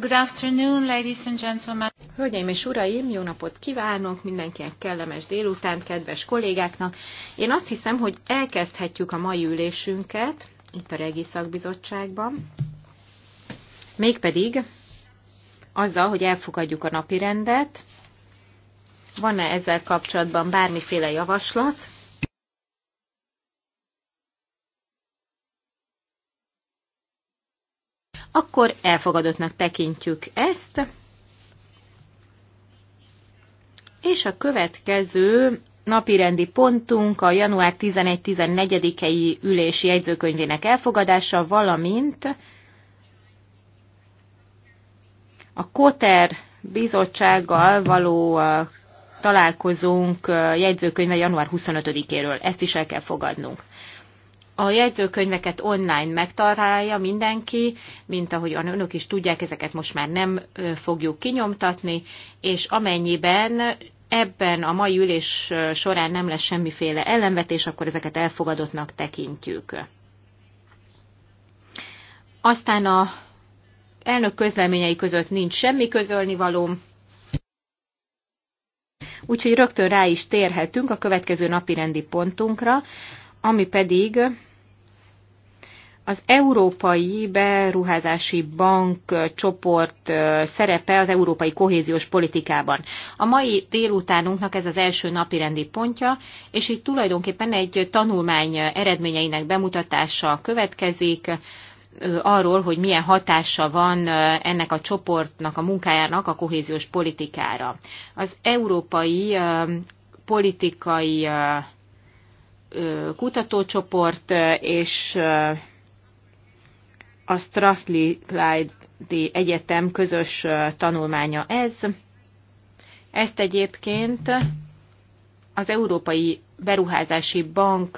Good afternoon, ladies and gentlemen. Hölgyeim és uraim, jó napot kívánok mindenkinek kellemes délután, kedves kollégáknak. Én azt hiszem, hogy elkezdhetjük a mai ülésünket itt a Regi Szakbizottságban. Mégpedig azzal, hogy elfogadjuk a napi rendet. Van-e ezzel kapcsolatban bármiféle javaslat? akkor elfogadottnak tekintjük ezt. És a következő napirendi pontunk a január 11-14-i ülési jegyzőkönyvének elfogadása, valamint a Koter bizottsággal való találkozunk jegyzőkönyve január 25-éről. Ezt is el kell fogadnunk a jegyzőkönyveket online megtalálja mindenki, mint ahogy önök is tudják, ezeket most már nem fogjuk kinyomtatni, és amennyiben ebben a mai ülés során nem lesz semmiféle ellenvetés, akkor ezeket elfogadottnak tekintjük. Aztán a elnök közleményei között nincs semmi közölnivalóm, úgyhogy rögtön rá is térhetünk a következő napi rendi pontunkra, ami pedig az Európai Beruházási Bank csoport szerepe az európai kohéziós politikában. A mai délutánunknak ez az első napirendi pontja, és itt tulajdonképpen egy tanulmány eredményeinek bemutatása következik, arról, hogy milyen hatása van ennek a csoportnak, a munkájának a kohéziós politikára. Az európai politikai kutatócsoport és a Strathclyde Clyde Egyetem közös tanulmánya ez. Ezt egyébként az Európai Beruházási Bank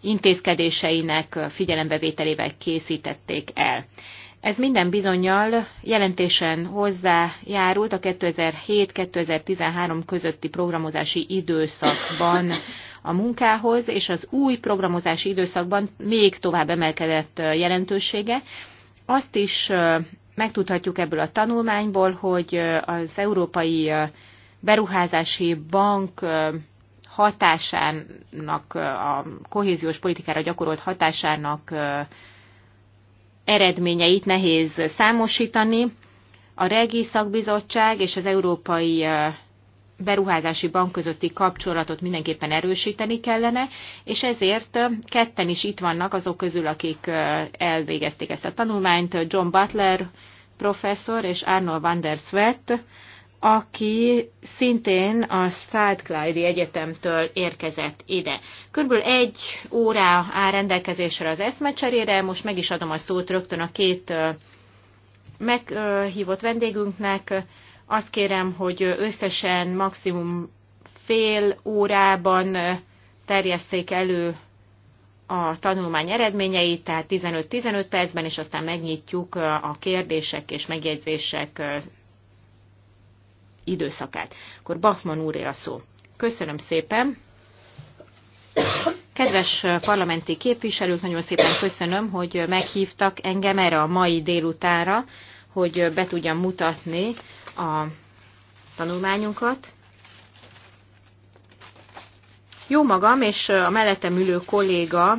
intézkedéseinek figyelembevételével készítették el. Ez minden bizonyal jelentésen hozzájárult a 2007-2013 közötti programozási időszakban a munkához, és az új programozási időszakban még tovább emelkedett jelentősége. Azt is megtudhatjuk ebből a tanulmányból, hogy az Európai Beruházási Bank hatásának, a kohéziós politikára gyakorolt hatásának eredményeit nehéz számosítani. A Regi Szakbizottság és az Európai beruházási bank közötti kapcsolatot mindenképpen erősíteni kellene, és ezért ketten is itt vannak azok közül, akik elvégezték ezt a tanulmányt, John Butler professzor és Arnold van der Svett, aki szintén a Clyde Egyetemtől érkezett ide. Körülbelül egy órá áll rendelkezésre az eszmecserére, most meg is adom a szót rögtön a két meghívott vendégünknek, azt kérem, hogy összesen maximum fél órában terjesszék elő a tanulmány eredményeit, tehát 15-15 percben, és aztán megnyitjuk a kérdések és megjegyzések időszakát. Akkor Bachman úré a szó. Köszönöm szépen! Kedves parlamenti képviselők, nagyon szépen köszönöm, hogy meghívtak engem erre a mai délutára, hogy be tudjam mutatni a tanulmányunkat. Jó magam és a mellettem ülő kolléga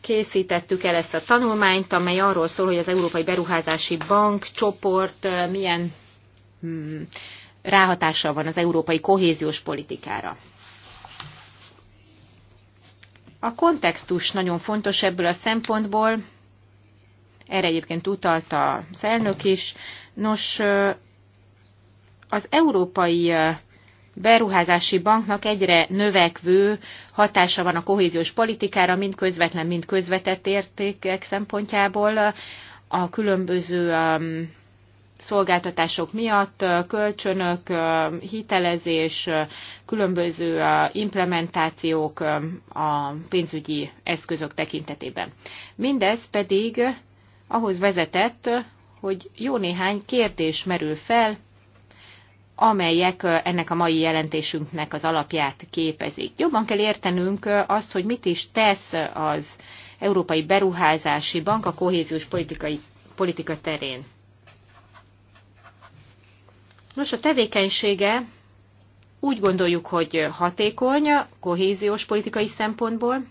készítettük el ezt a tanulmányt, amely arról szól, hogy az Európai Beruházási Bank csoport milyen hmm, ráhatással van az európai kohéziós politikára. A kontextus nagyon fontos ebből a szempontból, erre egyébként utalt az elnök is. Nos, az európai beruházási banknak egyre növekvő hatása van a kohéziós politikára, mind közvetlen, mind közvetett értékek szempontjából, a különböző szolgáltatások miatt, kölcsönök, hitelezés, különböző implementációk a pénzügyi eszközök tekintetében. Mindez pedig ahhoz vezetett, hogy jó néhány kérdés merül fel, amelyek ennek a mai jelentésünknek az alapját képezik. Jobban kell értenünk azt, hogy mit is tesz az Európai Beruházási Bank a kohéziós politikai, politika terén. Nos, a tevékenysége úgy gondoljuk, hogy hatékony kohéziós politikai szempontból,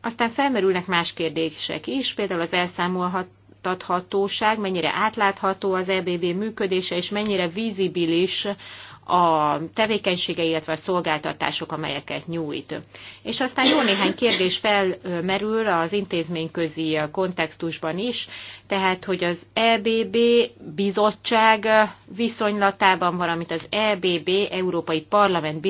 aztán felmerülnek más kérdések is, például az elszámolhat, kiszámíthatóság, mennyire átlátható az EBB működése, és mennyire vízibilis a tevékenysége, illetve a szolgáltatások, amelyeket nyújt. És aztán jó néhány kérdés felmerül az intézményközi kontextusban is, tehát hogy az EBB bizottság viszonylatában, valamint az EBB Európai Parlament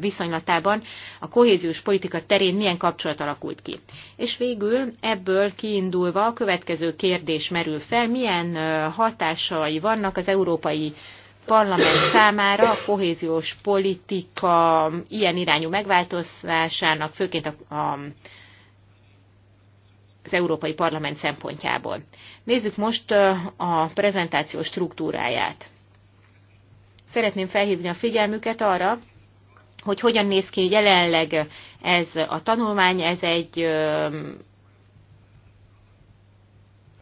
viszonylatában a kohéziós politika terén milyen kapcsolat alakult ki. És végül ebből kiindulva a következő kérdés merül fel, milyen hatásai vannak az európai parlament számára a kohéziós politika ilyen irányú megváltozásának, főként a, a, az Európai Parlament szempontjából. Nézzük most a prezentáció struktúráját. Szeretném felhívni a figyelmüket arra, hogy hogyan néz ki jelenleg ez a tanulmány, ez egy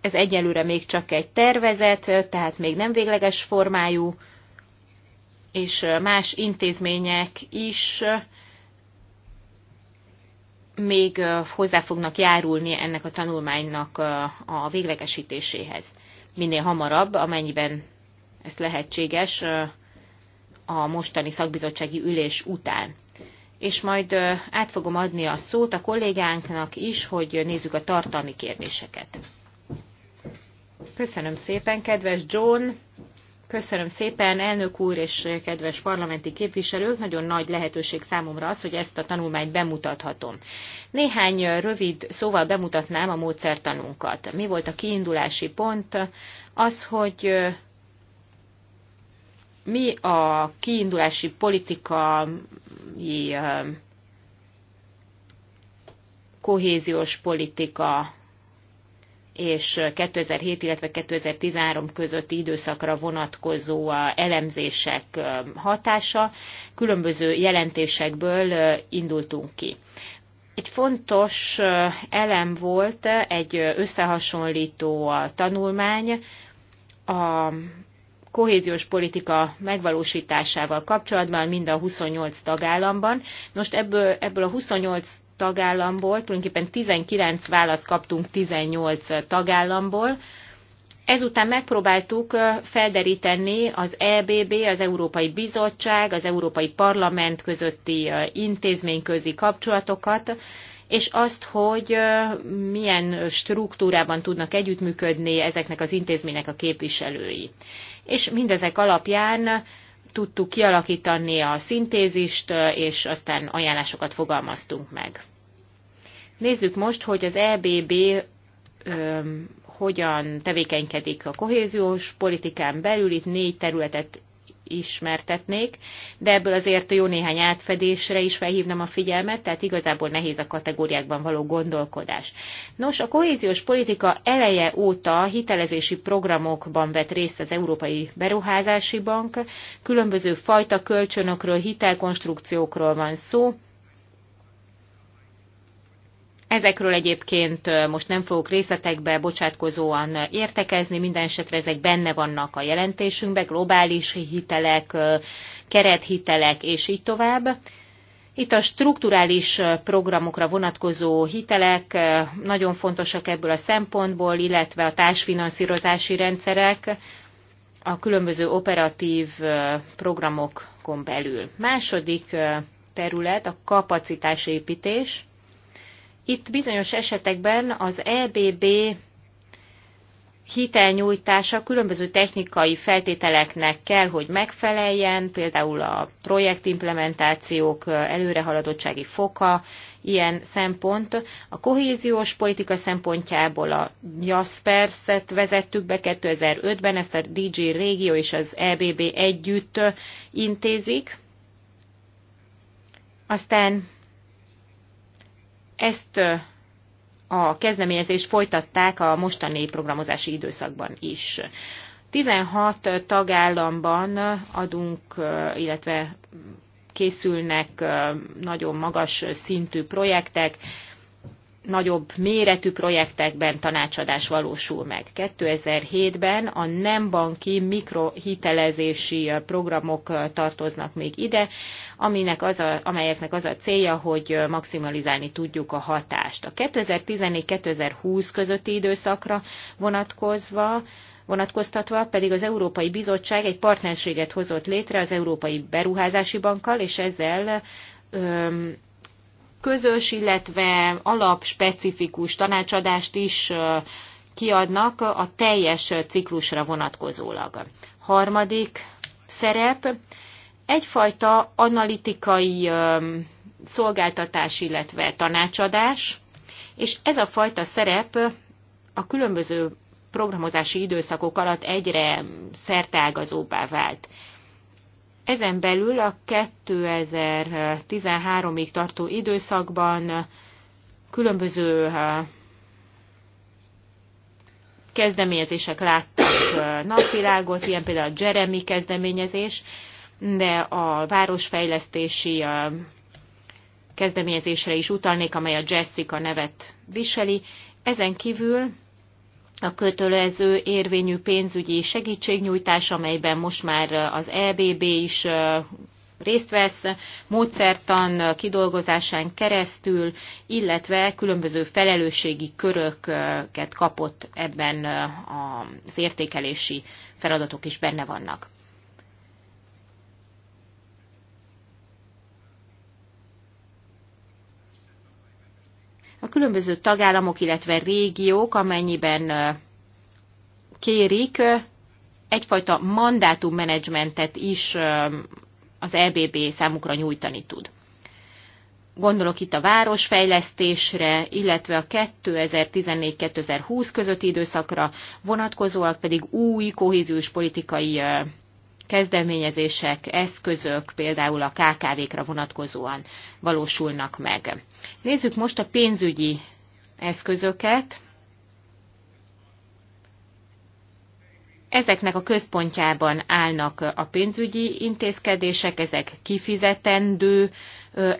ez egyelőre még csak egy tervezet, tehát még nem végleges formájú, és más intézmények is még hozzá fognak járulni ennek a tanulmánynak a véglegesítéséhez. Minél hamarabb, amennyiben ez lehetséges a mostani szakbizottsági ülés után. És majd át fogom adni a szót a kollégánknak is, hogy nézzük a tartalmi kérdéseket. Köszönöm szépen, kedves John! Köszönöm szépen, elnök úr és kedves parlamenti képviselők, nagyon nagy lehetőség számomra az, hogy ezt a tanulmányt bemutathatom. Néhány rövid szóval bemutatnám a módszertanunkat. Mi volt a kiindulási pont? Az, hogy mi a kiindulási politikai kohéziós politika és 2007, illetve 2013 közötti időszakra vonatkozó elemzések hatása. Különböző jelentésekből indultunk ki. Egy fontos elem volt egy összehasonlító tanulmány a kohéziós politika megvalósításával kapcsolatban mind a 28 tagállamban. Most ebből, ebből a 28 tagállamból, tulajdonképpen 19 választ kaptunk 18 tagállamból. Ezután megpróbáltuk felderíteni az EBB, az Európai Bizottság, az Európai Parlament közötti intézményközi kapcsolatokat, és azt, hogy milyen struktúrában tudnak együttműködni ezeknek az intézménynek a képviselői. És mindezek alapján tudtuk kialakítani a szintézist, és aztán ajánlásokat fogalmaztunk meg. Nézzük most, hogy az EBB öm, hogyan tevékenykedik a kohéziós politikán belül. Itt négy területet ismertetnék, de ebből azért jó néhány átfedésre is felhívnám a figyelmet, tehát igazából nehéz a kategóriákban való gondolkodás. Nos, a kohéziós politika eleje óta hitelezési programokban vett részt az Európai Beruházási Bank, különböző fajta kölcsönökről, hitelkonstrukciókról van szó, Ezekről egyébként most nem fogok részletekbe bocsátkozóan értekezni, minden esetre ezek benne vannak a jelentésünkben, globális hitelek, kerethitelek és így tovább. Itt a strukturális programokra vonatkozó hitelek nagyon fontosak ebből a szempontból, illetve a társfinanszírozási rendszerek a különböző operatív programokon belül. Második terület a kapacitásépítés. Itt bizonyos esetekben az EBB hitelnyújtása különböző technikai feltételeknek kell, hogy megfeleljen, például a projektimplementációk előrehaladottsági foka, ilyen szempont. A kohéziós politika szempontjából a Jaspers-et vezettük be 2005-ben, ezt a DG Régió és az EBB együtt intézik. Aztán ezt a kezdeményezést folytatták a mostani programozási időszakban is. 16 tagállamban adunk, illetve készülnek nagyon magas szintű projektek, nagyobb méretű projektekben tanácsadás valósul meg. 2007-ben a nem banki mikrohitelezési programok tartoznak még ide, aminek az a, amelyeknek az a célja, hogy maximalizálni tudjuk a hatást. A 2014-2020 közötti időszakra vonatkozva vonatkoztatva pedig az Európai Bizottság egy partnerséget hozott létre az Európai Beruházási Bankkal, és ezzel öm, közös, illetve alapspecifikus tanácsadást is kiadnak a teljes ciklusra vonatkozólag. Harmadik szerep, egyfajta analitikai szolgáltatás, illetve tanácsadás, és ez a fajta szerep a különböző programozási időszakok alatt egyre szerteágazóbbá vált. Ezen belül a 2013-ig tartó időszakban különböző eh, kezdeményezések láttak eh, napvilágot, ilyen például a Jeremy kezdeményezés, de a városfejlesztési eh, kezdeményezésre is utalnék, amely a Jessica nevet viseli. Ezen kívül a kötelező érvényű pénzügyi segítségnyújtás, amelyben most már az EBB is részt vesz, módszertan kidolgozásán keresztül, illetve különböző felelősségi köröket kapott ebben az értékelési feladatok is benne vannak. A különböző tagállamok, illetve régiók, amennyiben kérik, egyfajta mandátummenedzsmentet is az EBB számukra nyújtani tud. Gondolok itt a városfejlesztésre, illetve a 2014-2020 közötti időszakra, vonatkozóak pedig új kohéziós politikai kezdeményezések, eszközök, például a KKV-kra vonatkozóan valósulnak meg. Nézzük most a pénzügyi eszközöket. Ezeknek a központjában állnak a pénzügyi intézkedések, ezek kifizetendő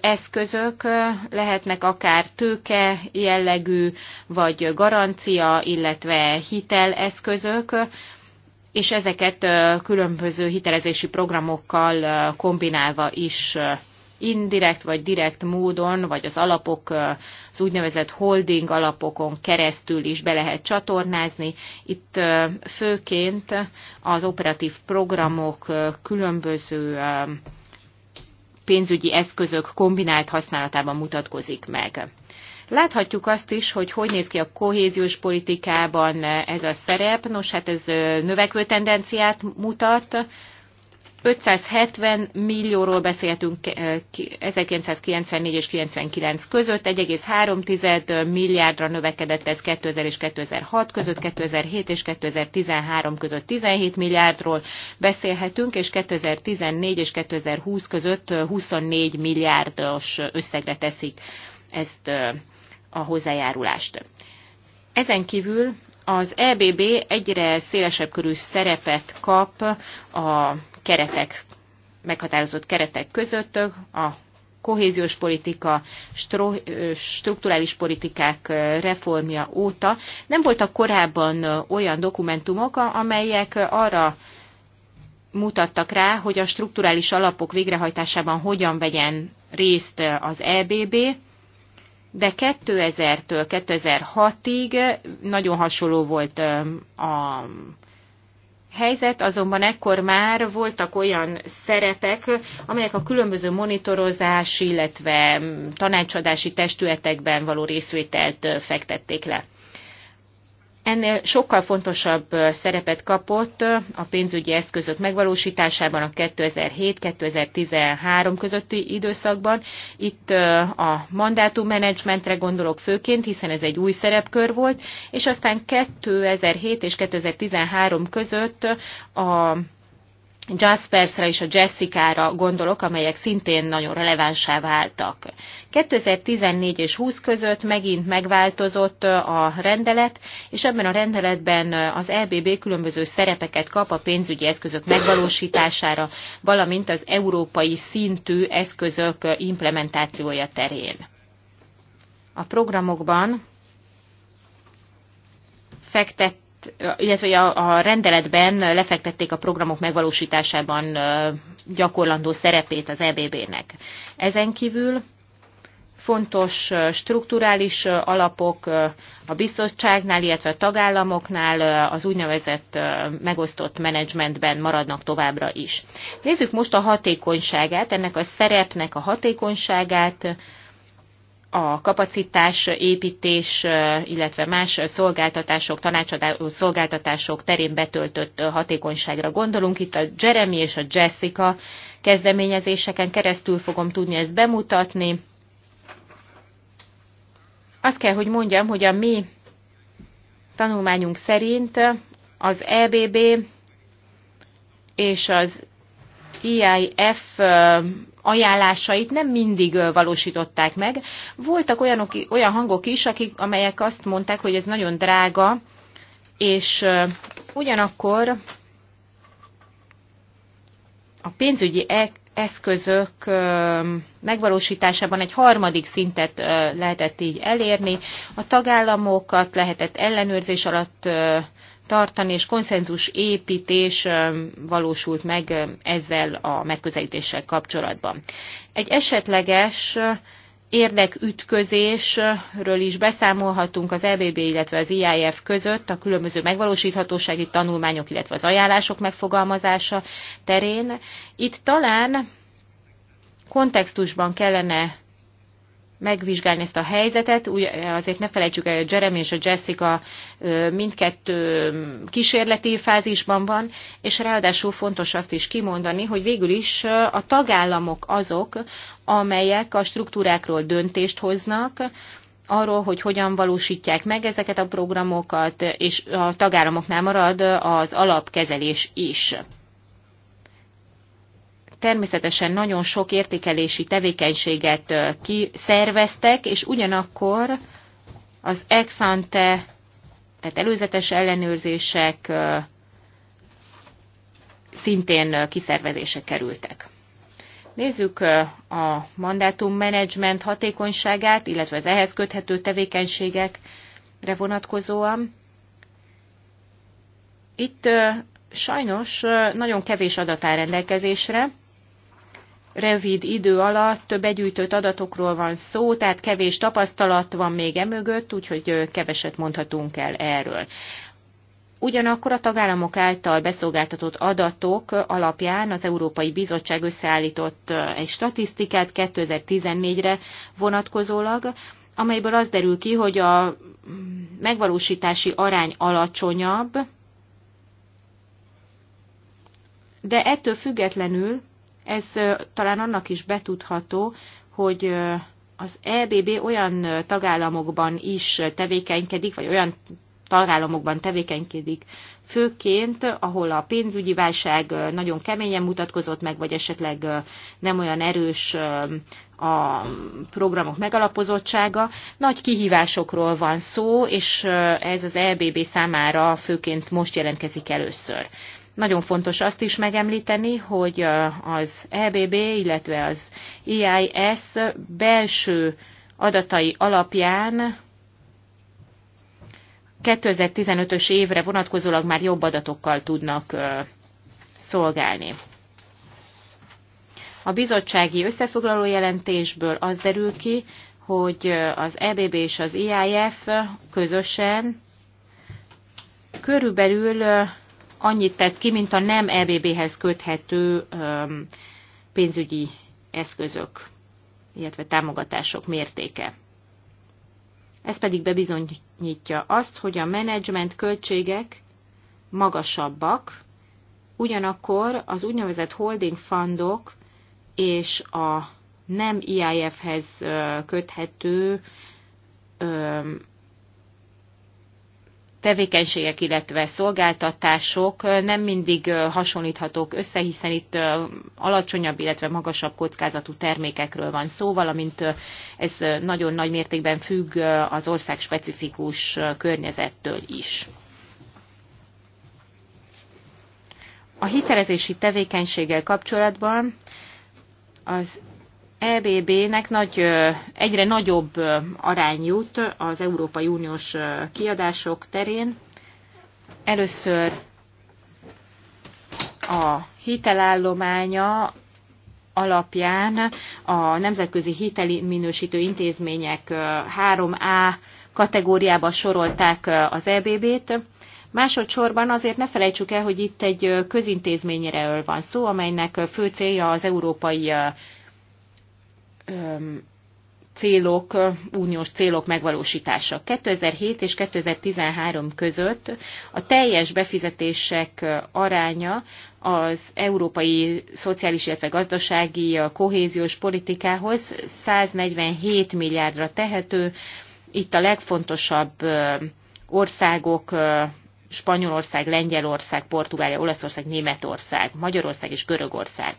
eszközök, lehetnek akár tőke jellegű, vagy garancia, illetve hitel eszközök, és ezeket különböző hitelezési programokkal kombinálva is indirekt vagy direkt módon, vagy az alapok, az úgynevezett holding alapokon keresztül is be lehet csatornázni. Itt főként az operatív programok különböző pénzügyi eszközök kombinált használatában mutatkozik meg. Láthatjuk azt is, hogy hogy néz ki a kohéziós politikában ez a szerep. Nos, hát ez növekvő tendenciát mutat. 570 millióról beszéltünk 1994 és 99 között, 1,3 milliárdra növekedett ez 2000 és 2006 között, 2007 és 2013 között 17 milliárdról beszélhetünk, és 2014 és 2020 között 24 milliárdos összegre teszik ezt a hozzájárulást. Ezen kívül az EBB egyre szélesebb körű szerepet kap a keretek, meghatározott keretek között, a kohéziós politika, strukturális politikák reformja óta. Nem voltak korábban olyan dokumentumok, amelyek arra mutattak rá, hogy a strukturális alapok végrehajtásában hogyan vegyen részt az EBB, de 2000-től 2006-ig nagyon hasonló volt a helyzet, azonban ekkor már voltak olyan szerepek, amelyek a különböző monitorozás illetve tanácsadási testületekben való részvételt fektették le. Ennél sokkal fontosabb szerepet kapott a pénzügyi eszközök megvalósításában a 2007-2013 közötti időszakban. Itt a mandátummenedzsmentre gondolok főként, hiszen ez egy új szerepkör volt, és aztán 2007 és 2013 között a Jaspersre és a Jessica-ra gondolok, amelyek szintén nagyon relevánsá váltak. 2014 és 20 között megint megváltozott a rendelet, és ebben a rendeletben az EBB különböző szerepeket kap a pénzügyi eszközök megvalósítására, valamint az európai szintű eszközök implementációja terén. A programokban fektet illetve a, a rendeletben lefektették a programok megvalósításában gyakorlandó szerepét az EBB-nek. Ezen kívül fontos strukturális alapok a biztonságnál, illetve a tagállamoknál az úgynevezett megosztott menedzsmentben maradnak továbbra is. Nézzük most a hatékonyságát, ennek a szerepnek a hatékonyságát, a kapacitás építés, illetve más szolgáltatások, tanácsadó szolgáltatások terén betöltött hatékonyságra gondolunk. Itt a Jeremy és a Jessica kezdeményezéseken keresztül fogom tudni ezt bemutatni. Azt kell, hogy mondjam, hogy a mi tanulmányunk szerint az EBB és az EIF ajánlásait nem mindig valósították meg. Voltak olyanok, olyan hangok is, akik, amelyek azt mondták, hogy ez nagyon drága, és ugyanakkor a pénzügyi e-, eszközök megvalósításában egy harmadik szintet lehetett így elérni, a tagállamokat lehetett ellenőrzés alatt tartani, és konszenzus építés valósult meg ezzel a megközelítéssel kapcsolatban. Egy esetleges érdekütközésről is beszámolhatunk az EBB, illetve az IIF között a különböző megvalósíthatósági tanulmányok, illetve az ajánlások megfogalmazása terén. Itt talán kontextusban kellene megvizsgálni ezt a helyzetet. Úgy, azért ne felejtsük el, hogy Jeremy és a Jessica mindkettő kísérleti fázisban van, és ráadásul fontos azt is kimondani, hogy végül is a tagállamok azok, amelyek a struktúrákról döntést hoznak, arról, hogy hogyan valósítják meg ezeket a programokat, és a tagállamoknál marad az alapkezelés is természetesen nagyon sok értékelési tevékenységet kiszerveztek, és ugyanakkor az ex-ante, tehát előzetes ellenőrzések szintén kiszervezése kerültek. Nézzük a mandátum menedzsment hatékonyságát, illetve az ehhez köthető tevékenységekre vonatkozóan. Itt sajnos nagyon kevés adat áll rendelkezésre, rövid idő alatt begyűjtött adatokról van szó, tehát kevés tapasztalat van még emögött, úgyhogy keveset mondhatunk el erről. Ugyanakkor a tagállamok által beszolgáltatott adatok alapján az Európai Bizottság összeállított egy statisztikát 2014-re vonatkozólag, amelyből az derül ki, hogy a mm, megvalósítási arány alacsonyabb, de ettől függetlenül ez talán annak is betudható, hogy az EBB olyan tagállamokban is tevékenykedik, vagy olyan tagállamokban tevékenykedik főként, ahol a pénzügyi válság nagyon keményen mutatkozott meg, vagy esetleg nem olyan erős a programok megalapozottsága. Nagy kihívásokról van szó, és ez az EBB számára főként most jelentkezik először. Nagyon fontos azt is megemlíteni, hogy az EBB, illetve az EIS belső adatai alapján 2015-ös évre vonatkozólag már jobb adatokkal tudnak szolgálni. A bizottsági összefoglaló jelentésből az derül ki, hogy az EBB és az e IIF közösen körülbelül annyit tesz ki, mint a nem EBB-hez köthető pénzügyi eszközök, illetve támogatások mértéke. Ez pedig bebizonyítja azt, hogy a menedzsment költségek magasabbak, ugyanakkor az úgynevezett holding fundok és a nem IIF-hez köthető tevékenységek, illetve szolgáltatások nem mindig hasonlíthatók össze, hiszen itt alacsonyabb, illetve magasabb kockázatú termékekről van szó, valamint ez nagyon nagy mértékben függ az ország specifikus környezettől is. A hitelezési tevékenységgel kapcsolatban az EBB-nek nagy, egyre nagyobb arány jut az Európai Uniós kiadások terén. Először a hitelállománya alapján a nemzetközi hiteli minősítő intézmények 3A kategóriába sorolták az EBB-t. Másodszorban azért ne felejtsük el, hogy itt egy közintézményre van szó, amelynek fő célja az európai célok, uniós célok megvalósítása. 2007 és 2013 között a teljes befizetések aránya az európai szociális, illetve gazdasági kohéziós politikához 147 milliárdra tehető. Itt a legfontosabb országok Spanyolország, Lengyelország, Portugália, Olaszország, Németország, Magyarország és Görögország.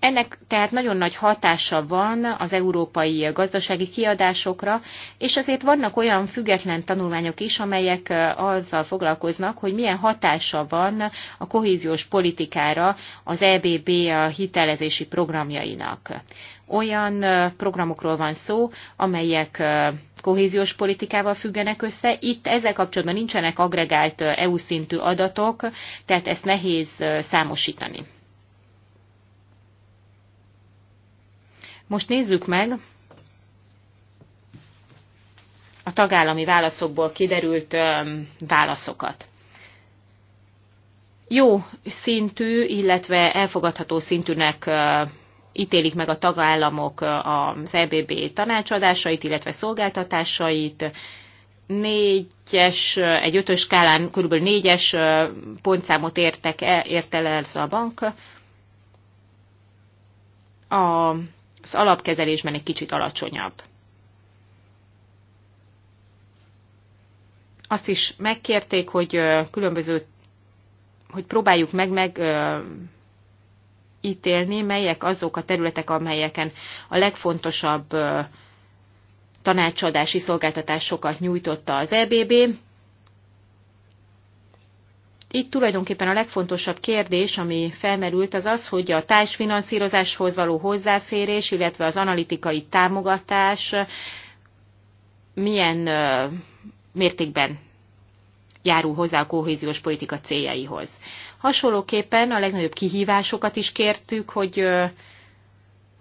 Ennek tehát nagyon nagy hatása van az európai gazdasági kiadásokra, és azért vannak olyan független tanulmányok is, amelyek azzal foglalkoznak, hogy milyen hatása van a kohéziós politikára az EBB hitelezési programjainak. Olyan programokról van szó, amelyek kohéziós politikával függenek össze. Itt ezzel kapcsolatban nincsenek agregált EU szintű adatok, tehát ezt nehéz számosítani. Most nézzük meg a tagállami válaszokból kiderült válaszokat. Jó szintű, illetve elfogadható szintűnek ítélik meg a tagállamok az EBB tanácsadásait, illetve szolgáltatásait. Négyes, egy ötös skálán kb. négyes pontszámot értek, e, ért el ez a bank. A az alapkezelésben egy kicsit alacsonyabb. Azt is megkérték, hogy különböző, hogy próbáljuk meg, meg ítélni, melyek azok a területek, amelyeken a legfontosabb tanácsadási szolgáltatásokat nyújtotta az EBB, itt tulajdonképpen a legfontosabb kérdés, ami felmerült, az az, hogy a társfinanszírozáshoz való hozzáférés, illetve az analitikai támogatás milyen mértékben járul hozzá a kohéziós politika céljaihoz. Hasonlóképpen a legnagyobb kihívásokat is kértük, hogy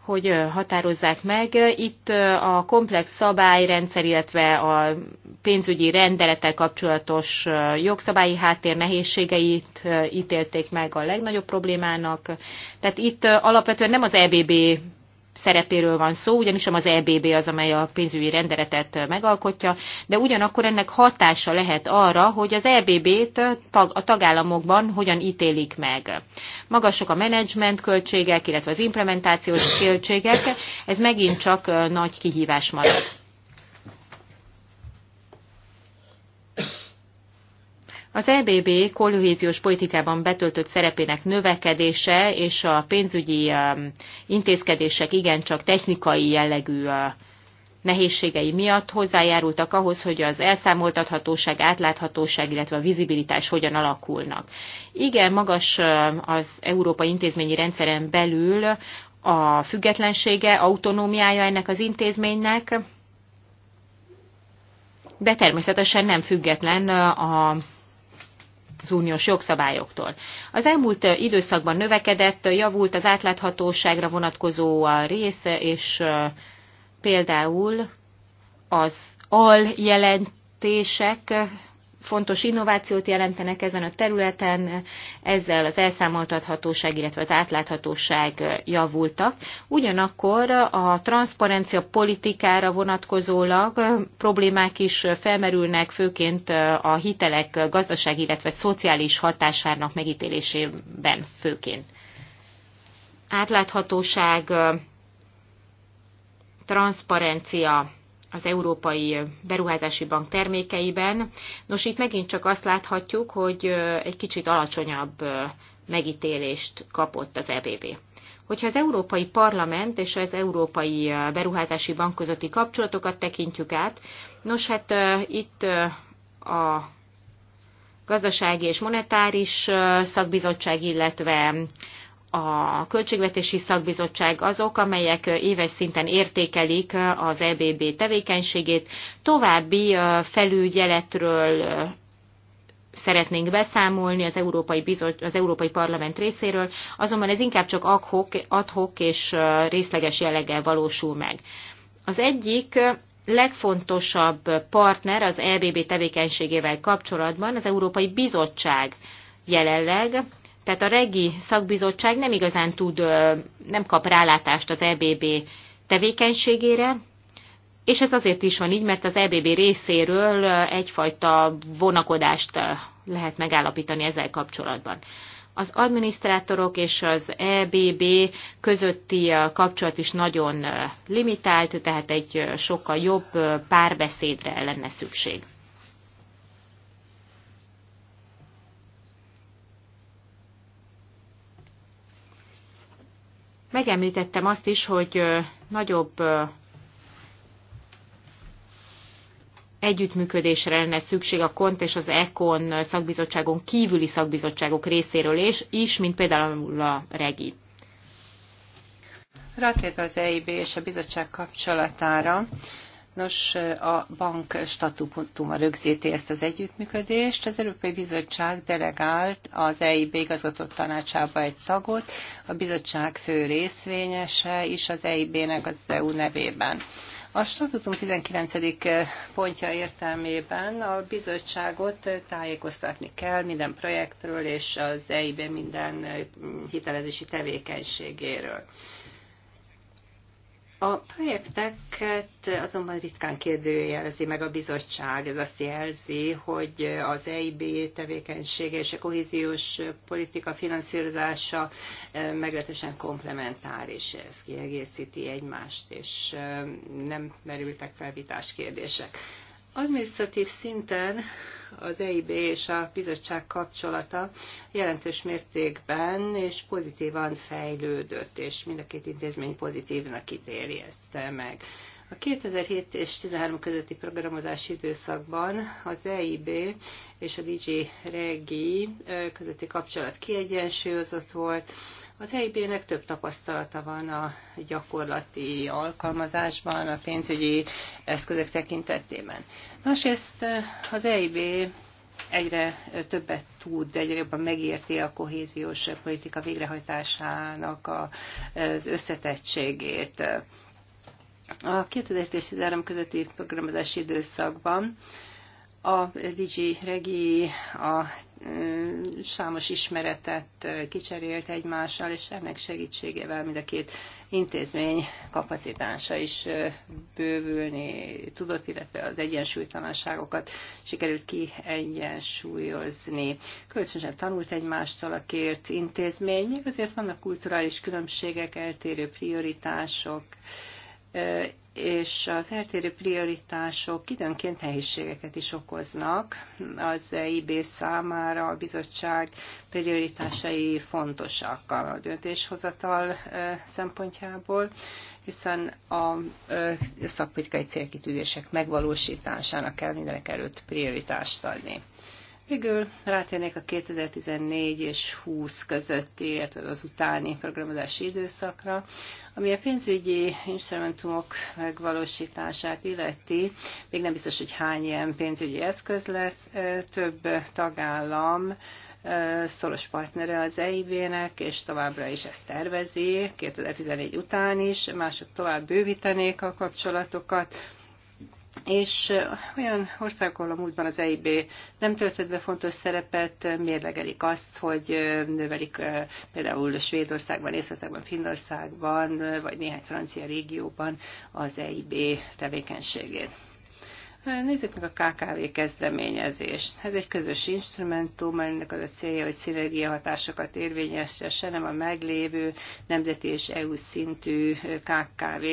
hogy határozzák meg. Itt a komplex szabályrendszer, illetve a pénzügyi rendelettel kapcsolatos jogszabályi háttér nehézségeit ítélték meg a legnagyobb problémának. Tehát itt alapvetően nem az EBB szerepéről van szó, ugyanis az EBB az, amely a pénzügyi rendeletet megalkotja, de ugyanakkor ennek hatása lehet arra, hogy az EBB-t a tagállamokban hogyan ítélik meg. Magasok a menedzsment költségek, illetve az implementációs költségek, ez megint csak nagy kihívás marad. Az EBB kohéziós politikában betöltött szerepének növekedése és a pénzügyi um, intézkedések igencsak technikai jellegű uh, nehézségei miatt hozzájárultak ahhoz, hogy az elszámoltathatóság, átláthatóság, illetve a vizibilitás hogyan alakulnak. Igen, magas uh, az európai intézményi rendszeren belül a függetlensége, autonómiája ennek az intézménynek, de természetesen nem független uh, a az uniós jogszabályoktól. Az elmúlt időszakban növekedett, javult az átláthatóságra vonatkozó rész, és például az aljelentések fontos innovációt jelentenek ezen a területen, ezzel az elszámoltathatóság, illetve az átláthatóság javultak. Ugyanakkor a transzparencia politikára vonatkozólag problémák is felmerülnek, főként a hitelek gazdaság, illetve szociális hatásának megítélésében főként. Átláthatóság, transzparencia, az Európai Beruházási Bank termékeiben. Nos, itt megint csak azt láthatjuk, hogy egy kicsit alacsonyabb megítélést kapott az EBB. Hogyha az Európai Parlament és az Európai Beruházási Bank közötti kapcsolatokat tekintjük át, nos hát itt a gazdasági és monetáris szakbizottság, illetve a Költségvetési Szakbizottság azok, amelyek éves szinten értékelik az EBB tevékenységét. További felügyeletről szeretnénk beszámolni az Európai, Bizot, az Európai Parlament részéről, azonban ez inkább csak adhok, adhok és részleges jelleggel valósul meg. Az egyik legfontosabb partner az EBB tevékenységével kapcsolatban az Európai Bizottság jelenleg, tehát a regi szakbizottság nem igazán tud, nem kap rálátást az EBB tevékenységére, és ez azért is van így, mert az EBB részéről egyfajta vonakodást lehet megállapítani ezzel kapcsolatban. Az adminisztrátorok és az EBB közötti kapcsolat is nagyon limitált, tehát egy sokkal jobb párbeszédre lenne szükség. Megemlítettem azt is, hogy nagyobb együttműködésre lenne szükség a KONT és az EKON szakbizottságon kívüli szakbizottságok részéről és is, mint például a REGI. Rátérve az EIB és a bizottság kapcsolatára, Nos, a bank statutuma rögzíti ezt az együttműködést. Az Európai Bizottság delegált az EIB igazgatott tanácsába egy tagot, a bizottság fő részvényese is az EIB-nek az EU nevében. A statutum 19. pontja értelmében a bizottságot tájékoztatni kell minden projektről és az EIB minden hitelezési tevékenységéről. A projekteket azonban ritkán kérdőjelezi meg a bizottság. Ez azt jelzi, hogy az EIB tevékenysége és a kohéziós politika finanszírozása eh, meglehetősen komplementáris, ez kiegészíti egymást, és eh, nem merültek fel vitás kérdések. Administratív szinten az EIB és a bizottság kapcsolata jelentős mértékben és pozitívan fejlődött, és mind a két intézmény pozitívnak ítéli ezt meg. A 2007 és 2013 közötti programozási időszakban az EIB és a DG Regi közötti kapcsolat kiegyensúlyozott volt, az EIB-nek több tapasztalata van a gyakorlati alkalmazásban, a pénzügyi eszközök tekintetében. Másrészt eh, az EIB egyre eh, többet tud, egyre jobban megérti a kohéziós politika végrehajtásának eh, az összetettségét. A 2013 közötti programozási időszakban a DJ Regi a számos ismeretet kicserélt egymással, és ennek segítségével mind a két intézmény kapacitása is bővülni tudott, illetve az egyensúlytalanságokat sikerült kiegyensúlyozni. Kölcsönösen tanult egymástól a két intézmény, még azért vannak kulturális különbségek, eltérő prioritások, és az eltérő prioritások időnként nehézségeket is okoznak. Az EIB számára a bizottság prioritásai fontosak a döntéshozatal szempontjából, hiszen a szakpolitikai célkitűzések megvalósításának kell mindenek előtt prioritást adni. Végül rátérnék a 2014 és 20 közötti, illetve az utáni programozási időszakra, ami a pénzügyi instrumentumok megvalósítását illeti. Még nem biztos, hogy hány ilyen pénzügyi eszköz lesz. Több tagállam szoros partnere az EIB-nek, és továbbra is ezt tervezi, 2014 után is. Mások tovább bővítenék a kapcsolatokat és olyan országokon a múltban az EIB nem töltött be fontos szerepet, mérlegelik azt, hogy növelik például Svédországban, Észországban, Finnországban, vagy néhány francia régióban az EIB tevékenységét. Nézzük meg a KKV kezdeményezést. Ez egy közös instrumentum, ennek az a célja, hogy szinergia hatásokat érvényesse, nem a meglévő nemzeti és EU szintű KKV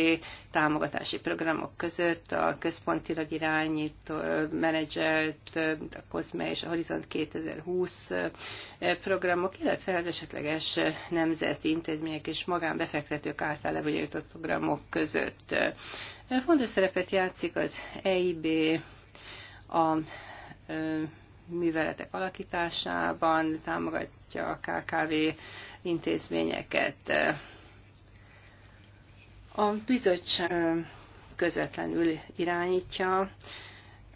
támogatási programok között a központilag irányít, menedzselt, a COSME és a Horizont 2020 programok, illetve az esetleges nemzeti intézmények és magánbefektetők által lebonyolított programok között Fontos szerepet játszik az EIB a műveletek alakításában, támogatja a KKV intézményeket. A bizottság közvetlenül irányítja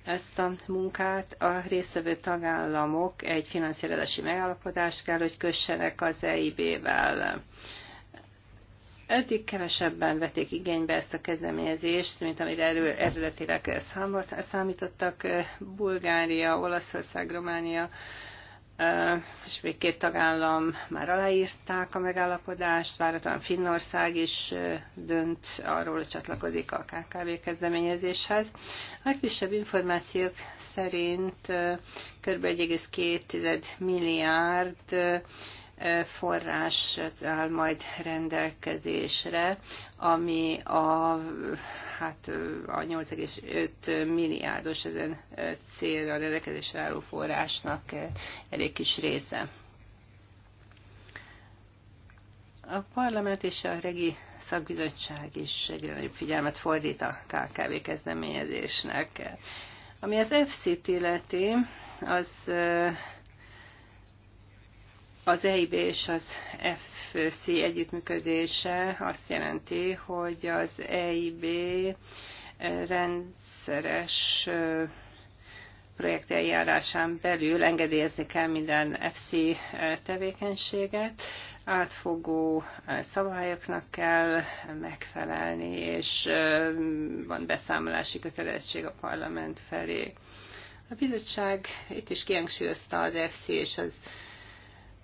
ezt a munkát. A részvevő tagállamok egy finanszírozási megállapodást kell, hogy kössenek az EIB-vel. Eddig kevesebben vették igénybe ezt a kezdeményezést, mint amire elő, eredetileg számítottak. Bulgária, Olaszország, Románia és még két tagállam már aláírták a megállapodást, váratlan Finnország is dönt arról, hogy csatlakozik a KKV kezdeményezéshez. A legfrissebb információk szerint kb. 1,2 milliárd forrás áll majd rendelkezésre, ami a, hát a 8,5 milliárdos ezen célra rendelkezésre álló forrásnak elég kis része. A parlament és a regi szakbizottság is egyre nagyobb figyelmet fordít a KKV kezdeményezésnek. Ami az FC-t illeti, az az EIB és az FC együttműködése azt jelenti, hogy az EIB rendszeres projekt eljárásán belül engedélyezni kell minden FC tevékenységet, átfogó szabályoknak kell megfelelni, és van beszámolási kötelezettség a parlament felé. A bizottság itt is kihangsúlyozta az FC és az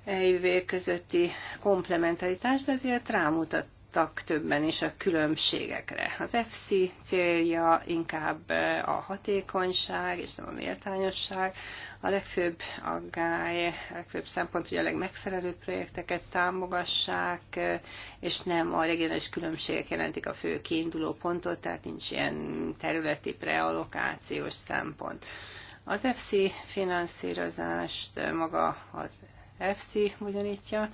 EIV közötti komplementaritást, azért rámutattak többen is a különbségekre. Az FC célja inkább a hatékonyság és nem a méltányosság. A legfőbb aggály, a legfőbb szempont, hogy a legmegfelelőbb projekteket támogassák, és nem a regionális különbségek jelentik a fő kiinduló pontot, tehát nincs ilyen területi prealokációs szempont. Az FC finanszírozást maga az FC bonyolítja,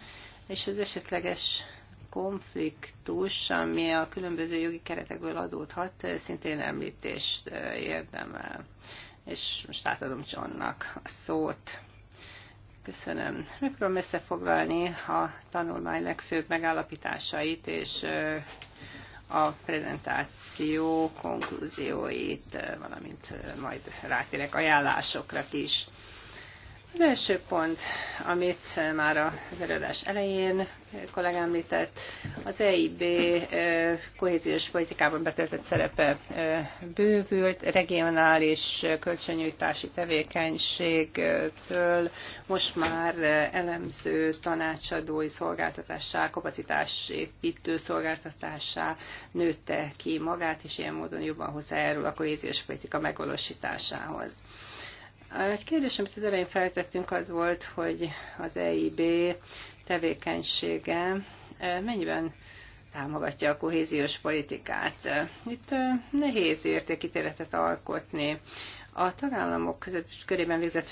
és az esetleges konfliktus, ami a különböző jogi keretekből adódhat, szintén említést érdemel. És most átadom Johnnak a szót. Köszönöm. tudom összefoglalni a tanulmány legfőbb megállapításait és a prezentáció konklúzióit, valamint majd rátérek ajánlásokra is. Az első pont, amit már az előadás elején kollégám említett, az EIB kohéziós politikában betöltött szerepe bővült, regionális kölcsönnyújtási tevékenységtől most már elemző tanácsadói szolgáltatássá, építő szolgáltatássá nőtte ki magát, és ilyen módon jobban hozzájárul a kohéziós politika megvalósításához. Egy kérdés, amit az elején feltettünk, az volt, hogy az EIB tevékenysége eh, mennyiben támogatja a kohéziós politikát. Eh, itt eh, nehéz értékítéletet alkotni. A tagállamok körében végzett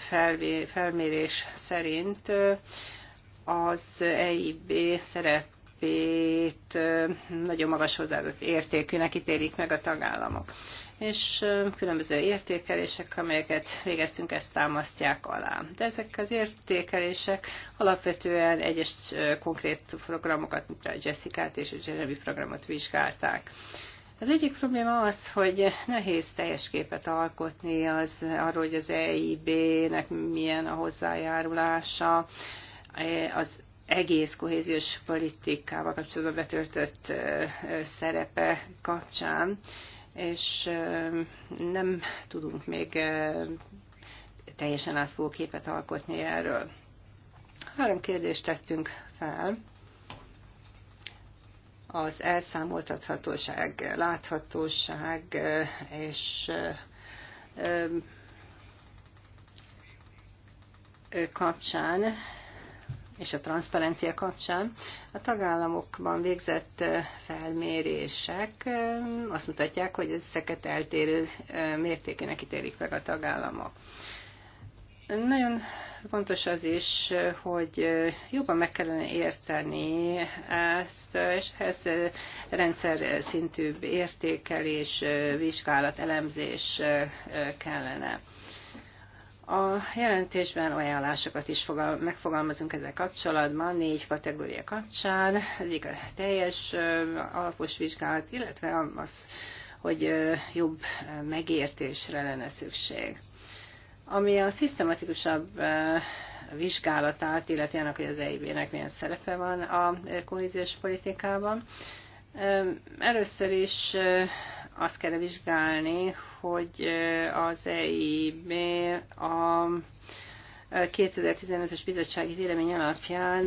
felmérés szerint az EIB szerepét nagyon magas hozzáadott értékűnek ítélik meg a tagállamok és különböző értékelések, amelyeket végeztünk, ezt támasztják alá. De ezek az értékelések alapvetően egyes konkrét programokat, mint a Jessica-t és a Jeremy programot vizsgálták. Az egyik probléma az, hogy nehéz teljes képet alkotni az, arról, hogy az EIB-nek milyen a hozzájárulása, e, az egész kohéziós politikával kapcsolatban betöltött szerepe kapcsán és nem tudunk még teljesen átfogó képet alkotni erről. Három kérdést tettünk fel. Az elszámoltathatóság, láthatóság és kapcsán és a transzparencia kapcsán. A tagállamokban végzett felmérések azt mutatják, hogy ezeket eltérő mértékének ítélik meg a tagállamok. Nagyon fontos az is, hogy jobban meg kellene érteni ezt, és ez rendszer szintű értékelés, vizsgálat, elemzés kellene. A jelentésben ajánlásokat is fogal, megfogalmazunk ezzel kapcsolatban, négy kategória kapcsán. Egyik a teljes alapos vizsgálat, illetve az, hogy jobb megértésre lenne szükség. Ami a szisztematikusabb vizsgálatát, illetve annak, hogy az EIB-nek milyen szerepe van a kohéziós politikában. Először is azt kell vizsgálni, hogy az EIB a 2015-ös bizottsági vélemény alapján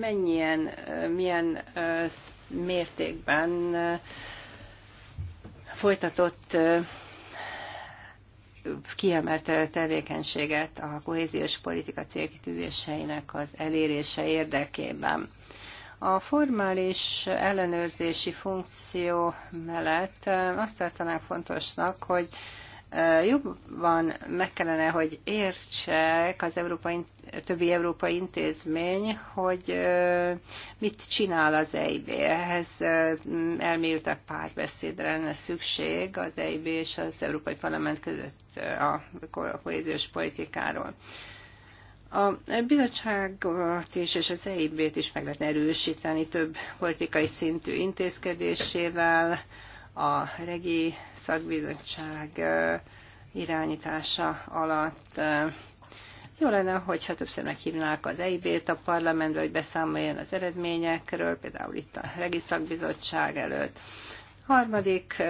mennyien, milyen mértékben folytatott kiemelt tevékenységet a kohéziós politika célkitűzéseinek az elérése érdekében. A formális ellenőrzési funkció mellett azt tartanánk fontosnak, hogy jobban meg kellene, hogy értsek az európai, többi európai intézmény, hogy mit csinál az EIB. Ehhez elmélyültebb párbeszédre lenne szükség az EIB és az Európai Parlament között a kohéziós politikáról. A bizottságot is és az EIB-t is meg lehetne erősíteni több politikai szintű intézkedésével, a regi szakbizottság irányítása alatt. Jó lenne, hogyha többször meghívnák az EIB-t a parlamentbe, hogy beszámoljon az eredményekről, például itt a Regi Szakbizottság előtt. Harmadik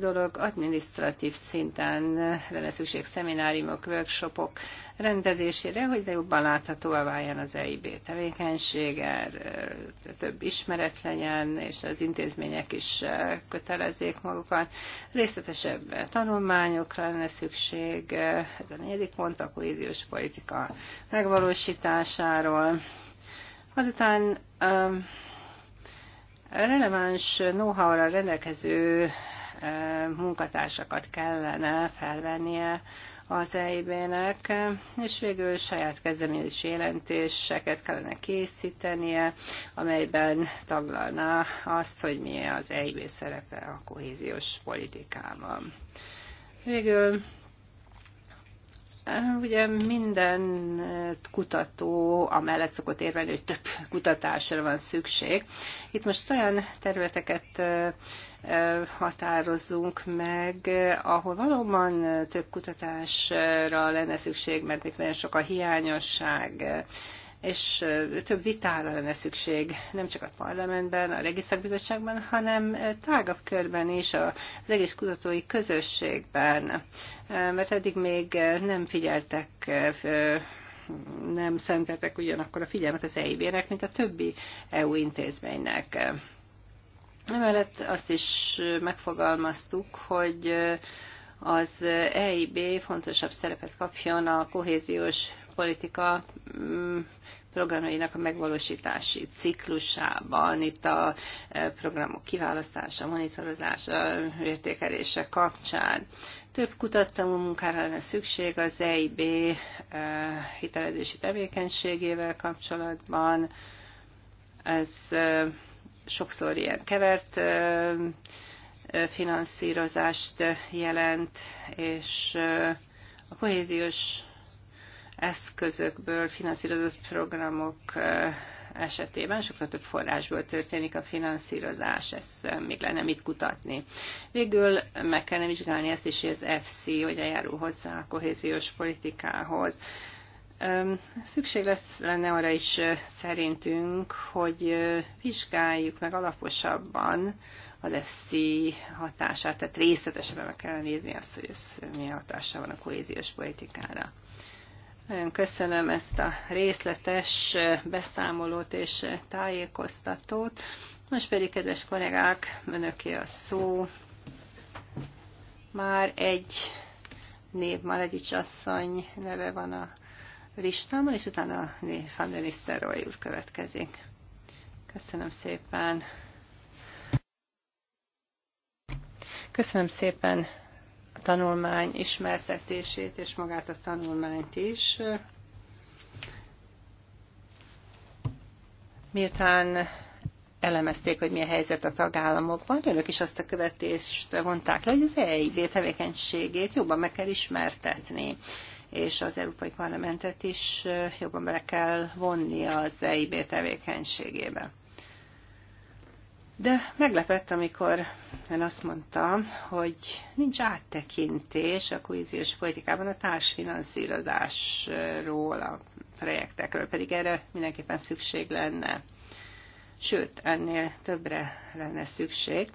dolog, administratív szinten lenne szükség szemináriumok, workshopok rendezésére, hogy de jobban láthatóvá váljon az EIB tevékenysége, több ismeret legyen, és az intézmények is kötelezzék magukat. Részletesebb tanulmányokra lenne szükség, ez a negyedik pont a kohéziós politika megvalósításáról. Azután releváns know-how-ra rendelkező eh, munkatársakat kellene felvennie az EIB-nek, és végül saját kezdeményezési jelentéseket kellene készítenie, amelyben taglalná azt, hogy mi az EIB szerepe a kohéziós politikában. Végül Ugye minden kutató amellett szokott érvelni, hogy több kutatásra van szükség. Itt most olyan területeket határozzunk meg, ahol valóban több kutatásra lenne szükség, mert még nagyon sok a hiányosság, és több vitára lenne szükség, nem csak a parlamentben, a regiszakbizottságban, hanem tágabb körben is, az egész kutatói közösségben, mert eddig még nem figyeltek nem szentetek ugyanakkor a figyelmet az eib mint a többi EU intézménynek. Emellett azt is megfogalmaztuk, hogy az EIB fontosabb szerepet kapjon a kohéziós politika mm, programjainak a megvalósítási ciklusában, itt a e, programok kiválasztása, monitorozása, értékelése kapcsán. Több kutattamú munkára lenne szükség az EIB e, hitelezési tevékenységével kapcsolatban. Ez e, sokszor ilyen kevert finanszírozást jelent, és a kohéziós eszközökből finanszírozott programok esetében sokkal több forrásból történik a finanszírozás, ezt még lenne mit kutatni. Végül meg kellene vizsgálni ezt is, hogy az FC hogyan járul hozzá a kohéziós politikához. Szükség lesz lenne arra is szerintünk, hogy vizsgáljuk meg alaposabban az FC hatását, tehát részletesebben meg kell nézni azt, hogy ez milyen hatással van a kohéziós politikára. Nagyon köszönöm ezt a részletes beszámolót és tájékoztatót. Most pedig, kedves kollégák, önöké a szó. Már egy név, egy asszony neve van a listámon, és utána név Van Nisztelrooy úr következik. Köszönöm szépen. Köszönöm szépen, tanulmány ismertetését és magát a tanulmányt is. Miután elemezték, hogy milyen helyzet a tagállamokban, önök is azt a követést vonták le, hogy az EIB tevékenységét jobban meg kell ismertetni és az Európai Parlamentet is jobban bele kell vonni az EIB tevékenységébe. De meglepett, amikor én azt mondta, hogy nincs áttekintés a kohéziós politikában a társfinanszírozásról, a projektekről, pedig erre mindenképpen szükség lenne. Sőt, ennél többre lenne szükség,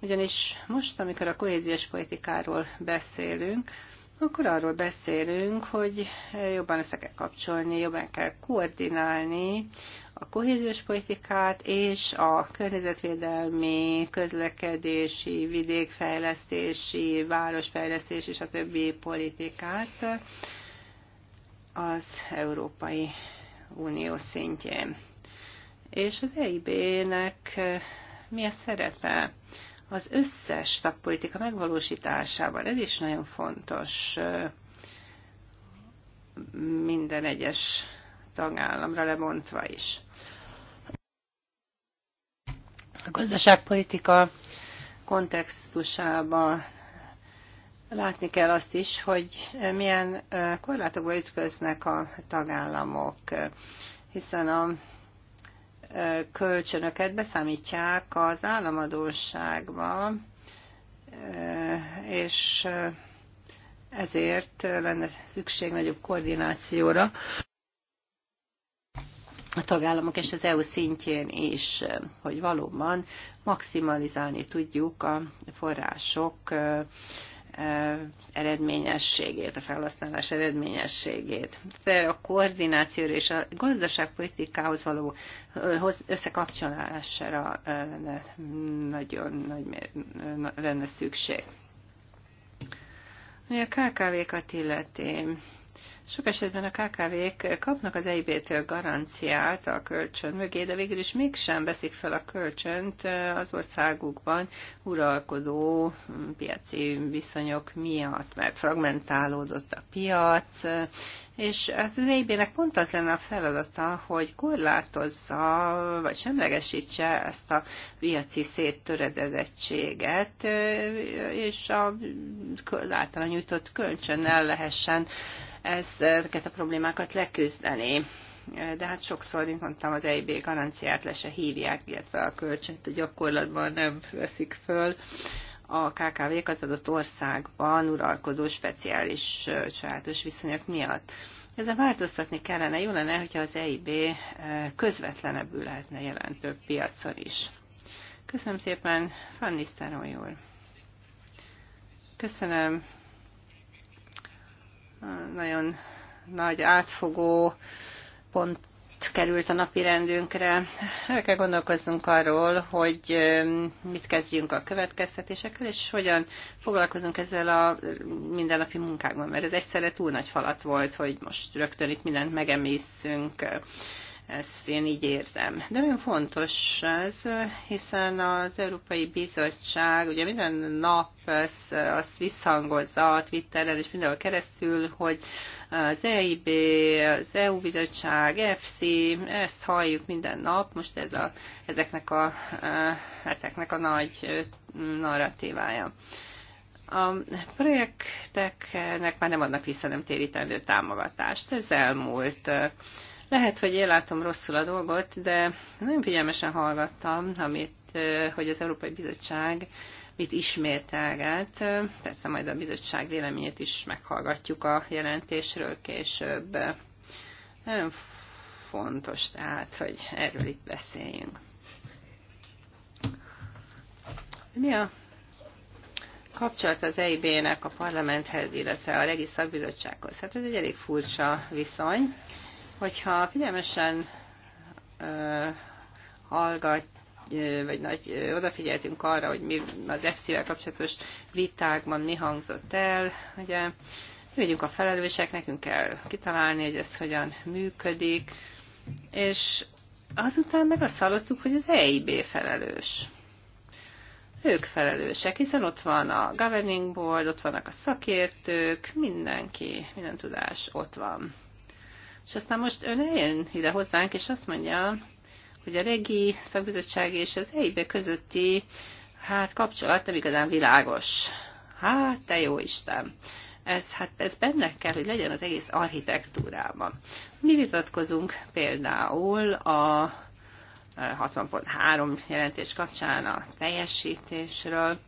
ugyanis most, amikor a kohéziós politikáról beszélünk, akkor arról beszélünk, hogy jobban össze kell kapcsolni, jobban kell koordinálni a kohéziós politikát és a környezetvédelmi, közlekedési, vidékfejlesztési, városfejlesztési és a többi politikát az Európai Unió szintjén. És az EIB-nek eh, mi a szerepe? Az összes szakpolitika megvalósításában, ez is nagyon fontos eh, minden egyes tagállamra lebontva is. A gazdaságpolitika kontextusában látni kell azt is, hogy milyen korlátokba ütköznek a tagállamok, hiszen a kölcsönöket beszámítják az államadóságba, és ezért lenne szükség nagyobb koordinációra a tagállamok és az EU szintjén is, hogy valóban maximalizálni tudjuk a források eredményességét, a felhasználás eredményességét. De a koordinációra és a gazdaságpolitikához való összekapcsolására lenne, nagyon nagy lenne szükség. A KKV-kat illeti sok esetben a KKV-k kapnak az EIB-től garanciát a kölcsön mögé, de végül is mégsem veszik fel a kölcsönt az országukban uralkodó mm, piaci viszonyok miatt, mert fragmentálódott a piac, és az EIB-nek pont az lenne a feladata, hogy korlátozza, vagy semlegesítse ezt a piaci széttöredezettséget, és a általán nyújtott kölcsönnel lehessen ezeket a problémákat leküzdeni. De hát sokszor, mint mondtam, az EIB garanciát le se hívják, illetve a kölcsönt a gyakorlatban nem veszik föl a KKV-k az adott országban uralkodó speciális sajátos viszonyok miatt. Ezzel változtatni kellene, jó lenne, hogyha az EIB közvetlenebbül lehetne jelen több piacon is. Köszönöm szépen, Fanny Sztároly úr. Köszönöm. Nagyon nagy átfogó, pont került a napi rendünkre. El kell gondolkoznunk arról, hogy mit kezdjünk a következtetésekkel, és hogyan foglalkozunk ezzel a mindennapi munkákban, mert ez egyszerre túl nagy falat volt, hogy most rögtön itt mindent megemészünk. Ezt én így érzem. De nagyon fontos ez, hiszen az Európai Bizottság ugye minden nap ezt, azt visszhangozza a Twitteren és mindenhol keresztül, hogy az EIB, az EU Bizottság, FC, ezt halljuk minden nap, most ez a, ezeknek, a, ezeknek a nagy narratívája. A projekteknek már nem adnak vissza nem térítendő támogatást. Ez elmúlt lehet, hogy én látom rosszul a dolgot, de nagyon figyelmesen hallgattam, amit, hogy az Európai Bizottság mit ismételget. Persze majd a bizottság véleményét is meghallgatjuk a jelentésről később. Nagyon fontos tehát, hogy erről itt beszéljünk. Mi a kapcsolat az EIB-nek a parlamenthez, illetve a regi szakbizottsághoz? Hát ez egy elég furcsa viszony. Hogyha figyelmesen ö, hallgat, vagy nagy, odafigyeltünk arra, hogy mi az FC-vel kapcsolatos vitákban mi hangzott el, ugye mi vagyunk a felelősek, nekünk kell kitalálni, hogy ez hogyan működik, és azután meg azt hallottuk, hogy az EIB felelős. Ők felelősek, hiszen ott van a governing board, ott vannak a szakértők, mindenki, minden tudás ott van. És aztán most ön eljön ide hozzánk, és azt mondja, hogy a regi szakbizottság és az EIB közötti hát kapcsolat nem igazán világos. Hát, te jó Isten! Ez, hát ez benne kell, hogy legyen az egész architektúrában. Mi vitatkozunk például a 60.3 eh, jelentés kapcsán a teljesítésről,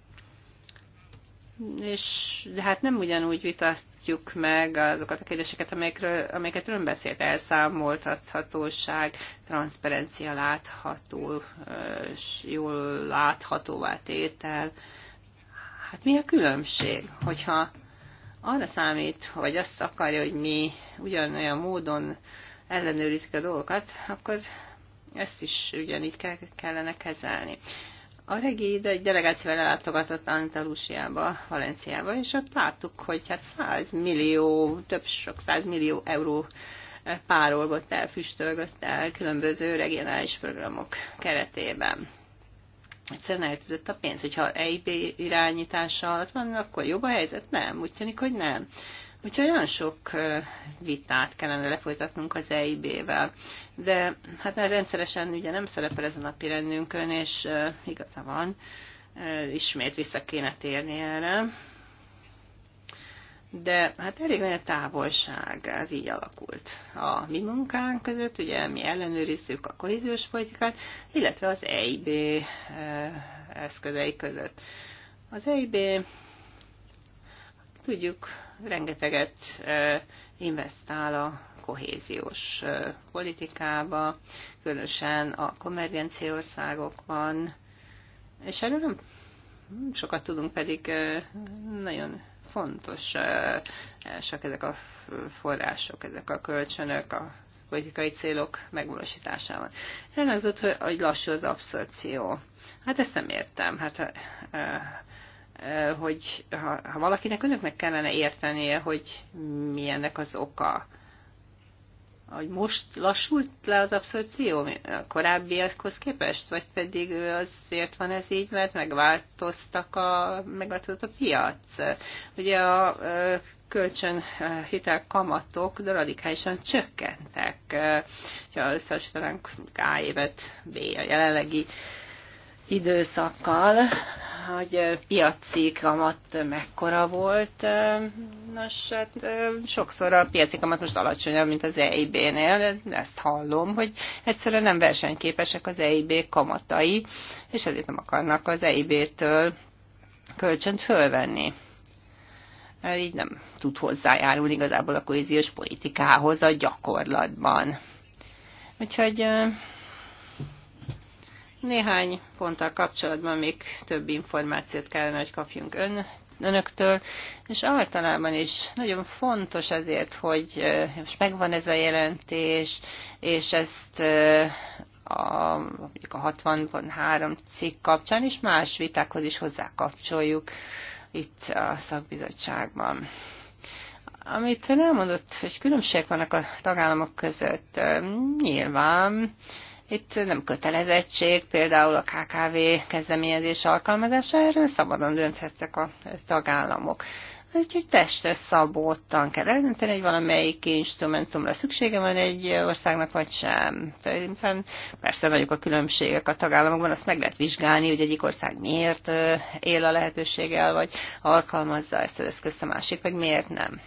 és hát nem ugyanúgy vitatjuk meg azokat a kérdéseket, amelyekről, amelyeket ön beszélt, elszámoltathatóság, transzperencia látható, jól láthatóvá tétel. Hát mi a különbség, hogyha arra számít, vagy azt akarja, hogy mi ugyanolyan módon ellenőrizzük a dolgokat, akkor ezt is ugyanígy kellene kezelni. A Regid egy delegációval ellátogatott Antalusiába, Valenciába, és ott láttuk, hogy hát 100 millió, több sok 100 millió euró párolgott el, füstölgött el különböző regionális programok keretében. Egyszerűen eltűzött a pénz, hogyha EIB irányítása alatt van, akkor jobb a helyzet? Nem, úgy tűnik, hogy nem. Úgyhogy nagyon sok vitát kellene lefolytatnunk az EIB-vel. De hát rendszeresen ugye nem szerepel ez a napi rendünkön, és igaza van, ismét vissza kéne térni erre. De hát elég nagy a távolság, ez így alakult a mi munkánk között, ugye mi ellenőrizzük a kohéziós politikát, illetve az EIB eszközei között. Az EIB, tudjuk, rengeteget investál a kohéziós politikába, különösen a konvergencia országokban, és erről nem sokat tudunk, pedig nagyon csak ezek a források, ezek a kölcsönök, a politikai célok megvalósításában. Elhangzott, hogy lassú az abszorpció. Hát ezt nem értem. Hát hogy ha, ha valakinek önöknek kellene értenie, hogy mi ennek az oka, hogy most lassult le az abszorció a korábbiakhoz képest, vagy pedig azért van ez így, mert megváltoztak a, megváltozott a piac. Ugye a kölcsön hitel kamatok radikálisan csökkentek. Ha összehasonlítanánk A évet B a jelenlegi időszakkal, hogy piaci kamat mekkora volt. Nos, hát sokszor a piaci kamat most alacsonyabb, mint az EIB-nél. Ezt hallom, hogy egyszerűen nem versenyképesek az EIB kamatai, és ezért nem akarnak az EIB-től kölcsönt fölvenni. Így nem tud hozzájárulni igazából a kohéziós politikához a gyakorlatban. Úgyhogy néhány ponttal kapcsolatban még több információt kellene, hogy kapjunk ön, önöktől, és általában is nagyon fontos azért, hogy most megvan ez a jelentés, és ezt a, a 63 cikk kapcsán, is más vitákhoz is hozzákapcsoljuk itt a szakbizottságban. Amit elmondott, hogy különbségek vannak a tagállamok között, nyilván itt nem kötelezettség, például a KKV kezdeményezés alkalmazása, erről szabadon dönthettek a tagállamok. Úgyhogy testre szabottan kell eldönteni, hogy valamelyik instrumentumra szüksége van egy országnak, vagy sem. Persze nagyok a különbségek a tagállamokban, azt meg lehet vizsgálni, hogy egyik ország miért él a lehetőséggel, vagy alkalmazza ezt az eszközt, a másik, vagy miért nem.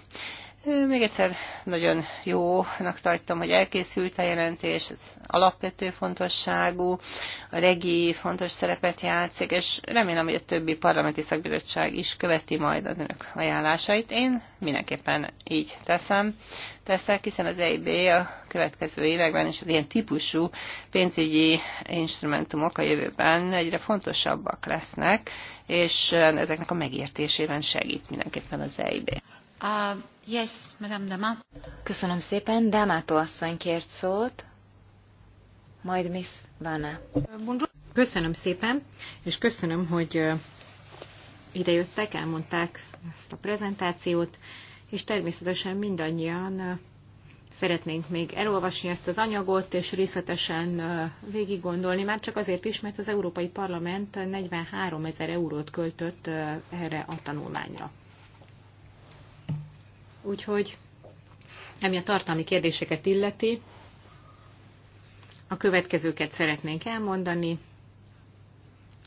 Még egyszer nagyon jónak tartom, hogy elkészült a jelentés, ez alapvető fontosságú, a regi fontos szerepet játszik, és remélem, hogy a többi parlamenti szakbizottság is követi majd az önök ajánlásait. Én mindenképpen így teszem, teszek, hiszen az EIB a következő években és az ilyen típusú pénzügyi instrumentumok a jövőben egyre fontosabbak lesznek, és ezeknek a megértésében segít mindenképpen az EIB. Uh, yes, Madame Damato. Köszönöm szépen. Damato asszony kért szót, majd Miss Vana. Köszönöm szépen, és köszönöm, hogy idejöttek, elmondták ezt a prezentációt, és természetesen mindannyian szeretnénk még elolvasni ezt az anyagot, és részletesen végig gondolni, már csak azért is, mert az Európai Parlament 43 ezer eurót költött erre a tanulmányra. Úgyhogy, ami a tartalmi kérdéseket illeti, a következőket szeretnénk elmondani.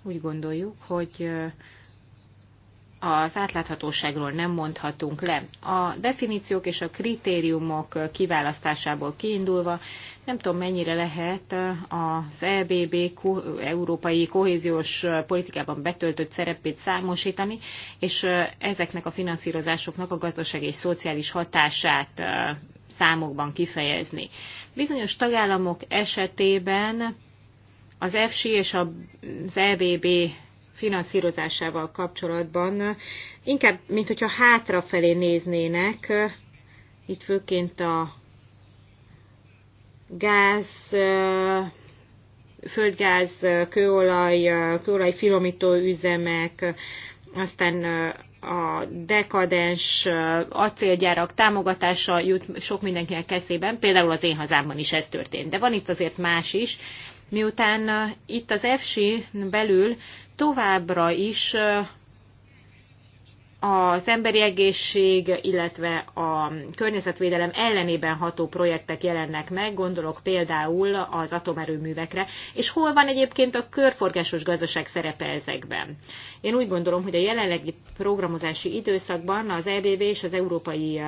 Úgy gondoljuk, hogy az átláthatóságról nem mondhatunk le. A definíciók és a kritériumok kiválasztásából kiindulva nem tudom mennyire lehet az EBB európai kohéziós politikában betöltött szerepét számosítani, és ezeknek a finanszírozásoknak a gazdasági és szociális hatását számokban kifejezni. Bizonyos tagállamok esetében az EFSI és az EBB finanszírozásával kapcsolatban inkább, mint hogyha hátrafelé néznének, itt főként a gáz, földgáz, kőolaj, kőolaj finomító üzemek, aztán a dekadens acélgyárak támogatása jut sok mindenkinek eszében, például az én hazámban is ez történt. De van itt azért más is, miután itt az EFSI belül továbbra is az emberi egészség, illetve a környezetvédelem ellenében ható projektek jelennek meg, gondolok például az atomerőművekre, és hol van egyébként a körforgásos gazdaság szerepe ezekben. Én úgy gondolom, hogy a jelenlegi programozási időszakban az EBB és az Európai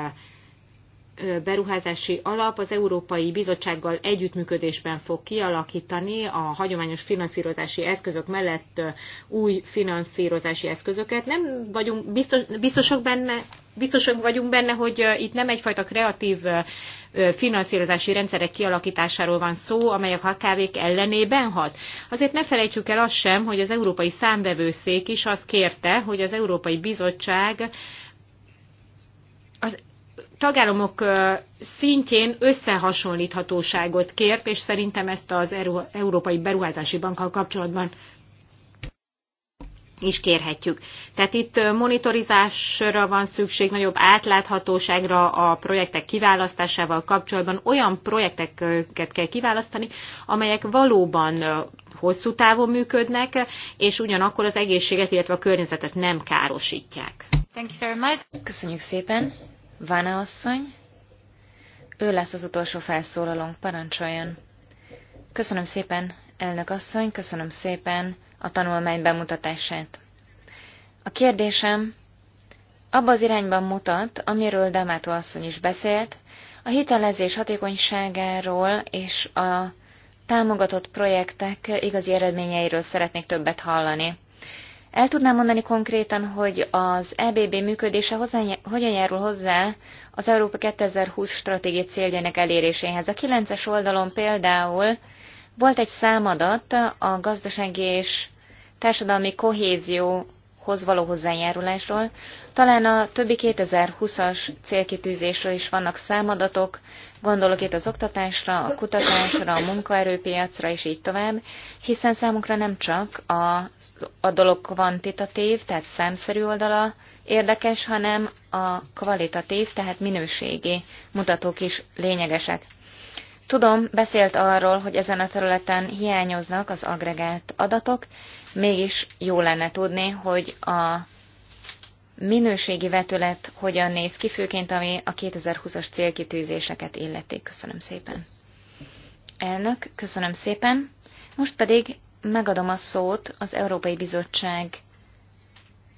beruházási alap az Európai Bizottsággal együttműködésben fog kialakítani a hagyományos finanszírozási eszközök mellett új finanszírozási eszközöket. Nem vagyunk biztos, biztosak benne, biztosak vagyunk benne, hogy itt nem egyfajta kreatív finanszírozási rendszerek kialakításáról van szó, amelyek a kávék ellenében hat. Azért ne felejtsük el azt sem, hogy az Európai Számvevőszék is azt kérte, hogy az Európai Bizottság az tagállamok szintjén összehasonlíthatóságot kért, és szerintem ezt az Európai Beruházási Bankkal kapcsolatban is kérhetjük. Tehát itt monitorizásra van szükség, nagyobb átláthatóságra a projektek kiválasztásával kapcsolatban. Olyan projekteket kell kiválasztani, amelyek valóban hosszú távon működnek, és ugyanakkor az egészséget, illetve a környezetet nem károsítják. Thank you very much. Köszönjük szépen. Vána asszony? Ő lesz az utolsó felszólalónk, parancsoljon. Köszönöm szépen, elnök asszony, köszönöm szépen a tanulmány bemutatását. A kérdésem abba az irányban mutat, amiről Demátó asszony is beszélt, a hitelezés hatékonyságáról és a támogatott projektek igazi eredményeiről szeretnék többet hallani. El tudnám mondani konkrétan, hogy az EBB működése hozzány, hogyan járul hozzá az Európa 2020 stratégiai céljának eléréséhez. A 9-es oldalon például volt egy számadat a gazdasági és társadalmi kohézióhoz való hozzájárulásról. Talán a többi 2020-as célkitűzésről is vannak számadatok, Gondolok itt az oktatásra, a kutatásra, a munkaerőpiacra, és így tovább, hiszen számunkra nem csak a, a dolog kvantitatív, tehát számszerű oldala érdekes, hanem a kvalitatív, tehát minőségi mutatók is lényegesek. Tudom, beszélt arról, hogy ezen a területen hiányoznak az agregált adatok, mégis jó lenne tudni, hogy a minőségi vetület hogyan néz ki, főként ami a 2020-as célkitűzéseket illeti. Köszönöm szépen. Elnök, köszönöm szépen. Most pedig megadom a szót az Európai Bizottság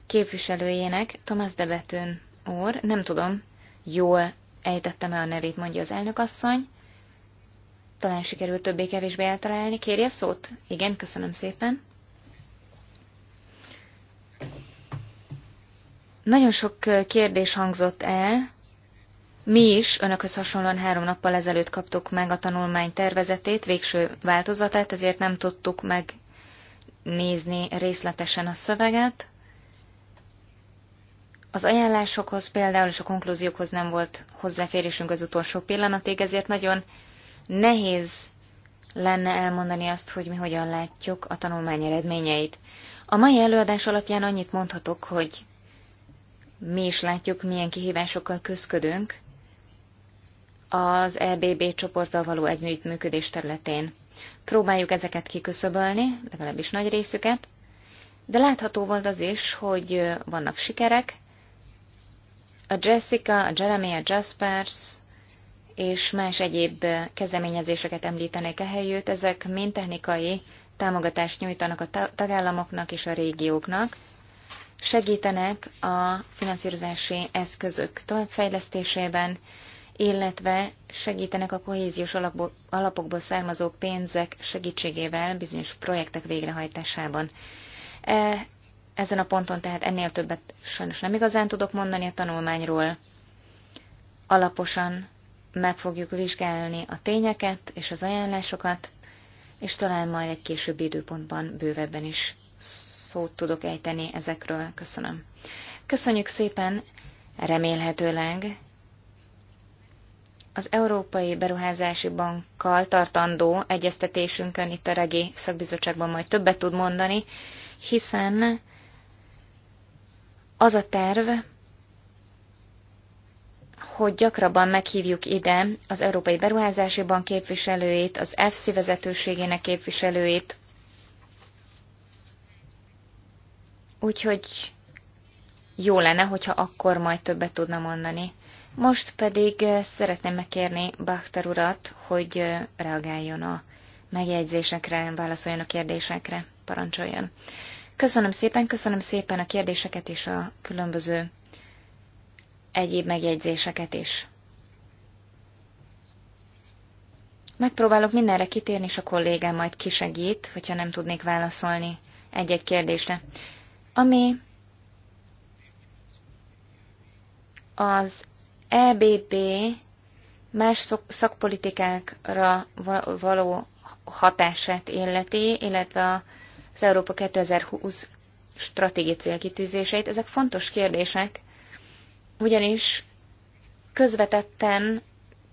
képviselőjének, Tomás de Betön úr. Nem tudom, jól ejtettem el a nevét, mondja az elnök asszony. Talán sikerült többé-kevésbé eltalálni. Kérje szót? Igen, köszönöm szépen. Nagyon sok kérdés hangzott el. Mi is önökhöz hasonlóan három nappal ezelőtt kaptuk meg a tanulmány tervezetét, végső változatát, ezért nem tudtuk megnézni részletesen a szöveget. Az ajánlásokhoz például és a konklúziókhoz nem volt hozzáférésünk az utolsó pillanatig, ezért nagyon nehéz lenne elmondani azt, hogy mi hogyan látjuk a tanulmány eredményeit. A mai előadás alapján annyit mondhatok, hogy mi is látjuk, milyen kihívásokkal közködünk az EBB csoporttal való együttműködés területén. Próbáljuk ezeket kiküszöbölni, legalábbis nagy részüket, de látható volt az is, hogy vannak sikerek. A Jessica, a Jeremy, a Jaspers és más egyéb kezdeményezéseket említenék ehelyütt, ezek mind technikai támogatást nyújtanak a tagállamoknak és a régióknak, segítenek a finanszírozási eszközök továbbfejlesztésében, illetve segítenek a kohéziós alapokból származó pénzek segítségével bizonyos projektek végrehajtásában. E, ezen a ponton tehát ennél többet sajnos nem igazán tudok mondani a tanulmányról. Alaposan meg fogjuk vizsgálni a tényeket és az ajánlásokat, és talán majd egy későbbi időpontban bővebben is szót tudok ejteni ezekről. Köszönöm. Köszönjük szépen, remélhetőleg az Európai Beruházási Bankkal tartandó egyeztetésünkön itt a regi szakbizottságban majd többet tud mondani, hiszen az a terv, hogy gyakrabban meghívjuk ide az Európai Beruházási Bank képviselőjét, az EFSI vezetőségének képviselőjét, Úgyhogy jó lenne, hogyha akkor majd többet tudna mondani. Most pedig eh, szeretném megkérni Bachter urat, hogy eh, reagáljon a megjegyzésekre, válaszoljon a kérdésekre, parancsoljon. Köszönöm szépen, köszönöm szépen a kérdéseket és a különböző egyéb megjegyzéseket is. Megpróbálok mindenre kitérni, és a kollégám majd kisegít, hogyha nem tudnék válaszolni egy-egy kérdésre ami az EBB más szakpolitikákra való hatását illeti, illetve az Európa 2020 stratégiai célkitűzéseit. Ezek fontos kérdések, ugyanis közvetetten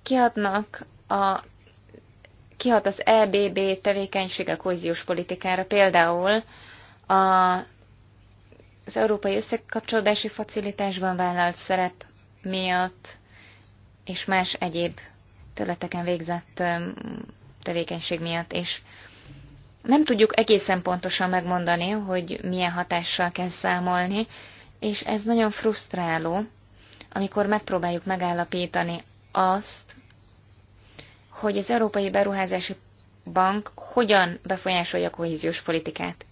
kiadnak a, kihat az EBB tevékenysége kohéziós politikára, például a az Európai Összekapcsolódási Facilitásban vállalt szerep miatt és más egyéb területeken végzett tevékenység miatt és Nem tudjuk egészen pontosan megmondani, hogy milyen hatással kell számolni, és ez nagyon frusztráló, amikor megpróbáljuk megállapítani azt, hogy az Európai Beruházási Bank hogyan befolyásolja a kohéziós politikát.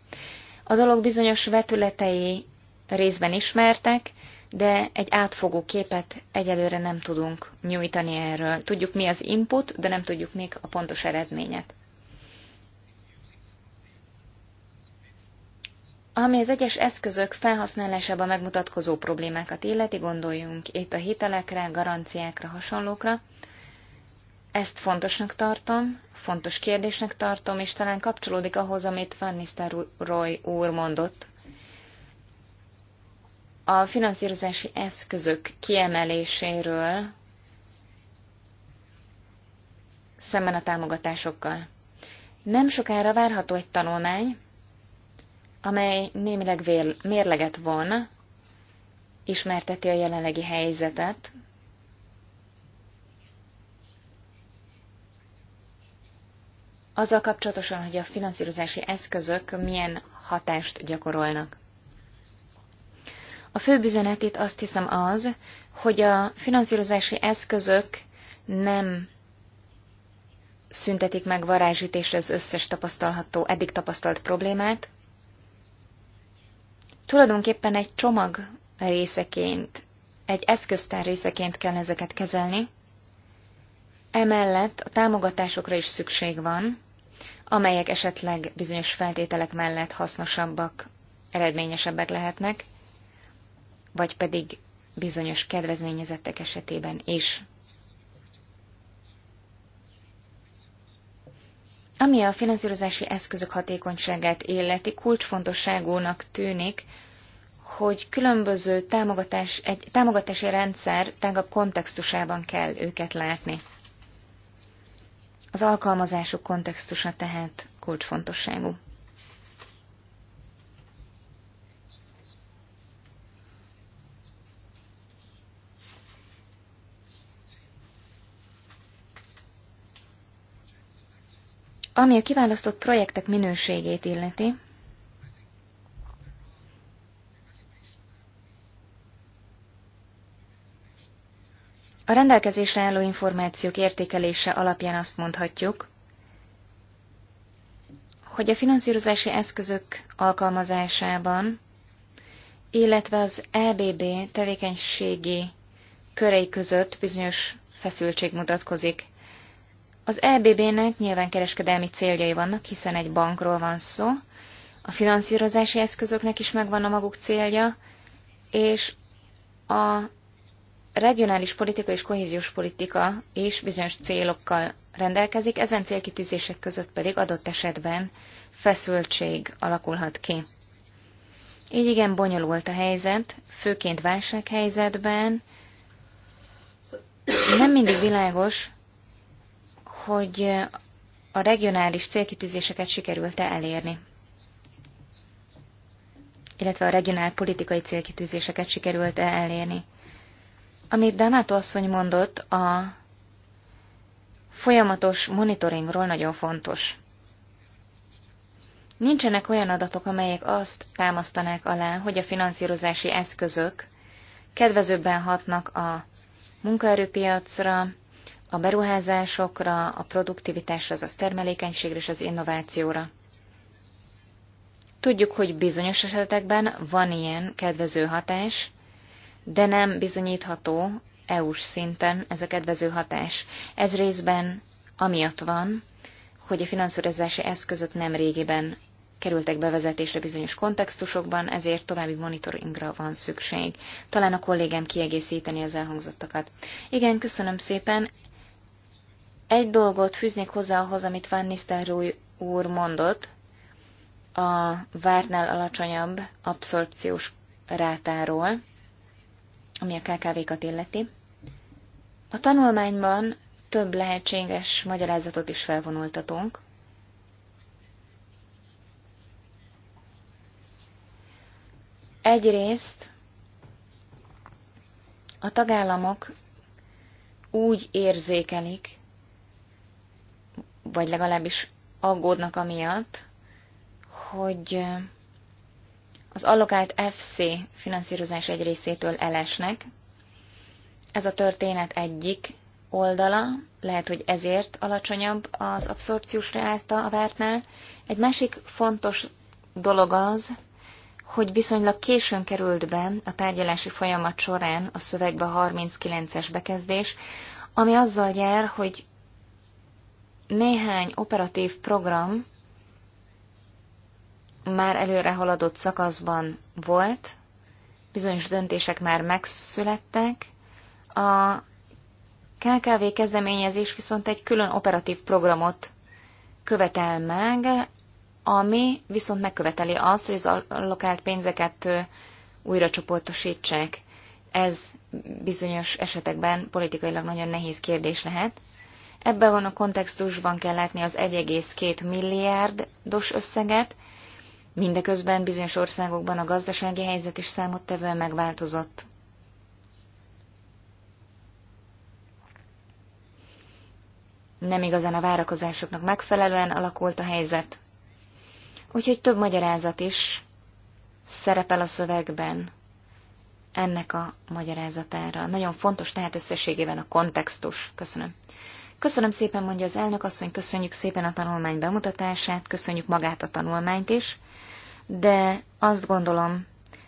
A dolog bizonyos vetületei részben ismertek, de egy átfogó képet egyelőre nem tudunk nyújtani erről. Tudjuk mi az input, de nem tudjuk még a pontos eredményet. Ami az egyes eszközök felhasználásában megmutatkozó problémákat illeti, gondoljunk itt a hitelekre, garanciákra, hasonlókra. Ezt fontosnak tartom, fontos kérdésnek tartom, és talán kapcsolódik ahhoz, amit Van Roy úr mondott. A finanszírozási eszközök kiemeléséről szemben a támogatásokkal. Nem sokára várható egy tanulmány, amely némileg mérleget von, ismerteti a jelenlegi helyzetet, azzal kapcsolatosan, hogy a finanszírozási eszközök milyen hatást gyakorolnak. A fő üzenet itt azt hiszem az, hogy a finanszírozási eszközök nem szüntetik meg varázsítésre az összes tapasztalható, eddig tapasztalt problémát. Tulajdonképpen egy csomag részeként, egy eszköztár részeként kell ezeket kezelni. Emellett a támogatásokra is szükség van, amelyek esetleg bizonyos feltételek mellett hasznosabbak, eredményesebbek lehetnek, vagy pedig bizonyos kedvezményezettek esetében is. Ami a finanszírozási eszközök hatékonyságát illeti, kulcsfontosságúnak tűnik, hogy különböző támogatás, egy támogatási rendszer tágabb kontextusában kell őket látni. Az alkalmazásuk kontextusa tehát kulcsfontosságú. Ami a kiválasztott projektek minőségét illeti, A rendelkezésre álló információk értékelése alapján azt mondhatjuk, hogy a finanszírozási eszközök alkalmazásában, illetve az EBB tevékenységi körei között bizonyos feszültség mutatkozik. Az EBB-nek nyilván kereskedelmi céljai vannak, hiszen egy bankról van szó, a finanszírozási eszközöknek is megvan a maguk célja, és a regionális politika és kohéziós politika is bizonyos célokkal rendelkezik, ezen célkitűzések között pedig adott esetben feszültség alakulhat ki. Így igen bonyolult a helyzet, főként válsághelyzetben. Nem mindig világos, hogy a regionális célkitűzéseket sikerült-e elérni, illetve a regionál politikai célkitűzéseket sikerült-e elérni. Amit Damato asszony mondott, a folyamatos monitoringról nagyon fontos. Nincsenek olyan adatok, amelyek azt támasztanák alá, hogy a finanszírozási eszközök kedvezőbben hatnak a munkaerőpiacra, a beruházásokra, a produktivitásra, azaz termelékenységre és az innovációra. Tudjuk, hogy bizonyos esetekben van ilyen kedvező hatás, de nem bizonyítható EU-s szinten ez a kedvező hatás. Ez részben amiatt van, hogy a finanszírozási eszközök nem régiben kerültek bevezetésre bizonyos kontextusokban, ezért további monitoringra van szükség. Talán a kollégám kiegészíteni az elhangzottakat. Igen, köszönöm szépen. Egy dolgot fűznék hozzá ahhoz, amit Van Nistelrooy úr mondott, a vártnál alacsonyabb abszorpciós rátáról ami a KKV-kat illeti. A tanulmányban több lehetséges magyarázatot is felvonultatunk. Egyrészt a tagállamok úgy érzékelik, vagy legalábbis aggódnak amiatt, hogy az allokált FC finanszírozás egy részétől elesnek. Ez a történet egyik oldala, lehet, hogy ezért alacsonyabb az abszorpciós ráta a vártnál. Egy másik fontos dolog az, hogy viszonylag későn került be a tárgyalási folyamat során a szövegbe a 39-es bekezdés, ami azzal jár, hogy néhány operatív program már előre haladott szakaszban volt, bizonyos döntések már megszülettek, a KKV kezdeményezés viszont egy külön operatív programot követel meg, ami viszont megköveteli azt, hogy az allokált pénzeket újra csoportosítsák. Ez bizonyos esetekben politikailag nagyon nehéz kérdés lehet. Ebben a kontextusban kell látni az 1,2 milliárdos összeget, Mindeközben bizonyos országokban a gazdasági helyzet is számottevően megváltozott. Nem igazán a várakozásoknak megfelelően alakult a helyzet. Úgyhogy több magyarázat is szerepel a szövegben ennek a magyarázatára. Nagyon fontos tehát összességében a kontextus. Köszönöm. Köszönöm szépen, mondja az elnök asszony, köszönjük szépen a tanulmány bemutatását, köszönjük magát a tanulmányt is de azt gondolom,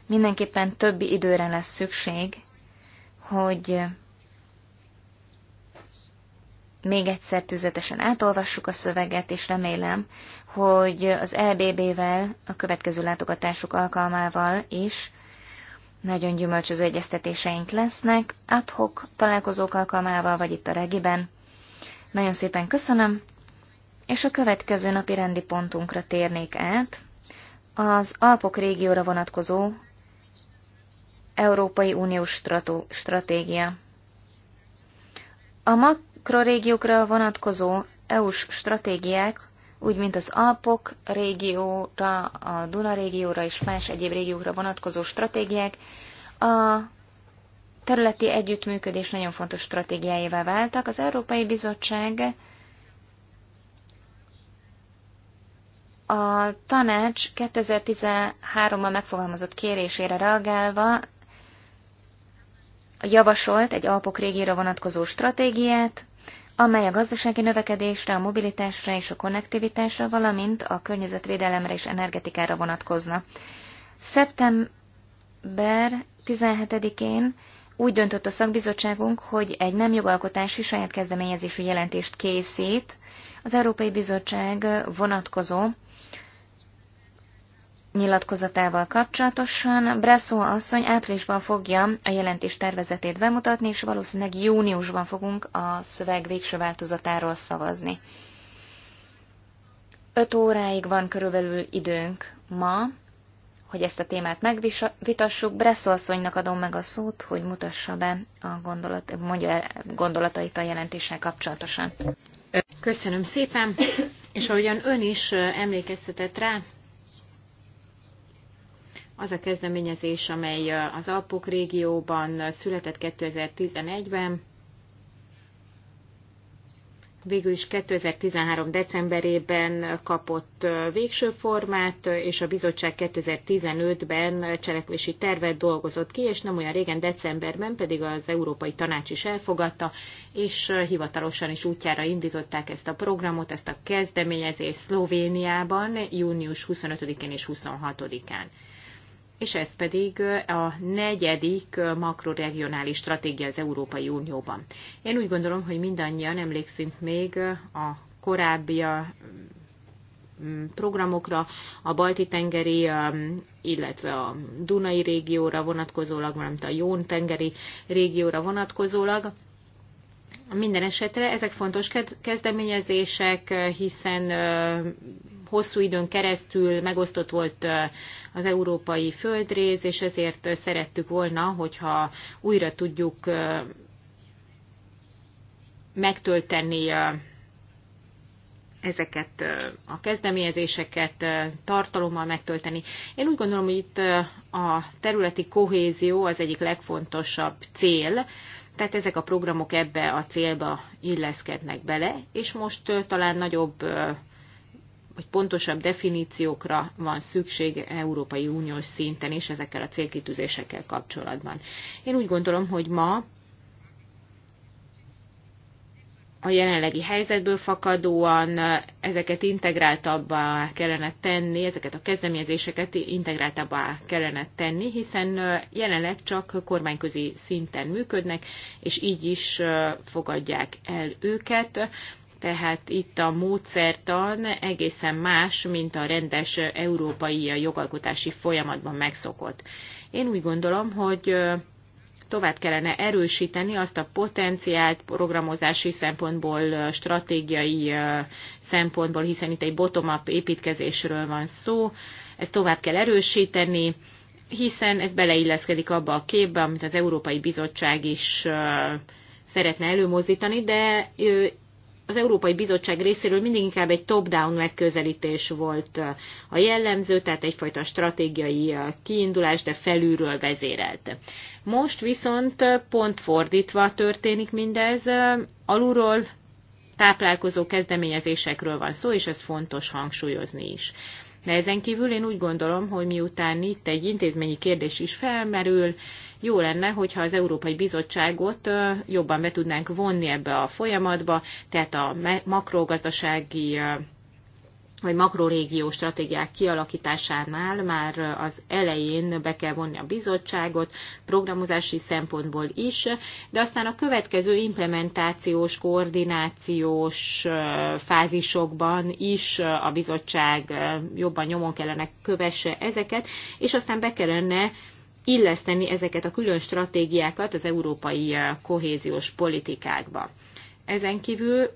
mindenképpen többi időre lesz szükség, hogy még egyszer tüzetesen átolvassuk a szöveget, és remélem, hogy az LBB-vel, a következő látogatásuk alkalmával is nagyon gyümölcsöző egyeztetéseink lesznek, adhok találkozók alkalmával, vagy itt a regiben. Nagyon szépen köszönöm, és a következő napi rendi pontunkra térnék át, az Alpok régióra vonatkozó Európai Uniós stratégia. A makrorégiókra vonatkozó EU-s stratégiák, úgy mint az Alpok régióra, a Duna régióra és más egyéb régiókra vonatkozó stratégiák, a területi együttműködés nagyon fontos stratégiájává váltak. Az Európai Bizottság A tanács 2013-ban megfogalmazott kérésére reagálva javasolt egy Alpok régióra vonatkozó stratégiát, amely a gazdasági növekedésre, a mobilitásra és a konnektivitásra, valamint a környezetvédelemre és energetikára vonatkozna. Szeptember 17-én úgy döntött a szakbizottságunk, hogy egy nem jogalkotási saját kezdeményezésű jelentést készít az Európai Bizottság vonatkozó nyilatkozatával kapcsolatosan. Bresso asszony áprilisban fogja a jelentés tervezetét bemutatni, és valószínűleg júniusban fogunk a szöveg végső változatáról szavazni. Öt óráig van körülbelül időnk ma, hogy ezt a témát megvitassuk. Bresszó asszonynak adom meg a szót, hogy mutassa be a gondolat, mondja el gondolatait a jelentéssel kapcsolatosan. Köszönöm szépen, és ahogyan ön is emlékeztetett rá, az a kezdeményezés, amely az Alpok régióban született 2011-ben, végül is 2013. decemberében kapott végső formát, és a bizottság 2015-ben cselekvési tervet dolgozott ki, és nem olyan régen decemberben pedig az Európai Tanács is elfogadta, és hivatalosan is útjára indították ezt a programot, ezt a kezdeményezést Szlovéniában június 25-én és 26-án és ez pedig a negyedik makroregionális stratégia az Európai Unióban. Én úgy gondolom, hogy mindannyian emlékszünk még a korábbi programokra, a Balti-tengeri, illetve a Dunai régióra vonatkozólag, valamint a Jón-tengeri régióra vonatkozólag, minden esetre ezek fontos kezdeményezések, eh, hiszen eh, hosszú időn keresztül megosztott volt eh, az európai földrész, és ezért szerettük volna, hogyha újra tudjuk megtölteni ezeket a kezdeményezéseket tartalommal megtölteni. Én úgy gondolom, hogy itt a területi kohézió az egyik legfontosabb cél, tehát ezek a programok ebbe a célba illeszkednek bele, és most talán nagyobb vagy pontosabb definíciókra van szükség Európai Uniós szinten is ezekkel a célkitűzésekkel kapcsolatban. Én úgy gondolom, hogy ma a jelenlegi helyzetből fakadóan ezeket integráltabbá kellene tenni, ezeket a kezdeményezéseket integráltabbá kellene tenni, hiszen jelenleg csak kormányközi szinten működnek, és így is fogadják el őket. Tehát itt a módszertan egészen más, mint a rendes európai jogalkotási folyamatban megszokott. Én úgy gondolom, hogy tovább kellene erősíteni azt a potenciált programozási szempontból, stratégiai szempontból, hiszen itt egy bottom-up építkezésről van szó, ezt tovább kell erősíteni, hiszen ez beleilleszkedik abba a képbe, amit az Európai Bizottság is szeretne előmozdítani, de az Európai Bizottság részéről mindig inkább egy top-down megközelítés volt a jellemző, tehát egyfajta stratégiai kiindulás, de felülről vezérelt. Most viszont pont fordítva történik mindez, alulról táplálkozó kezdeményezésekről van szó, és ez fontos hangsúlyozni is. De ezen kívül én úgy gondolom, hogy miután itt egy intézményi kérdés is felmerül, jó lenne, hogyha az Európai Bizottságot jobban be tudnánk vonni ebbe a folyamatba, tehát a makrogazdasági vagy makrorégió stratégiák kialakításánál már az elején be kell vonni a bizottságot, programozási szempontból is, de aztán a következő implementációs, koordinációs fázisokban is a bizottság jobban nyomon kellene kövesse ezeket, és aztán be kellene illeszteni ezeket a külön stratégiákat az európai kohéziós politikákba. Ezen kívül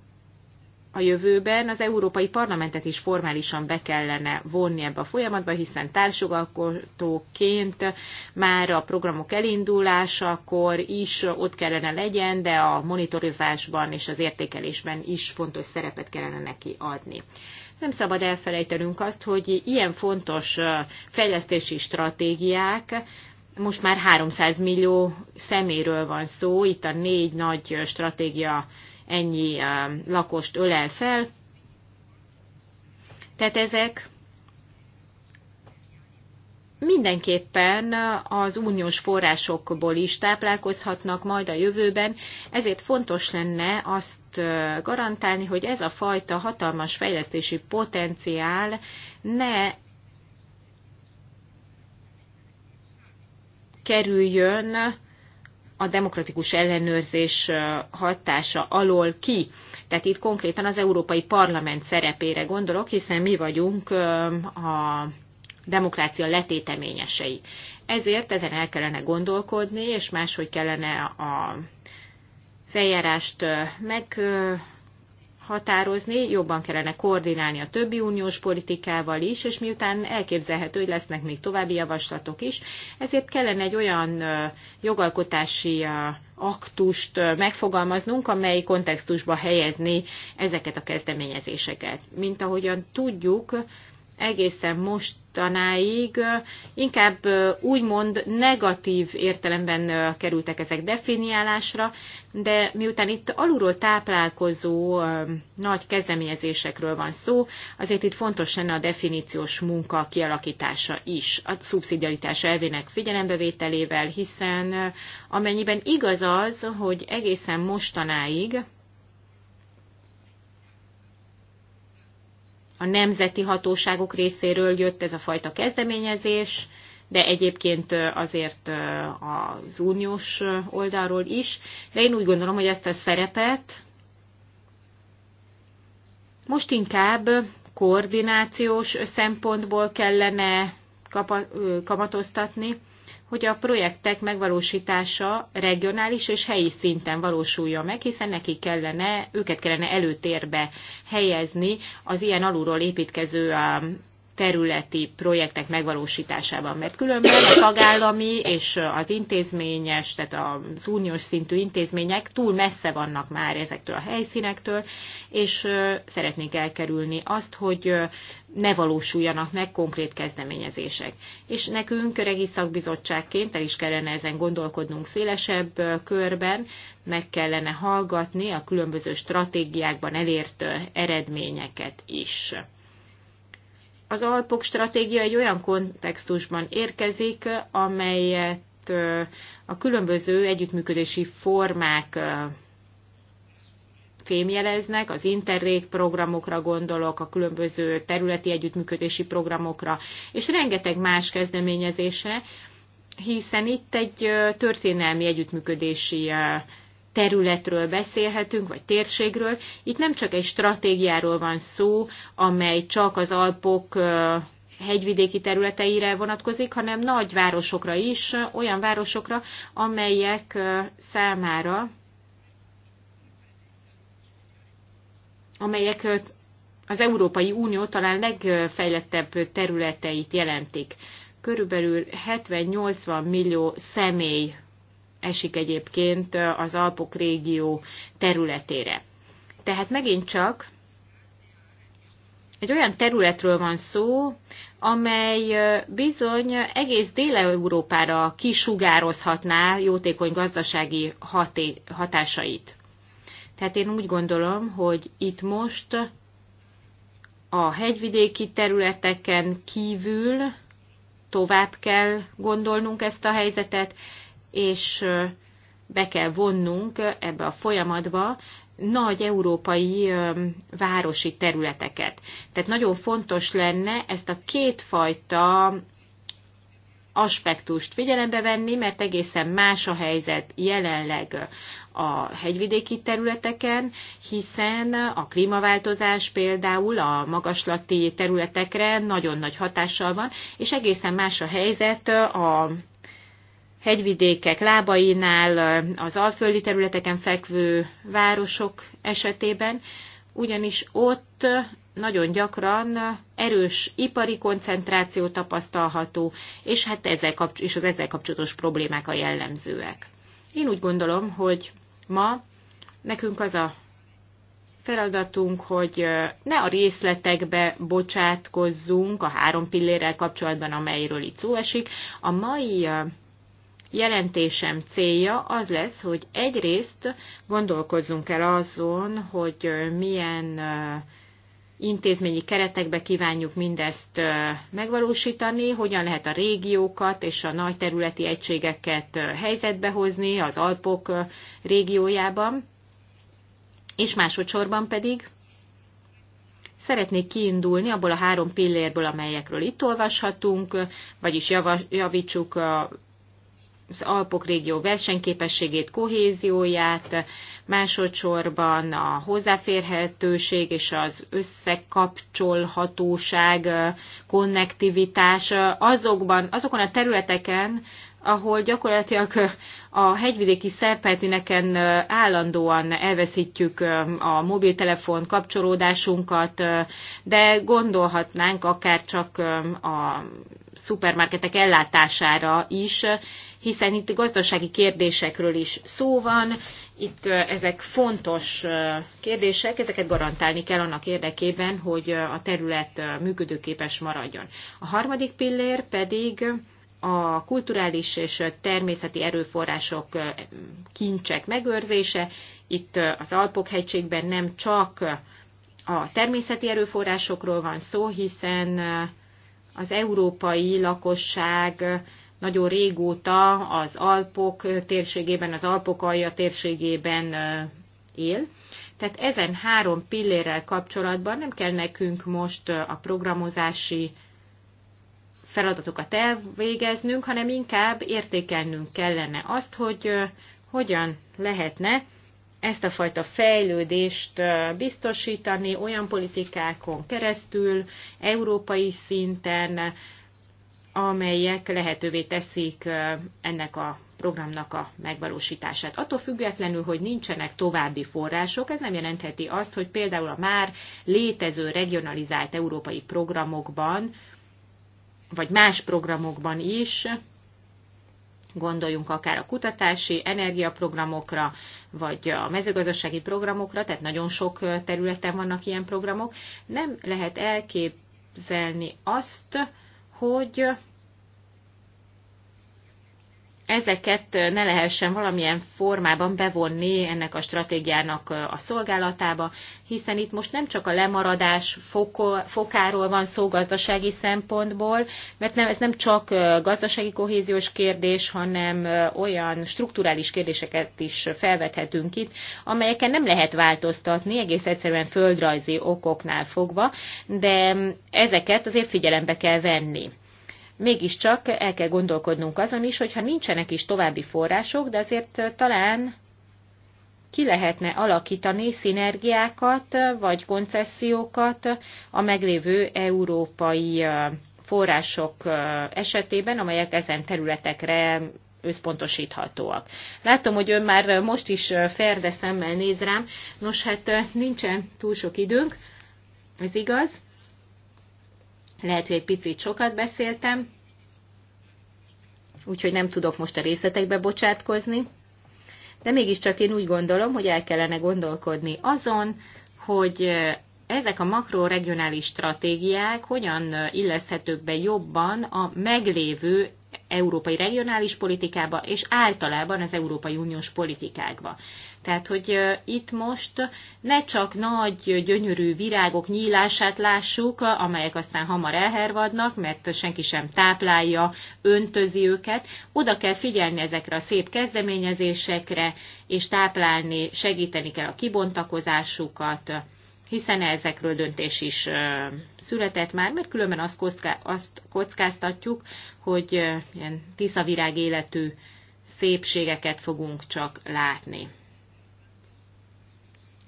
a jövőben az Európai Parlamentet is formálisan be kellene vonni ebbe a folyamatba, hiszen társjogalkotóként már a programok elindulásakor is ott kellene legyen, de a monitorozásban és az értékelésben is fontos szerepet kellene neki adni. Nem szabad elfelejtenünk azt, hogy ilyen fontos fejlesztési stratégiák most már 300 millió szeméről van szó, itt a négy nagy stratégia ennyi lakost ölel fel. Tehát ezek mindenképpen az uniós forrásokból is táplálkozhatnak majd a jövőben, ezért fontos lenne azt garantálni, hogy ez a fajta hatalmas fejlesztési potenciál ne kerüljön a demokratikus ellenőrzés hatása alól ki. Tehát itt konkrétan az Európai Parlament szerepére gondolok, hiszen mi vagyunk a demokrácia letéteményesei. Ezért ezen el kellene gondolkodni, és máshogy kellene a eljárást meg határozni, jobban kellene koordinálni a többi uniós politikával is, és miután elképzelhető, hogy lesznek még további javaslatok is, ezért kellene egy olyan jogalkotási aktust megfogalmaznunk, amely kontextusba helyezni ezeket a kezdeményezéseket. Mint ahogyan tudjuk, egészen mostanáig inkább úgymond negatív értelemben kerültek ezek definiálásra, de miután itt alulról táplálkozó nagy kezdeményezésekről van szó, azért itt fontos lenne a definíciós munka kialakítása is, a szubszidialitás elvének figyelembevételével, hiszen amennyiben igaz az, hogy egészen mostanáig a nemzeti hatóságok részéről jött ez a fajta kezdeményezés, de egyébként azért az uniós oldalról is. De én úgy gondolom, hogy ezt a szerepet most inkább koordinációs szempontból kellene kamatoztatni, hogy a projektek megvalósítása regionális és helyi szinten valósuljon meg, hiszen neki kellene, őket kellene előtérbe helyezni az ilyen alulról építkező területi projektek megvalósításában, mert különben a tagállami és az intézményes, tehát az uniós szintű intézmények túl messze vannak már ezektől a helyszínektől, és szeretnék elkerülni azt, hogy ne valósuljanak meg konkrét kezdeményezések. És nekünk öregi szakbizottságként el is kellene ezen gondolkodnunk szélesebb körben, meg kellene hallgatni a különböző stratégiákban elért eredményeket is az Alpok stratégia egy olyan kontextusban érkezik, amelyet a különböző együttműködési formák fémjeleznek, az interreg programokra gondolok, a különböző területi együttműködési programokra, és rengeteg más kezdeményezése, hiszen itt egy történelmi együttműködési területről beszélhetünk, vagy térségről. Itt nem csak egy stratégiáról van szó, amely csak az Alpok hegyvidéki területeire vonatkozik, hanem nagy városokra is, olyan városokra, amelyek számára, amelyek az Európai Unió talán legfejlettebb területeit jelentik. Körülbelül 70-80 millió személy esik egyébként az Alpok régió területére. Tehát megint csak egy olyan területről van szó, amely bizony egész Dél-Európára kisugározhatná jótékony gazdasági haté- hatásait. Tehát én úgy gondolom, hogy itt most a hegyvidéki területeken kívül tovább kell gondolnunk ezt a helyzetet, és be kell vonnunk ebbe a folyamatba nagy európai városi területeket. Tehát nagyon fontos lenne ezt a kétfajta aspektust figyelembe venni, mert egészen más a helyzet jelenleg a hegyvidéki területeken, hiszen a klímaváltozás például a magaslati területekre nagyon nagy hatással van, és egészen más a helyzet a hegyvidékek lábainál, az alföldi területeken fekvő városok esetében, ugyanis ott nagyon gyakran erős ipari koncentráció tapasztalható, és hát ezzel kapcs- és az ezzel kapcsolatos problémák a jellemzőek. Én úgy gondolom, hogy ma nekünk az a feladatunk, hogy ne a részletekbe bocsátkozzunk a három pillérrel kapcsolatban, amelyről itt szó esik. A mai jelentésem célja az lesz, hogy egyrészt gondolkozzunk el azon, hogy milyen intézményi keretekbe kívánjuk mindezt megvalósítani, hogyan lehet a régiókat és a nagy területi egységeket helyzetbe hozni az Alpok régiójában, és másodszorban pedig szeretnék kiindulni abból a három pillérből, amelyekről itt olvashatunk, vagyis javítsuk a az Alpok régió versenyképességét, kohézióját, másodszorban a hozzáférhetőség és az összekapcsolhatóság, konnektivitás azokban, azokon a területeken, ahol gyakorlatilag a hegyvidéki szerpeltineken állandóan elveszítjük a mobiltelefon kapcsolódásunkat, de gondolhatnánk akár csak a szupermarketek ellátására is, hiszen itt gazdasági kérdésekről is szó van, itt ezek fontos kérdések, ezeket garantálni kell annak érdekében, hogy a terület működőképes maradjon. A harmadik pillér pedig a kulturális és természeti erőforrások kincsek megőrzése. Itt az Alpok-hegységben nem csak a természeti erőforrásokról van szó, hiszen az európai lakosság nagyon régóta az Alpok térségében, az Alpok alja térségében él. Tehát ezen három pillérrel kapcsolatban nem kell nekünk most a programozási feladatokat elvégeznünk, hanem inkább értékelnünk kellene azt, hogy hogyan lehetne ezt a fajta fejlődést biztosítani olyan politikákon keresztül, európai szinten, amelyek lehetővé teszik ennek a programnak a megvalósítását. Attól függetlenül, hogy nincsenek további források, ez nem jelentheti azt, hogy például a már létező regionalizált európai programokban, vagy más programokban is, gondoljunk akár a kutatási, energiaprogramokra, vagy a mezőgazdasági programokra, tehát nagyon sok területen vannak ilyen programok, nem lehet elképzelni azt, hogy ezeket ne lehessen valamilyen formában bevonni ennek a stratégiának a szolgálatába, hiszen itt most nem csak a lemaradás fokáról van szó gazdasági szempontból, mert nem, ez nem csak gazdasági kohéziós kérdés, hanem olyan strukturális kérdéseket is felvethetünk itt, amelyeken nem lehet változtatni, egész egyszerűen földrajzi okoknál fogva, de mm, ezeket azért figyelembe kell venni mégiscsak el kell gondolkodnunk azon is, hogyha nincsenek is további források, de azért talán ki lehetne alakítani szinergiákat vagy koncesziókat a meglévő európai források esetében, amelyek ezen területekre összpontosíthatóak. Látom, hogy ön már most is ferde szemmel néz rám. Nos, hát nincsen túl sok időnk, ez igaz. Lehet, hogy egy picit sokat beszéltem, úgyhogy nem tudok most a részletekbe bocsátkozni, de mégiscsak én úgy gondolom, hogy el kellene gondolkodni azon, hogy ezek a makroregionális stratégiák hogyan illeszthetők be jobban a meglévő európai regionális politikába, és általában az Európai Uniós politikákba. Tehát, hogy itt most ne csak nagy, gyönyörű virágok nyílását lássuk, amelyek aztán hamar elhervadnak, mert senki sem táplálja, öntözi őket. Oda kell figyelni ezekre a szép kezdeményezésekre, és táplálni, segíteni kell a kibontakozásukat, hiszen ezekről döntés is született már, mert különben azt, kocká, azt kockáztatjuk, hogy ilyen tiszavirág életű szépségeket fogunk csak látni.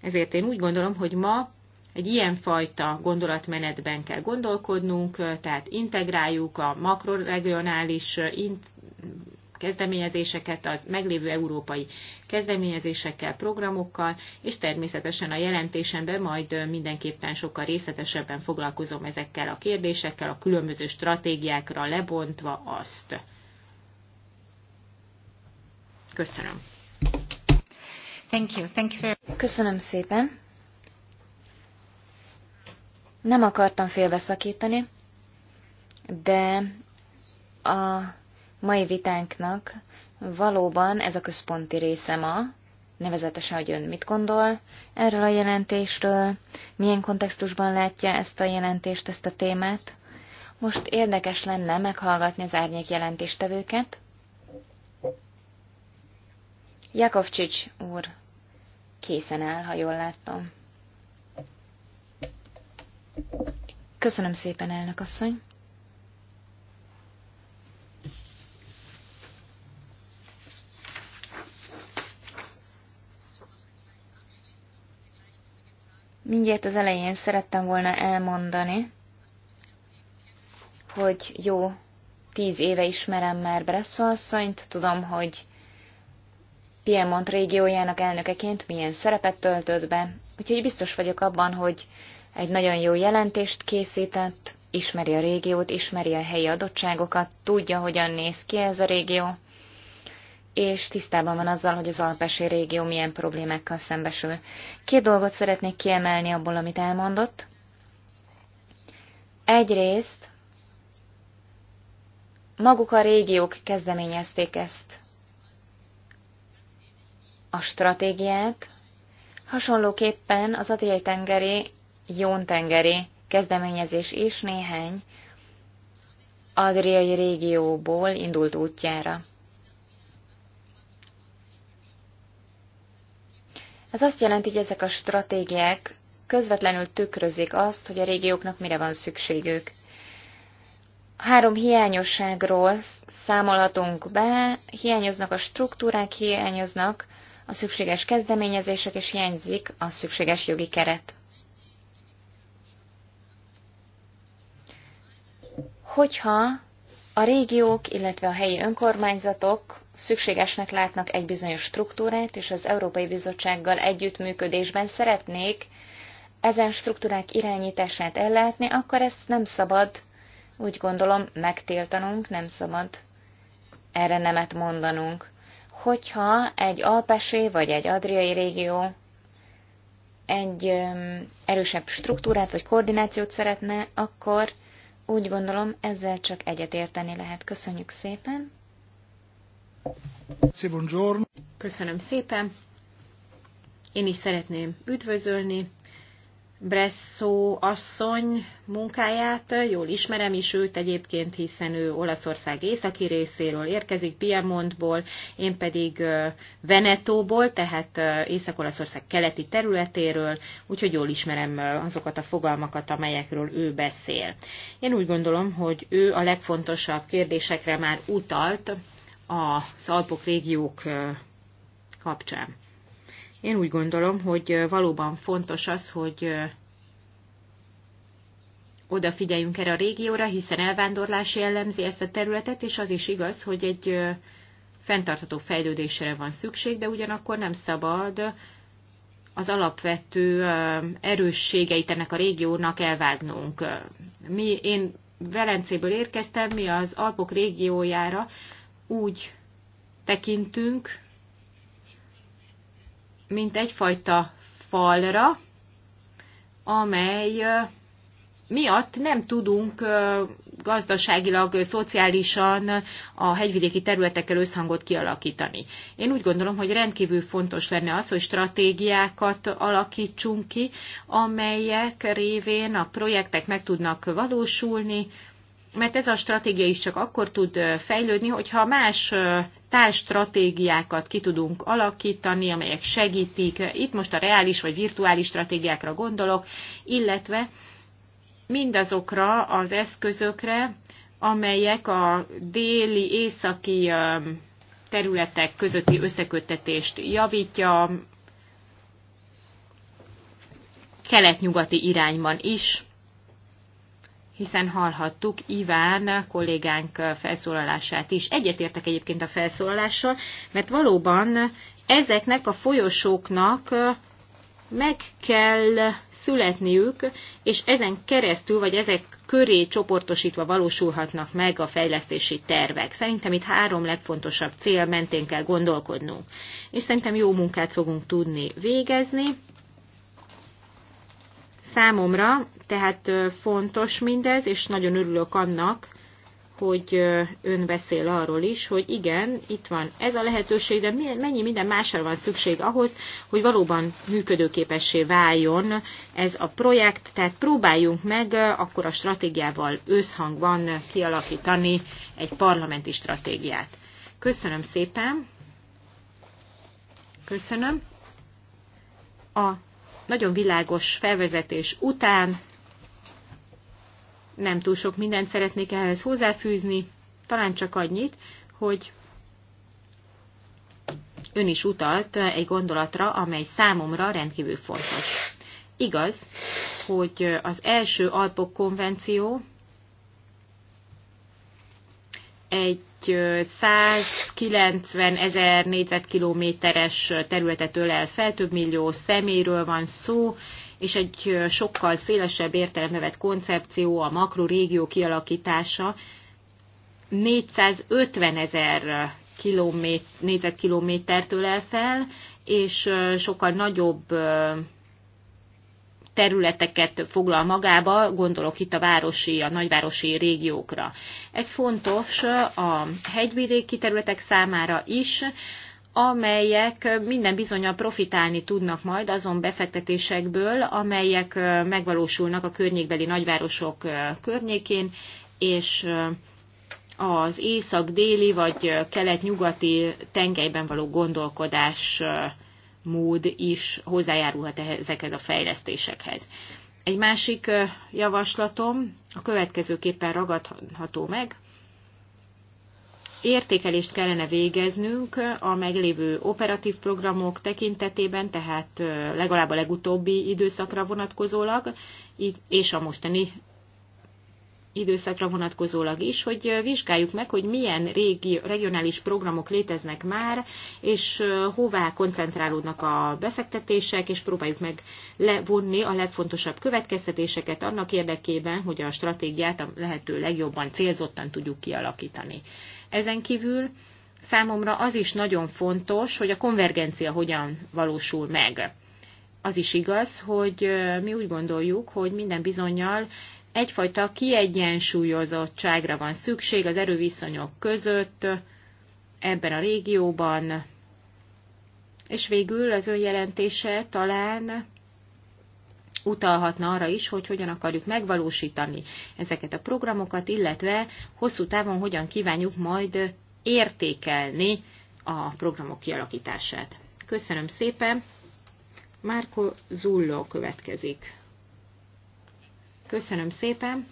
Ezért én úgy gondolom, hogy ma egy ilyen fajta gondolatmenetben kell gondolkodnunk, tehát integráljuk a makroregionális kezdeményezéseket, az meglévő európai kezdeményezésekkel, programokkal, és természetesen a jelentésemben majd mindenképpen sokkal részletesebben foglalkozom ezekkel a kérdésekkel, a különböző stratégiákra lebontva azt. Köszönöm. Thank you. Thank you for... Köszönöm szépen. Nem akartam félbeszakítani, de a mai vitánknak valóban ez a központi része ma, nevezetesen, hogy ön mit gondol erről a jelentésről, milyen kontextusban látja ezt a jelentést, ezt a témát. Most érdekes lenne meghallgatni az árnyék jelentéstevőket. Jakovcsics úr készen áll, ha jól láttam. Köszönöm szépen, elnök asszony. Mindjárt az elején szerettem volna elmondani, hogy jó, tíz éve ismerem már Bresso asszonyt, tudom, hogy Piemont régiójának elnökeként milyen szerepet töltött be, úgyhogy biztos vagyok abban, hogy egy nagyon jó jelentést készített, ismeri a régiót, ismeri a helyi adottságokat, tudja, hogyan néz ki ez a régió, és tisztában van azzal, hogy az alpesi régió milyen problémákkal szembesül. Két dolgot szeretnék kiemelni abból, amit elmondott. Egyrészt maguk a régiók kezdeményezték ezt a stratégiát, hasonlóképpen az Adriai tengeri, Jón tengeri kezdeményezés is néhány Adriai régióból indult útjára. Ez azt jelenti, hogy ezek a stratégiák közvetlenül tükrözik azt, hogy a régióknak mire van szükségük. Három hiányosságról számolhatunk be, hiányoznak a struktúrák, hiányoznak a szükséges kezdeményezések, és hiányzik a szükséges jogi keret. Hogyha a régiók, illetve a helyi önkormányzatok szükségesnek látnak egy bizonyos struktúrát, és az Európai Bizottsággal együttműködésben szeretnék ezen struktúrák irányítását ellátni, akkor ezt nem szabad, úgy gondolom, megtiltanunk, nem szabad erre nemet mondanunk. Hogyha egy alpesi vagy egy adriai régió egy erősebb struktúrát vagy koordinációt szeretne, akkor úgy gondolom ezzel csak egyetérteni lehet. Köszönjük szépen! Köszönöm szépen. Én is szeretném üdvözölni Bresszó asszony munkáját. Jól ismerem is őt egyébként, hiszen ő Olaszország északi részéről érkezik, Piemontból, én pedig Venetóból, tehát Észak-Olaszország keleti területéről, úgyhogy jól ismerem azokat a fogalmakat, amelyekről ő beszél. Én úgy gondolom, hogy ő a legfontosabb kérdésekre már utalt a Alpok régiók kapcsán. Én úgy gondolom, hogy valóban fontos az, hogy odafigyeljünk erre a régióra, hiszen elvándorlás jellemzi ezt a területet, és az is igaz, hogy egy fenntartható fejlődésre van szükség, de ugyanakkor nem szabad az alapvető erősségeit ennek a régiónak elvágnunk. Mi, én Velencéből érkeztem, mi az Alpok régiójára úgy tekintünk, mint egyfajta falra, amely miatt nem tudunk gazdaságilag, szociálisan a hegyvidéki területekkel összhangot kialakítani. Én úgy gondolom, hogy rendkívül fontos lenne az, hogy stratégiákat alakítsunk ki, amelyek révén a projektek meg tudnak valósulni, mert ez a stratégia is csak akkor tud fejlődni, hogyha más társstratégiákat ki tudunk alakítani, amelyek segítik, itt most a reális vagy virtuális stratégiákra gondolok, illetve mindazokra az eszközökre, amelyek a déli, északi területek közötti összeköttetést javítja, kelet-nyugati irányban is hiszen hallhattuk Iván kollégánk felszólalását is. Egyetértek egyébként a felszólalással, mert valóban ezeknek a folyosóknak meg kell születniük, és ezen keresztül, vagy ezek köré csoportosítva valósulhatnak meg a fejlesztési tervek. Szerintem itt három legfontosabb cél mentén kell gondolkodnunk. És szerintem jó munkát fogunk tudni végezni. Számomra tehát fontos mindez, és nagyon örülök annak, hogy ön beszél arról is, hogy igen, itt van ez a lehetőség, de mennyi minden másra van szükség ahhoz, hogy valóban működőképessé váljon ez a projekt, tehát próbáljunk meg akkor a stratégiával összhangban kialakítani egy parlamenti stratégiát. Köszönöm szépen! Köszönöm! A nagyon világos felvezetés után nem túl sok mindent szeretnék ehhez hozzáfűzni, talán csak annyit, hogy ön is utalt egy gondolatra, amely számomra rendkívül fontos. Igaz, hogy az első Alpok konvenció egy 190 ezer négyzetkilométeres területet ölel fel, több millió szeméről van szó, és egy sokkal szélesebb értelembe vett koncepció, a makrorégió kialakítása 450 ezer négyzetkilométertől el fel, és sokkal nagyobb területeket foglal magába, gondolok itt a városi, a nagyvárosi régiókra. Ez fontos a hegyvidéki területek számára is, amelyek minden bizonyal profitálni tudnak majd azon befektetésekből, amelyek megvalósulnak a környékbeli nagyvárosok környékén, és az észak-déli vagy kelet-nyugati tengelyben való gondolkodás mód is hozzájárulhat ezekhez a fejlesztésekhez. Egy másik javaslatom a következőképpen ragadható meg. Értékelést kellene végeznünk a meglévő operatív programok tekintetében, tehát legalább a legutóbbi időszakra vonatkozólag, és a mostani időszakra vonatkozólag is, hogy vizsgáljuk meg, hogy milyen régi regionális programok léteznek már, és hová koncentrálódnak a befektetések, és próbáljuk meg levonni a legfontosabb következtetéseket annak érdekében, hogy a stratégiát a lehető legjobban célzottan tudjuk kialakítani. Ezen kívül számomra az is nagyon fontos, hogy a konvergencia hogyan valósul meg az is igaz, hogy mi úgy gondoljuk, hogy minden bizonyal egyfajta kiegyensúlyozottságra van szükség az erőviszonyok között ebben a régióban. És végül az önjelentése talán utalhatna arra is, hogy hogyan akarjuk megvalósítani ezeket a programokat, illetve hosszú távon hogyan kívánjuk majd értékelni a programok kialakítását. Köszönöm szépen! Márko Zullo következik. Köszönöm szépen.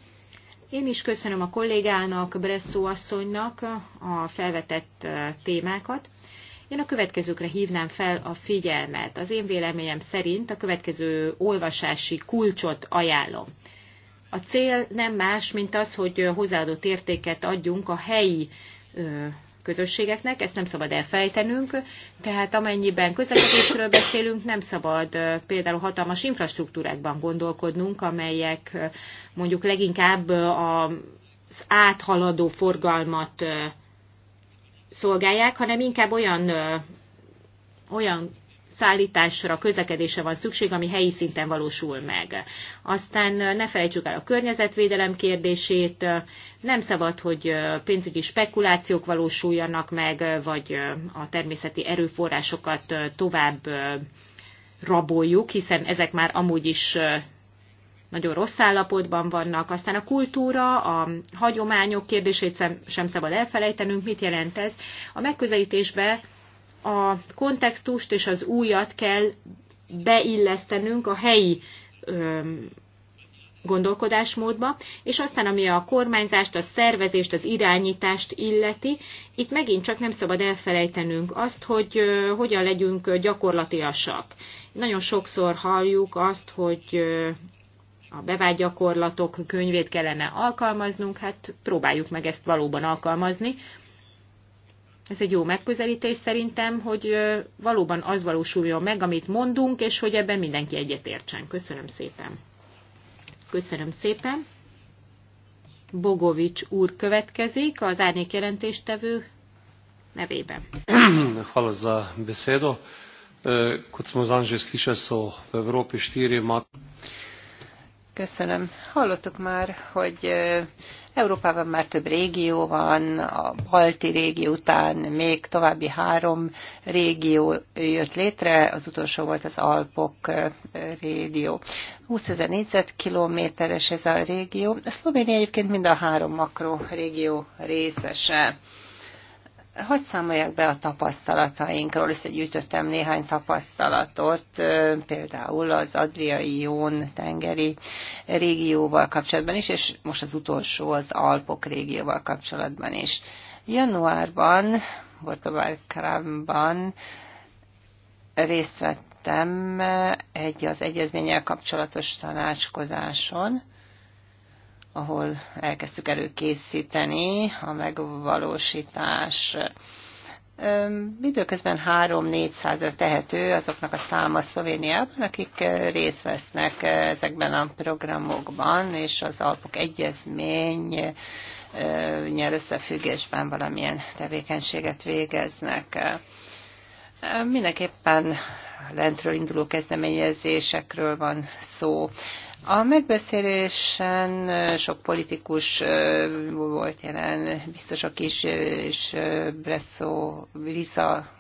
Én is köszönöm a kollégának, Bresszó asszonynak a felvetett témákat. Én a következőkre hívnám fel a figyelmet. Az én véleményem szerint a következő olvasási kulcsot ajánlom. A cél nem más, mint az, hogy hozzáadott értéket adjunk a helyi közösségeknek, ezt nem szabad elfejtenünk, tehát amennyiben közlekedésről beszélünk, nem szabad például hatalmas infrastruktúrákban gondolkodnunk, amelyek mondjuk leginkább az áthaladó forgalmat szolgálják, hanem inkább olyan, olyan szállításra, közlekedésre van szükség, ami helyi szinten valósul meg. Aztán ne felejtsük el a környezetvédelem kérdését, nem szabad, hogy pénzügyi spekulációk valósuljanak meg, vagy a természeti erőforrásokat tovább raboljuk, hiszen ezek már amúgy is nagyon rossz állapotban vannak. Aztán a kultúra, a hagyományok kérdését sem szabad elfelejtenünk. Mit jelent ez? A megközelítésbe a kontextust és az újat kell beillesztenünk a helyi gondolkodásmódba, és aztán ami a kormányzást, a szervezést, az irányítást illeti, itt megint csak nem szabad elfelejtenünk azt, hogy hogyan legyünk gyakorlatiasak. Nagyon sokszor halljuk azt, hogy a bevált gyakorlatok könyvét kellene alkalmaznunk, hát próbáljuk meg ezt valóban alkalmazni, ez egy jó megközelítés szerintem, hogy valóban az valósuljon meg, amit mondunk, és hogy ebben mindenki egyetértsen. Köszönöm szépen. Köszönöm szépen. Bogovics úr következik az árnyék jelentéstevő nevében. Hvala za besedo. Kot smo danes že slišali, so v Evropi štiri mat... Köszönöm. Hallottuk már, hogy Európában már több régió van, a balti régió után még további három régió jött létre, az utolsó volt az Alpok régió. 20 ezer négyzetkilométeres ez a régió. A Szlovénia egyébként mind a három makro régió részese hogy számolják be a tapasztalatainkról, összegyűjtöttem néhány tapasztalatot, például az Adriai Jón tengeri régióval kapcsolatban is, és most az utolsó az Alpok régióval kapcsolatban is. Januárban, Bortobarkramban részt vettem egy az egyezménnyel kapcsolatos tanácskozáson, ahol elkezdtük előkészíteni a megvalósítás. Időközben 3-400-ra tehető azoknak a száma Szlovéniában, akik részt vesznek ezekben a programokban, és az Alpok Egyezmény nyer összefüggésben valamilyen tevékenységet végeznek. Mindenképpen lentről induló kezdeményezésekről van szó. A megbeszélésen sok politikus volt jelen, a is, és Bresszó Lisa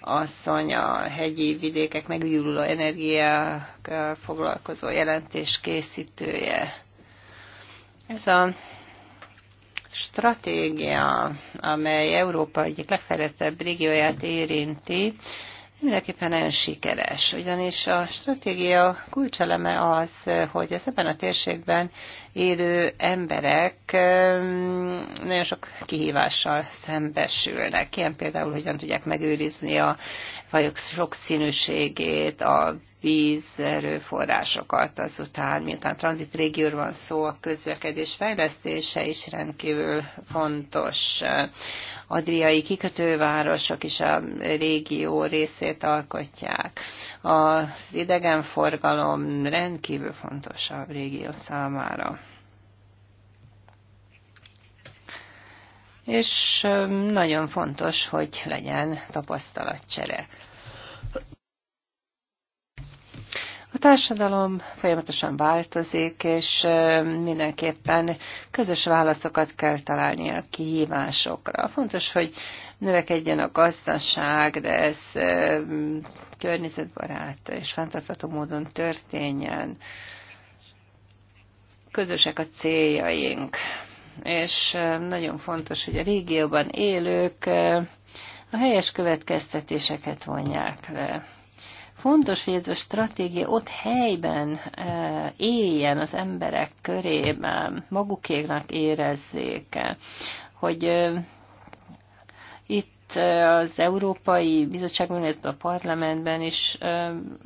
asszony a hegyi vidékek megújuló energiákkal foglalkozó jelentés készítője. Ez a stratégia, amely Európa egyik legfejlettebb régióját érinti, mindenképpen nagyon sikeres, ugyanis a stratégia kulcseleme az, hogy az ebben a térségben élő emberek nagyon sok kihívással szembesülnek. Ilyen például, hogyan tudják megőrizni a fajok sokszínűségét, a vízerőforrásokat azután, miután tranzit régióról van szó, a közlekedés fejlesztése is rendkívül fontos. Adriai kikötővárosok is a régió részét alkotják. Az idegenforgalom rendkívül fontos a régió számára. És nagyon fontos, hogy legyen tapasztalatcsere. A társadalom folyamatosan változik, és mindenképpen közös válaszokat kell találni a kihívásokra. Fontos, hogy növekedjen a gazdaság, de ez környezetbarát és fenntartható módon történjen. Közösek a céljaink, és nagyon fontos, hogy a régióban élők a helyes következtetéseket vonják le. Fontos, hogy ez a stratégia ott helyben e, éljen az emberek körében, magukéknak érezzék, hogy e, itt e, az Európai Bizottságban, illetve a parlamentben is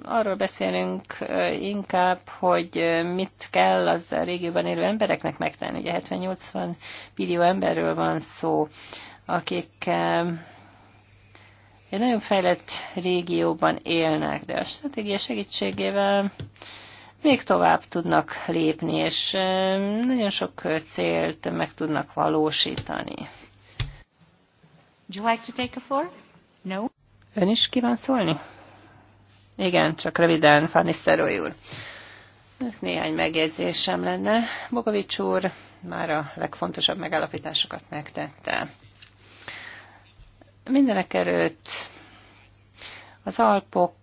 arról beszélünk inkább, hogy mit kell az a régióban élő embereknek megtenni. Ugye 70-80 millió emberről van szó, akik egy nagyon fejlett régióban élnek, de a stratégia segítségével még tovább tudnak lépni, és nagyon sok célt meg tudnak valósítani. Would you like to take a floor? No? Ön is kíván szólni? Igen, csak röviden, Fanny Szerói úr. Néhány megjegyzésem lenne. Bogovics úr már a legfontosabb megállapításokat megtette. Mindenek előtt az Alpok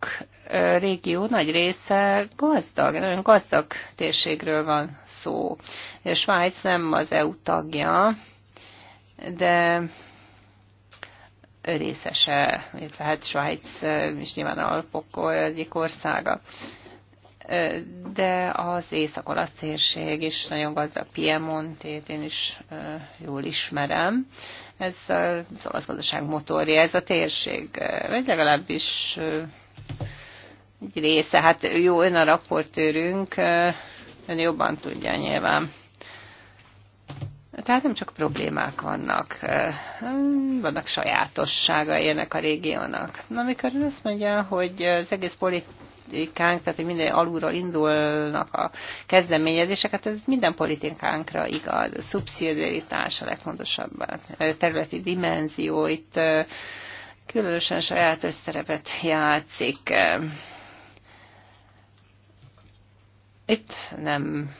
régió nagy része gazdag, nagyon gazdag térségről van szó. A Svájc nem az EU tagja, de részese, illetve hát Svájc is nyilván Alpok egyik országa de az észak térség is nagyon gazdag Piemontét, én is jól ismerem. Ez az olasz gazdaság motorja, ez a térség, vagy legalábbis egy része. Hát jó, ön a raportőrünk, ön jobban tudja nyilván. Tehát nem csak problémák vannak, vannak sajátossága ennek a régiónak. Amikor ön azt mondja, hogy az egész politika, politikánk, tehát hogy minden alulról indulnak a kezdeményezések, hát ez minden politikánkra igaz. A szubszidiaritás a legfontosabb a területi dimenzió, itt különösen saját szerepet játszik. Itt nem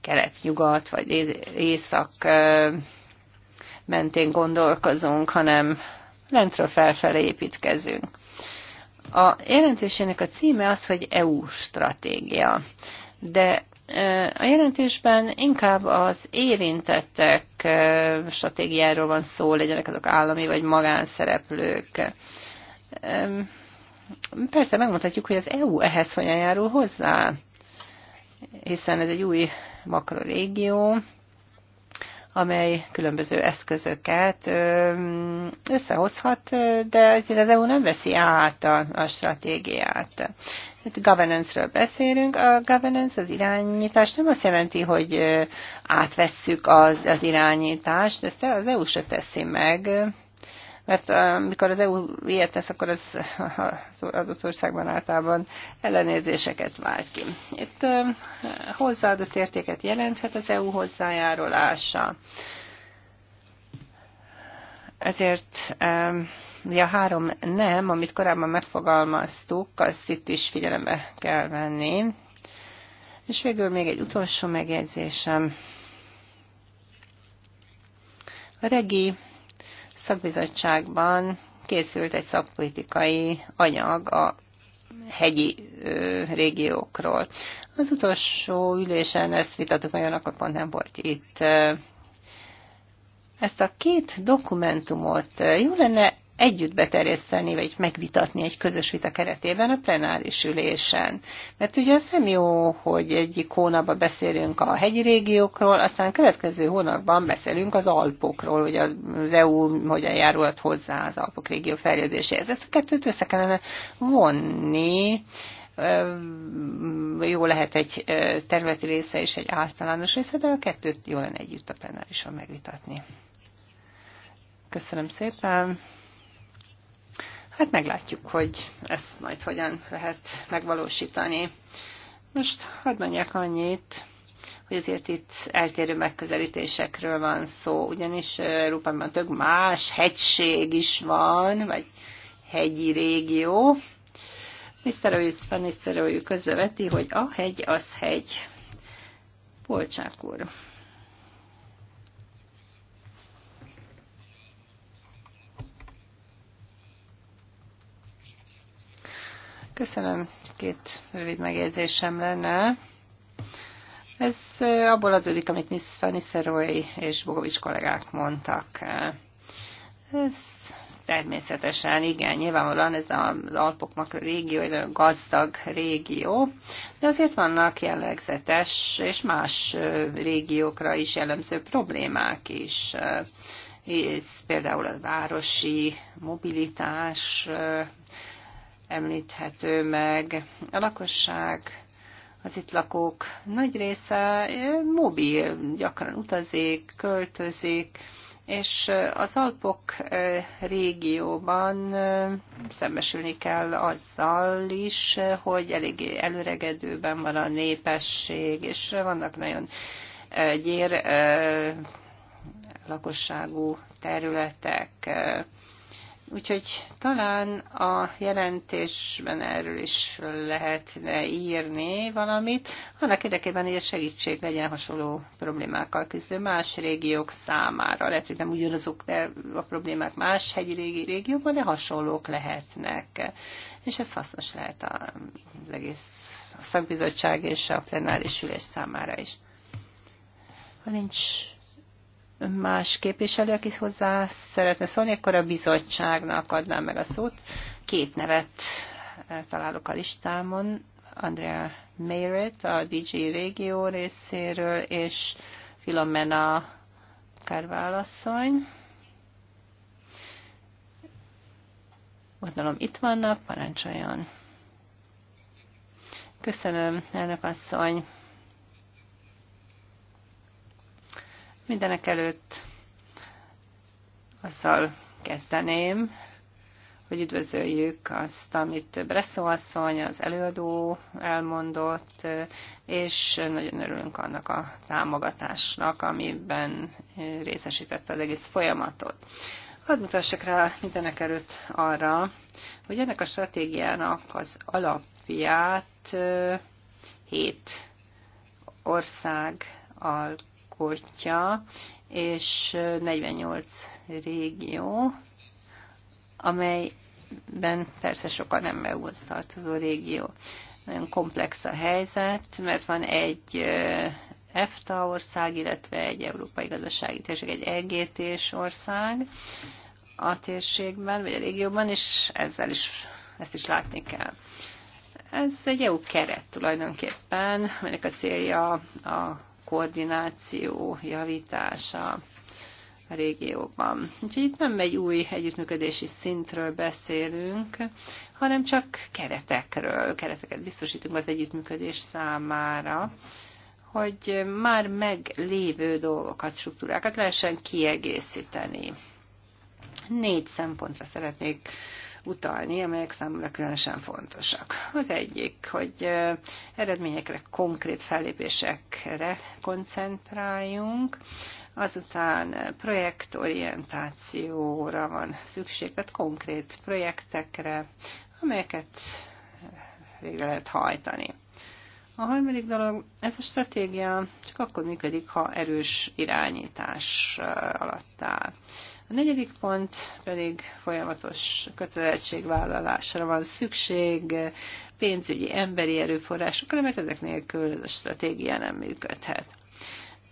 kelet-nyugat vagy észak mentén gondolkozunk, hanem lentről felfelé építkezünk. A jelentésének a címe az, hogy EU stratégia, de a jelentésben inkább az érintettek stratégiáról van szó, legyenek azok állami vagy magánszereplők. Persze megmutatjuk, hogy az EU ehhez hogyan járul hozzá, hiszen ez egy új makrorégió, amely különböző eszközöket összehozhat, de az EU nem veszi át a, a stratégiát. Itt governance-ről beszélünk. A governance, az irányítás nem azt jelenti, hogy átvesszük az, az irányítást, ezt az EU se teszi meg, mert amikor az EU ilyet tesz, akkor az, az adott országban általában ellenérzéseket vált ki. Itt hozzáadott értéket jelenthet az EU hozzájárulása. Ezért a három nem, amit korábban megfogalmaztuk, azt itt is figyelembe kell venni. És végül még egy utolsó megjegyzésem. A regi szakbizottságban készült egy szakpolitikai anyag a hegyi ö, régiókról. Az utolsó ülésen ezt vitattuk meg, akkor pont nem volt itt. Ezt a két dokumentumot jó lenne együtt beterjeszteni, vagy megvitatni egy közös vita keretében a plenáris ülésen. Mert ugye ez nem jó, hogy egyik hónapban beszélünk a hegyi régiókról, aztán következő hónapban beszélünk az Alpokról, hogy az EU hogyan járult hozzá az Alpok régió fejlődéséhez. Ezt a kettőt össze kellene vonni, jó lehet egy területi része és egy általános része, de a kettőt jól lenne együtt a plenárison megvitatni. Köszönöm szépen! Hát meglátjuk, hogy ezt majd hogyan lehet megvalósítani. Most hadd mondjak annyit, hogy azért itt eltérő megközelítésekről van szó, ugyanis Európában több más hegység is van, vagy hegyi régió. Mr. Van közbeveti, hogy a hegy az hegy. Polcsák úr. Köszönöm. Két rövid megjegyzésem lenne. Ez abból adódik, amit Nisfa és Bogovics kollégák mondtak. Ez természetesen, igen, nyilvánvalóan ez az Alpok régió, egy gazdag régió, de azért vannak jellegzetes és más régiókra is jellemző problémák is. Ez például a városi mobilitás említhető meg. A lakosság, az itt lakók nagy része mobil, gyakran utazik, költözik, és az Alpok régióban szembesülni kell azzal is, hogy eléggé előregedőben van a népesség, és vannak nagyon gyér lakosságú területek, Úgyhogy talán a jelentésben erről is lehetne írni valamit, annak érdekében, hogy a segítség legyen hasonló problémákkal küzdő más régiók számára. Lehet, hogy nem ugyanazok de a problémák más hegyi régi régiókban, de hasonlók lehetnek. És ez hasznos lehet az egész a szakbizottság és a plenáris ülés számára is. Ha nincs más képviselő, aki hozzá szeretne szólni, akkor a bizottságnak adnám meg a szót. Két nevet eh, találok a listámon, Andrea Mayret a DJ régió részéről, és Filomena Kárválasszony. Gondolom itt vannak, parancsoljon. Köszönöm, elnök asszony. Mindenek előtt azzal kezdeném, hogy üdvözöljük azt, amit Bresszó asszony, az előadó elmondott, és nagyon örülünk annak a támogatásnak, amiben részesítette az egész folyamatot. Hadd mutassak rá mindenek előtt arra, hogy ennek a stratégiának az alapját hét ország alkotja, és 48 régió, amelyben persze sokan nem EU-hoz tartozó régió. Nagyon komplex a helyzet, mert van egy EFTA ország, illetve egy Európai Gazdasági Térség, egy EGT-s ország a térségben, vagy a régióban, és ezzel is, ezt is látni kell. Ez egy EU keret tulajdonképpen, aminek a célja a koordináció javítása a régióban. Úgyhogy itt nem egy új együttműködési szintről beszélünk, hanem csak keretekről. Kereteket biztosítunk az együttműködés számára, hogy már meglévő dolgokat, struktúrákat lehessen kiegészíteni. Négy szempontra szeretnék utalni, amelyek számomra különösen fontosak. Az egyik, hogy eredményekre, konkrét fellépésekre koncentráljunk, azután projektorientációra van szükség, tehát konkrét projektekre, amelyeket végre lehet hajtani. A harmadik dolog, ez a stratégia csak akkor működik, ha erős irányítás alatt áll. A negyedik pont pedig folyamatos kötelezettségvállalásra van szükség, pénzügyi, emberi erőforrásokra, mert ezek nélkül a stratégia nem működhet.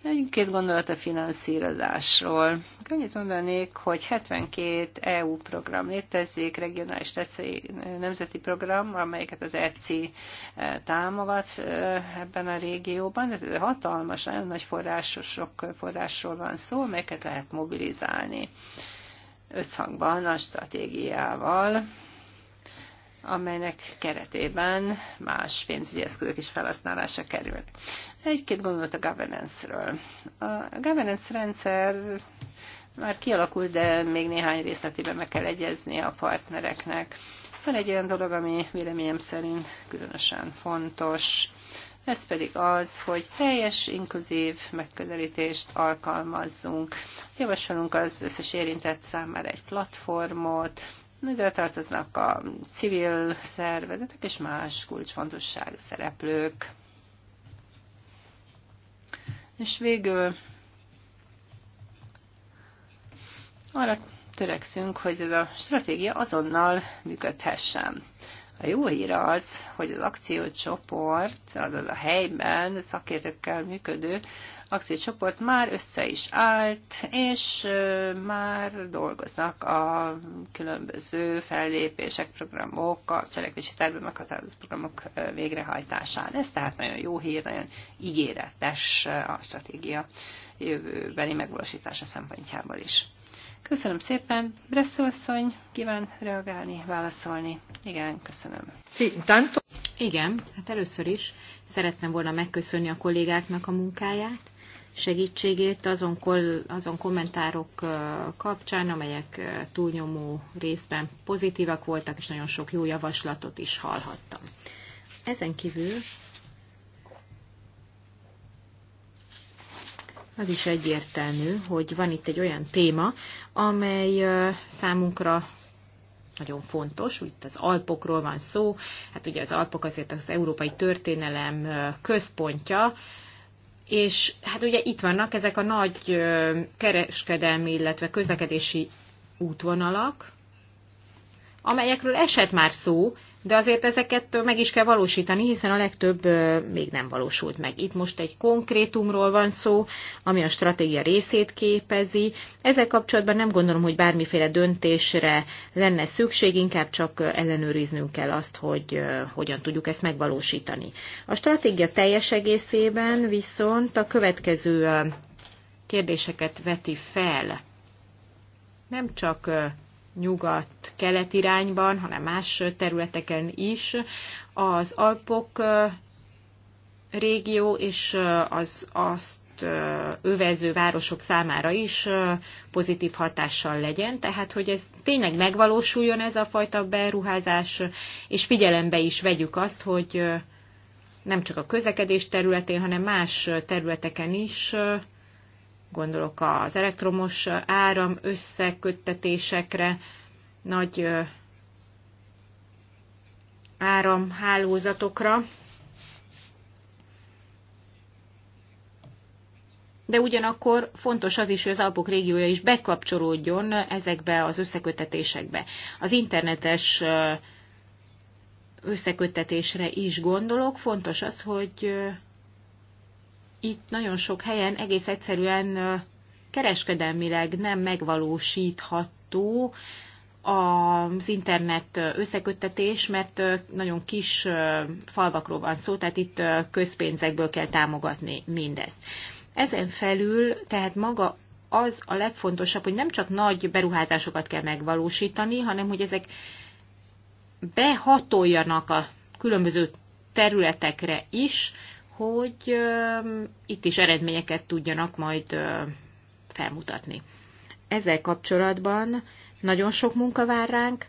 Egy-két gondolat a finanszírozásról. Könnyit mondanék, hogy 72 EU program létezik, regionális teci, nemzeti program, amelyeket az ECI e, támogat e, ebben a régióban. Ez hatalmas, nagyon nagy forrásos, sok forrásról van szó, amelyeket lehet mobilizálni összhangban a stratégiával amelynek keretében más pénzügyi eszközök is felhasználása kerül. Egy-két gondolat a governance-ről. A governance rendszer már kialakult, de még néhány részletében meg kell egyezni a partnereknek. Van egy olyan dolog, ami véleményem szerint különösen fontos, ez pedig az, hogy teljes, inkluzív megközelítést alkalmazzunk. Javasolunk az összes érintett számára egy platformot, mivel tartoznak a civil szervezetek és más kulcsfontosság szereplők. És végül arra törekszünk, hogy ez a stratégia azonnal működhessen. A jó hír az, hogy az akciócsoport, azaz a helyben szakértőkkel működő Axi csoport már össze is állt, és már dolgoznak a különböző fellépések, programok, a cselekvési tervben meghatározott programok végrehajtásán. Ez tehát nagyon jó hír, nagyon ígéretes a stratégia jövőbeni megvalósítása szempontjából is. Köszönöm szépen. Bresszó kíván reagálni, válaszolni. Igen, köszönöm. Igen, hát először is szeretném volna megköszönni a kollégáknak a munkáját, segítségét azon, kol, azon kommentárok kapcsán, amelyek túlnyomó részben pozitívak voltak, és nagyon sok jó javaslatot is hallhattam. Ezen kívül az is egyértelmű, hogy van itt egy olyan téma, amely számunkra nagyon fontos, úgy itt az Alpokról van szó, hát ugye az Alpok azért az európai történelem központja, és hát ugye itt vannak ezek a nagy kereskedelmi, illetve közlekedési útvonalak, amelyekről esett már szó, de azért ezeket meg is kell valósítani, hiszen a legtöbb még nem valósult meg. Itt most egy konkrétumról van szó, ami a stratégia részét képezi. Ezzel kapcsolatban nem gondolom, hogy bármiféle döntésre lenne szükség, inkább csak ellenőriznünk kell azt, hogy hogyan tudjuk ezt megvalósítani. A stratégia teljes egészében viszont a következő kérdéseket veti fel. Nem csak nyugat-kelet irányban, hanem más területeken is. Az Alpok régió és az azt övező városok számára is pozitív hatással legyen, tehát hogy ez tényleg megvalósuljon ez a fajta beruházás, és figyelembe is vegyük azt, hogy nem csak a közlekedés területén, hanem más területeken is gondolok az elektromos áram összeköttetésekre, nagy áramhálózatokra. De ugyanakkor fontos az is, hogy az Alpok régiója is bekapcsolódjon ezekbe az összekötetésekbe. Az internetes összeköttetésre is gondolok. Fontos az, hogy itt nagyon sok helyen egész egyszerűen kereskedelmileg nem megvalósítható az internet összeköttetés, mert nagyon kis falvakról van szó, tehát itt közpénzekből kell támogatni mindezt. Ezen felül, tehát maga az a legfontosabb, hogy nem csak nagy beruházásokat kell megvalósítani, hanem hogy ezek behatoljanak a különböző területekre is, hogy itt is eredményeket tudjanak majd felmutatni. Ezzel kapcsolatban nagyon sok munka vár ránk,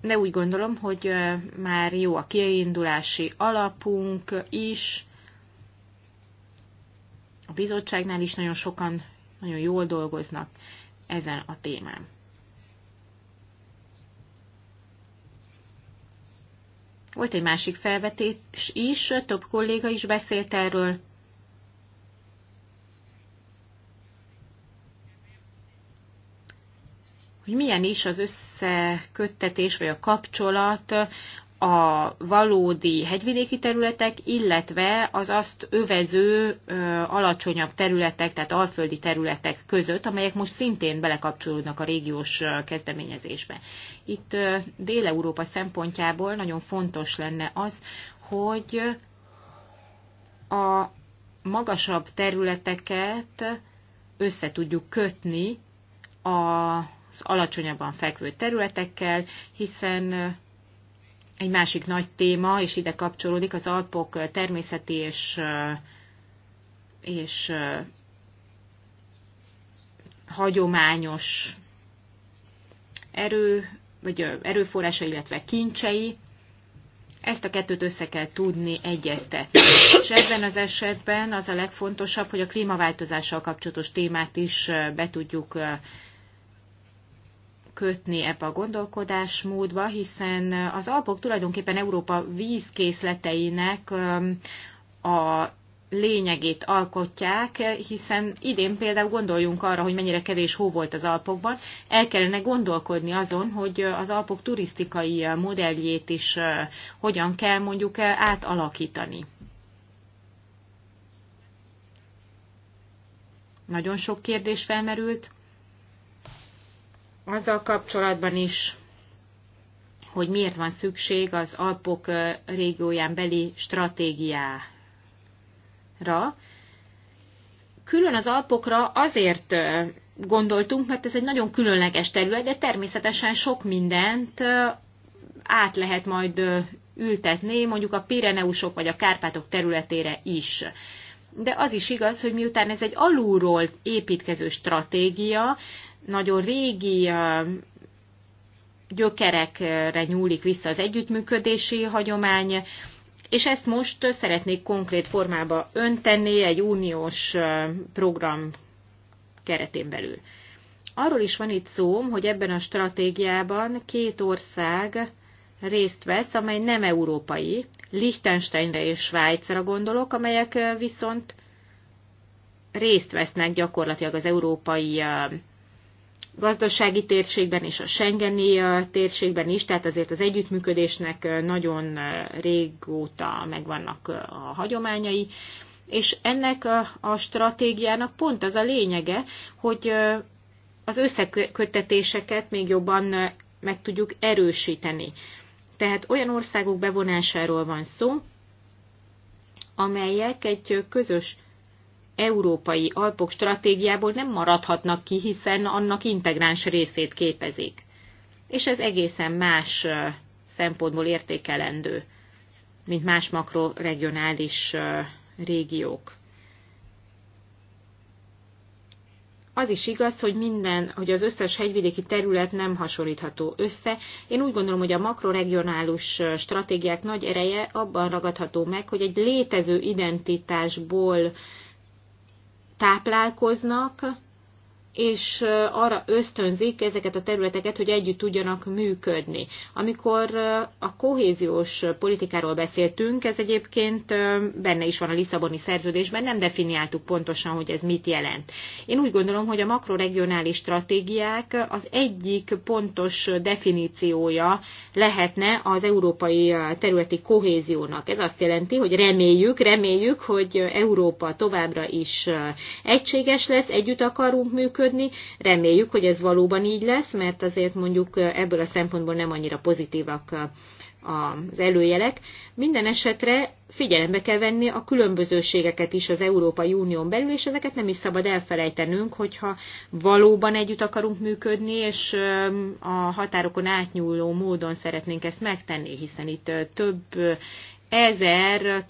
de úgy gondolom, hogy már jó a kiindulási alapunk is. A bizottságnál is nagyon sokan nagyon jól dolgoznak ezen a témán. Volt egy másik felvetés is, több kolléga is beszélt erről. hogy milyen is az összeköttetés vagy a kapcsolat a valódi hegyvidéki területek, illetve az azt övező ö, alacsonyabb területek, tehát alföldi területek között, amelyek most szintén belekapcsolódnak a régiós ö, kezdeményezésbe. Itt Dél-Európa szempontjából nagyon fontos lenne az, hogy a magasabb területeket össze tudjuk kötni az alacsonyabban fekvő területekkel, hiszen egy másik nagy téma, és ide kapcsolódik, az Alpok természeti és, és hagyományos erő, vagy erőforrása, illetve kincsei. Ezt a kettőt össze kell tudni egyeztetni. És ebben az esetben az a legfontosabb, hogy a klímaváltozással kapcsolatos témát is be tudjuk kötni ebbe a gondolkodásmódba, hiszen az Alpok tulajdonképpen Európa vízkészleteinek a lényegét alkotják, hiszen idén például gondoljunk arra, hogy mennyire kevés hó volt az Alpokban. El kellene gondolkodni azon, hogy az Alpok turisztikai modelljét is hogyan kell mondjuk átalakítani. Nagyon sok kérdés felmerült azzal kapcsolatban is, hogy miért van szükség az Alpok régióján beli stratégiára. Külön az Alpokra azért gondoltunk, mert ez egy nagyon különleges terület, de természetesen sok mindent át lehet majd ültetni, mondjuk a Pireneusok vagy a Kárpátok területére is de az is igaz, hogy miután ez egy alulról építkező stratégia, nagyon régi gyökerekre nyúlik vissza az együttműködési hagyomány, és ezt most szeretnék konkrét formába öntenni egy uniós program keretén belül. Arról is van itt szó, hogy ebben a stratégiában két ország részt vesz, amely nem európai, Liechtensteinre és Svájcra gondolok, amelyek viszont részt vesznek gyakorlatilag az európai gazdasági térségben és a Schengeni térségben is, tehát azért az együttműködésnek nagyon régóta megvannak a hagyományai, és ennek a stratégiának pont az a lényege, hogy az összeköttetéseket még jobban meg tudjuk erősíteni. Tehát olyan országok bevonásáról van szó, amelyek egy közös európai Alpok stratégiából nem maradhatnak ki, hiszen annak integráns részét képezik. És ez egészen más szempontból értékelendő, mint más makroregionális régiók. az is igaz, hogy minden, hogy az összes hegyvidéki terület nem hasonlítható össze. Én úgy gondolom, hogy a makroregionális stratégiák nagy ereje abban ragadható meg, hogy egy létező identitásból táplálkoznak, és arra ösztönzik ezeket a területeket, hogy együtt tudjanak működni. Amikor a kohéziós politikáról beszéltünk, ez egyébként benne is van a Lisszaboni szerződésben, nem definiáltuk pontosan, hogy ez mit jelent. Én úgy gondolom, hogy a makroregionális stratégiák az egyik pontos definíciója lehetne az európai területi kohéziónak. Ez azt jelenti, hogy reméljük, reméljük, hogy Európa továbbra is egységes lesz, együtt akarunk működni, működni. Reméljük, hogy ez valóban így lesz, mert azért mondjuk ebből a szempontból nem annyira pozitívak az előjelek. Minden esetre figyelembe kell venni a különbözőségeket is az Európai Unión belül, és ezeket nem is szabad elfelejtenünk, hogyha valóban együtt akarunk működni, és a határokon átnyúló módon szeretnénk ezt megtenni, hiszen itt több ezer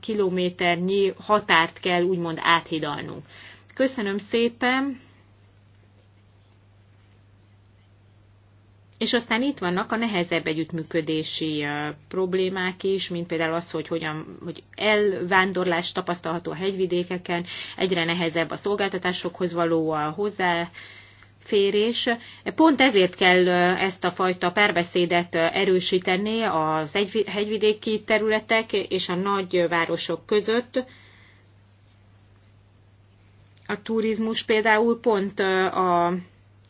kilométernyi határt kell úgymond áthidalnunk. Köszönöm szépen! És aztán itt vannak a nehezebb együttműködési problémák is, mint például az, hogy hogyan, hogy elvándorlás tapasztalható a hegyvidékeken, egyre nehezebb a szolgáltatásokhoz való a Férés. Pont ezért kell ezt a fajta párbeszédet erősíteni az hegyvidéki területek és a nagy városok között, a turizmus például pont a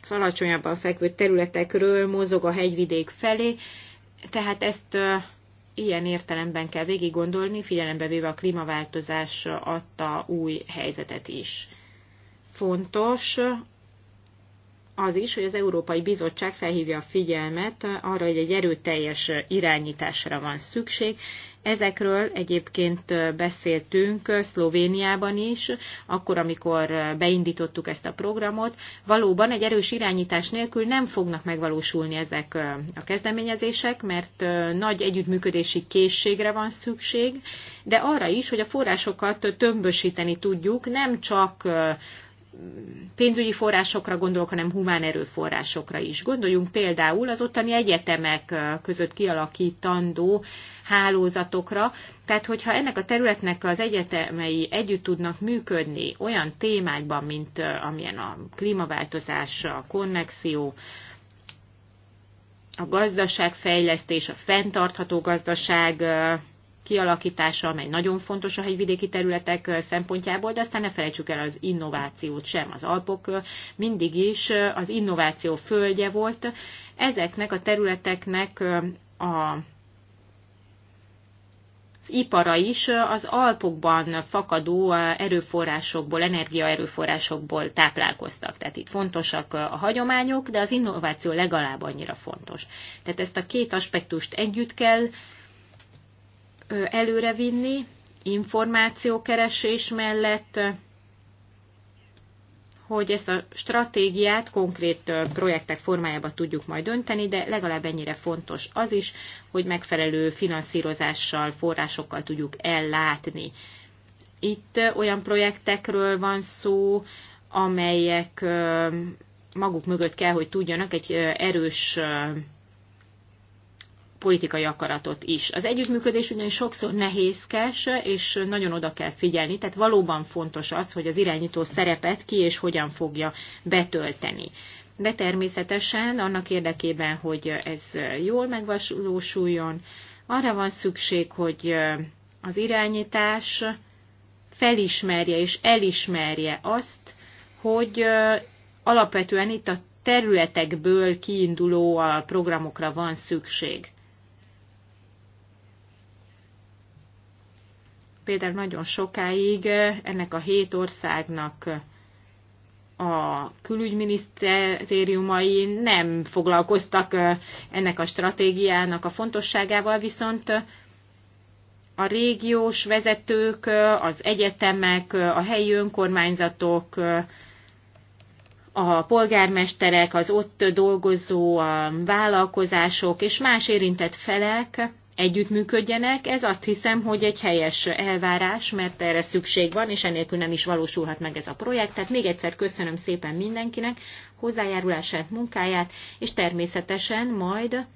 alacsonyabban fekvő területekről mozog a hegyvidék felé, tehát ezt ilyen értelemben kell végig gondolni, figyelembe véve a klímaváltozás adta új helyzetet is. Fontos az is, hogy az Európai Bizottság felhívja a figyelmet arra, hogy egy erőteljes irányításra van szükség, Ezekről egyébként beszéltünk Szlovéniában is, akkor, amikor beindítottuk ezt a programot. Valóban egy erős irányítás nélkül nem fognak megvalósulni ezek a kezdeményezések, mert nagy együttműködési készségre van szükség, de arra is, hogy a forrásokat tömbösíteni tudjuk, nem csak pénzügyi forrásokra gondolok, hanem humán erőforrásokra is. Gondoljunk például az ottani egyetemek között kialakítandó hálózatokra. Tehát, hogyha ennek a területnek az egyetemei együtt tudnak működni olyan témákban, mint amilyen a klímaváltozás, a konnexió, a gazdaságfejlesztés, a fenntartható gazdaság kialakítása, amely nagyon fontos a hegyvidéki területek szempontjából, de aztán ne felejtsük el az innovációt sem. Az Alpok mindig is az innováció földje volt. Ezeknek a területeknek a ipara is az Alpokban fakadó eh, erőforrásokból, energiaerőforrásokból táplálkoztak. Tehát itt fontosak eh, a hagyományok, de az innováció legalább annyira fontos. Tehát ezt a két aspektust együtt kell eh, előrevinni, információkeresés mellett, hogy ezt a stratégiát konkrét projektek formájába tudjuk majd dönteni, de legalább ennyire fontos az is, hogy megfelelő finanszírozással, forrásokkal tudjuk ellátni. Itt olyan projektekről van szó, amelyek maguk mögött kell, hogy tudjanak egy erős politikai akaratot is. Az együttműködés ugyanis sokszor nehézkes, és nagyon oda kell figyelni, tehát valóban fontos az, hogy az irányító szerepet ki és hogyan fogja betölteni. De természetesen annak érdekében, hogy ez jól megvalósuljon, arra van szükség, hogy az irányítás felismerje és elismerje azt, hogy alapvetően itt a területekből kiinduló a programokra van szükség. például nagyon sokáig ennek a hét országnak a külügyminisztériumai nem foglalkoztak ennek a stratégiának a fontosságával, viszont a régiós vezetők, az egyetemek, a helyi önkormányzatok, a polgármesterek, az ott dolgozó vállalkozások és más érintett felek együttműködjenek. Ez azt hiszem, hogy egy helyes elvárás, mert erre szükség van, és enélkül nem is valósulhat meg ez a projekt. Tehát még egyszer köszönöm szépen mindenkinek hozzájárulását, munkáját, és természetesen majd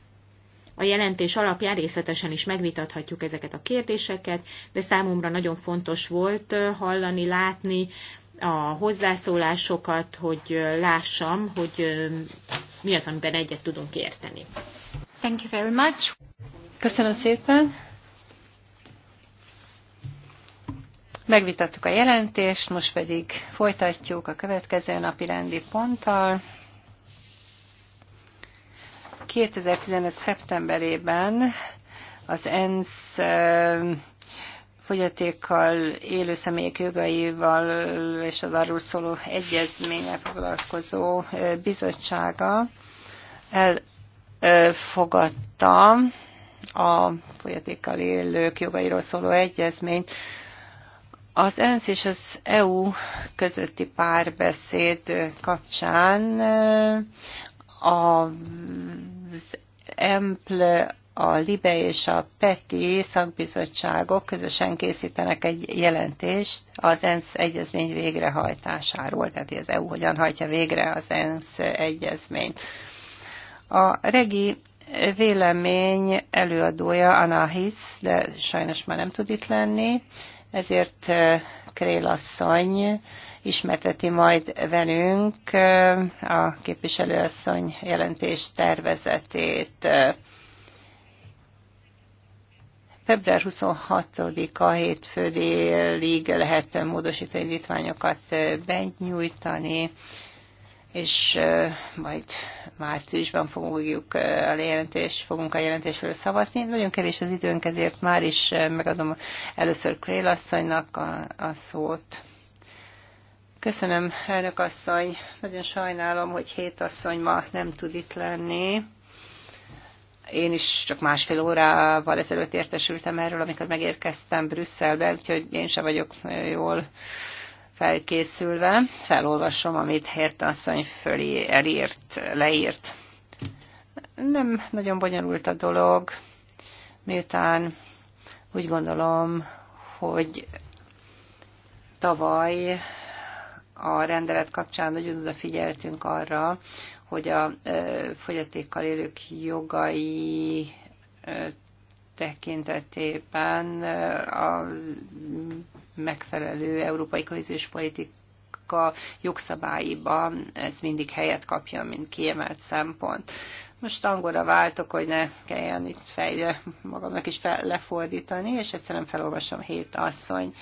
a jelentés alapján részletesen is megvitathatjuk ezeket a kérdéseket, de számomra nagyon fontos volt hallani, látni a hozzászólásokat, hogy lássam, hogy mi az, amiben egyet tudunk érteni. Thank you very much. Köszönöm szépen. Megvitattuk a jelentést, most pedig folytatjuk a következő napi rendi ponttal. 2015. szeptemberében az ENSZ fogyatékkal élő személyek jogaival és az arról szóló egyezménye foglalkozó bizottsága el elfogadta a folyatékkal élők jogairól szóló egyezményt. Az ENSZ és az EU közötti párbeszéd kapcsán az EMPL a LIBE és a PETI szakbizottságok közösen készítenek egy jelentést az ENSZ egyezmény végrehajtásáról, tehát az EU hogyan hajtja végre az ENSZ egyezményt. A regi vélemény előadója Anahis, de sajnos már nem tud itt lenni, ezért eh, Krélasszony ismerteti majd velünk eh, a képviselőasszony jelentés tervezetét. Február 26-a hétfő délig lehet módosító indítványokat benyújtani, és majd márciusban fogjuk a jelentés, fogunk a jelentésről szavazni. Nagyon kevés az időnk, ezért már is megadom először Krél asszonynak a, a szót. Köszönöm, elnök asszony. Nagyon sajnálom, hogy hét asszony ma nem tud itt lenni. Én is csak másfél órával ezelőtt értesültem erről, amikor megérkeztem Brüsszelbe, úgyhogy én sem vagyok jól felkészülve. Felolvasom, amit Hérta asszony fölé elírt, leírt. Nem nagyon bonyolult a dolog, miután úgy gondolom, hogy tavaly a rendelet kapcsán nagyon odafigyeltünk arra, hogy a fogyatékkal élők jogai tekintetében a megfelelő európai kohéziós politika jogszabályiban ez mindig helyet kapja, mint kiemelt szempont. Most angolra váltok, hogy ne kelljen itt fejre magamnak is fel, lefordítani, és egyszerűen felolvasom hét asszony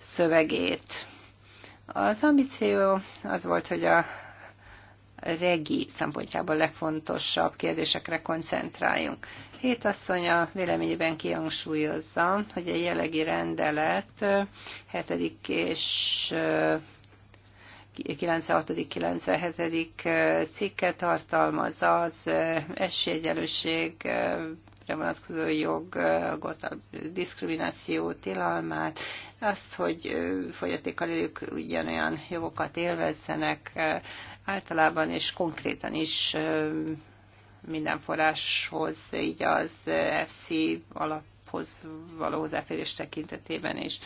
szövegét. Az ambíció az volt, hogy a regi szempontjából legfontosabb kérdésekre koncentráljunk. Hét asszony a véleményében kihangsúlyozza, hogy a jellegi rendelet 7. és 96.-97. cikke tartalmaz az esélyegyelőség vonatkozó jogot, a diszkrimináció tilalmát, azt, hogy fogyatékkal ők ugyanolyan jogokat élvezzenek, általában és konkrétan is minden forráshoz, így az FC alaphoz való hozzáférés tekintetében is.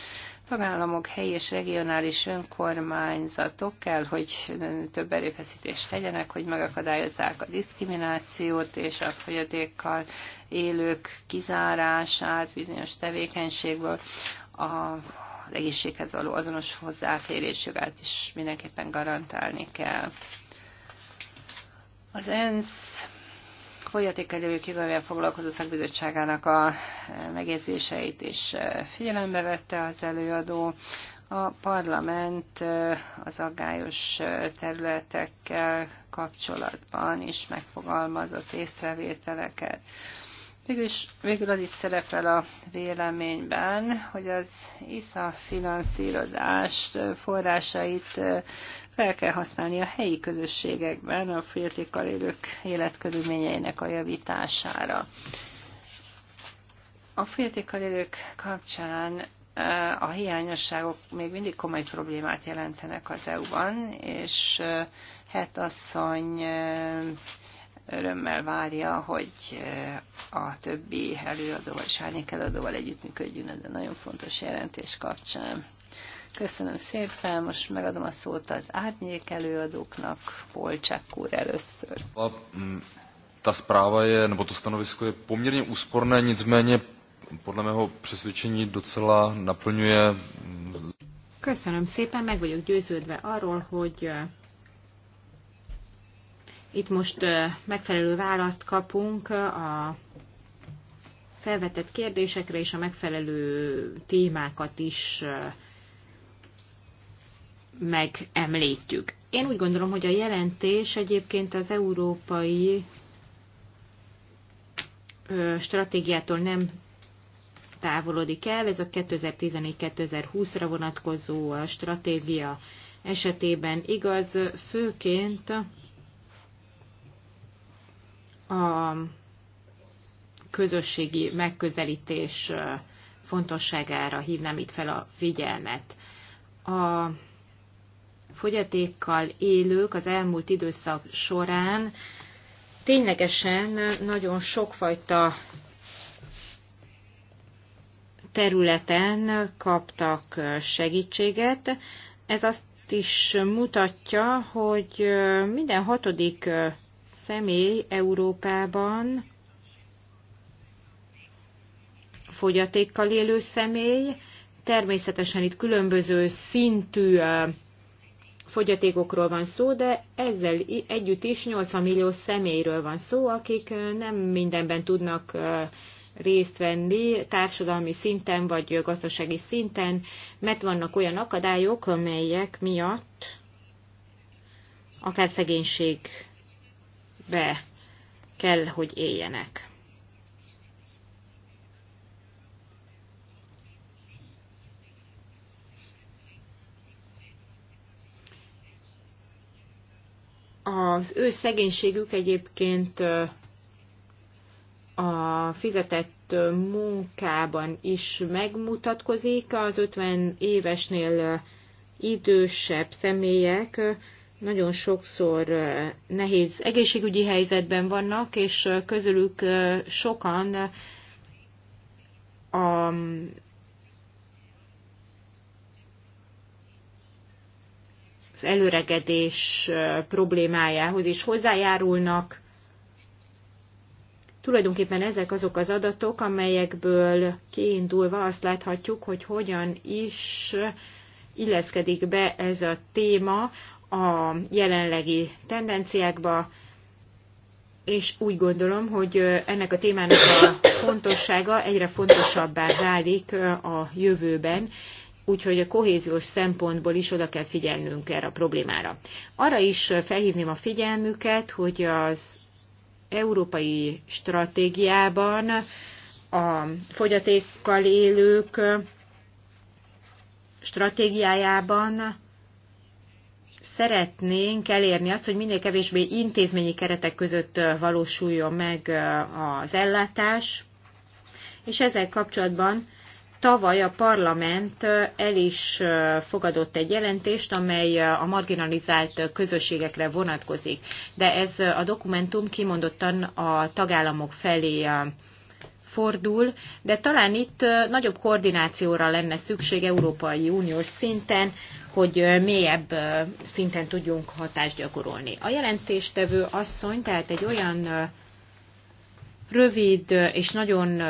Tagállamok, helyi és regionális önkormányzatok kell, hogy több erőfeszítést tegyenek, hogy megakadályozzák a diszkriminációt és a fogyatékkal élők kizárását bizonyos tevékenységből. A egészséghez való azonos hozzáférés jogát is mindenképpen garantálni kell. Az ENSZ fogyatékelők jövővel foglalkozó szakbizottságának a megjegyzéseit is figyelembe vette az előadó. A parlament az aggályos területekkel kapcsolatban is megfogalmazott észrevételeket. Végül, is, végül az is szerepel a véleményben, hogy az ISZA finanszírozást, forrásait fel kell használni a helyi közösségekben a fogyatékkal élők életkörülményeinek a javítására. A fogyatékkal élők kapcsán a hiányosságok még mindig komoly problémát jelentenek az EU-ban, és hát asszony örömmel várja, hogy eh, a többi előadóval és árnyék előadóval együttműködjünk ez a nagyon fontos jelentés kapcsán. Köszönöm szépen, most megadom a szót az árnyék előadóknak, Polcsák úr először. A, mm, ta správa je, nebo to stanovisko je poměrně úsporné, nicméně podle mého přesvědčení docela naplňuje mm, Köszönöm szépen, meg vagyok győződve arról, hogy eh, itt most megfelelő választ kapunk a felvetett kérdésekre, és a megfelelő témákat is megemlítjük. Én úgy gondolom, hogy a jelentés egyébként az európai stratégiától nem távolodik el, ez a 2014-2020-ra vonatkozó stratégia esetében igaz, főként a közösségi megközelítés fontosságára hívnám itt fel a figyelmet. A fogyatékkal élők az elmúlt időszak során ténylegesen nagyon sokfajta területen kaptak segítséget. Ez azt is mutatja, hogy minden hatodik személy Európában fogyatékkal élő személy. Természetesen itt különböző szintű fogyatékokról van szó, de ezzel együtt is 80 millió személyről van szó, akik nem mindenben tudnak részt venni társadalmi szinten vagy gazdasági szinten, mert vannak olyan akadályok, amelyek miatt akár szegénység be kell, hogy éljenek. az ő szegénységük egyébként a fizetett munkában is megmutatkozik. Az 50 évesnél idősebb személyek nagyon sokszor nehéz egészségügyi helyzetben vannak, és közülük sokan a az előregedés problémájához is hozzájárulnak. Tulajdonképpen ezek azok az adatok, amelyekből kiindulva azt láthatjuk, hogy hogyan is illeszkedik be ez a téma a jelenlegi tendenciákba, és úgy gondolom, hogy ennek a témának a fontossága egyre fontosabbá válik a jövőben, úgyhogy a kohéziós szempontból is oda kell figyelnünk erre a problémára. Arra is felhívném a figyelmüket, hogy az európai stratégiában a fogyatékkal élők stratégiájában szeretnénk elérni azt, hogy minél kevésbé intézményi keretek között valósuljon meg az ellátás, és ezzel kapcsolatban tavaly a parlament el is fogadott egy jelentést, amely a marginalizált közösségekre vonatkozik, de ez a dokumentum kimondottan a tagállamok felé fordul, de talán itt nagyobb koordinációra lenne szükség Európai Uniós szinten, hogy mélyebb szinten tudjunk hatást gyakorolni. A jelentéstevő asszony tehát egy olyan rövid és nagyon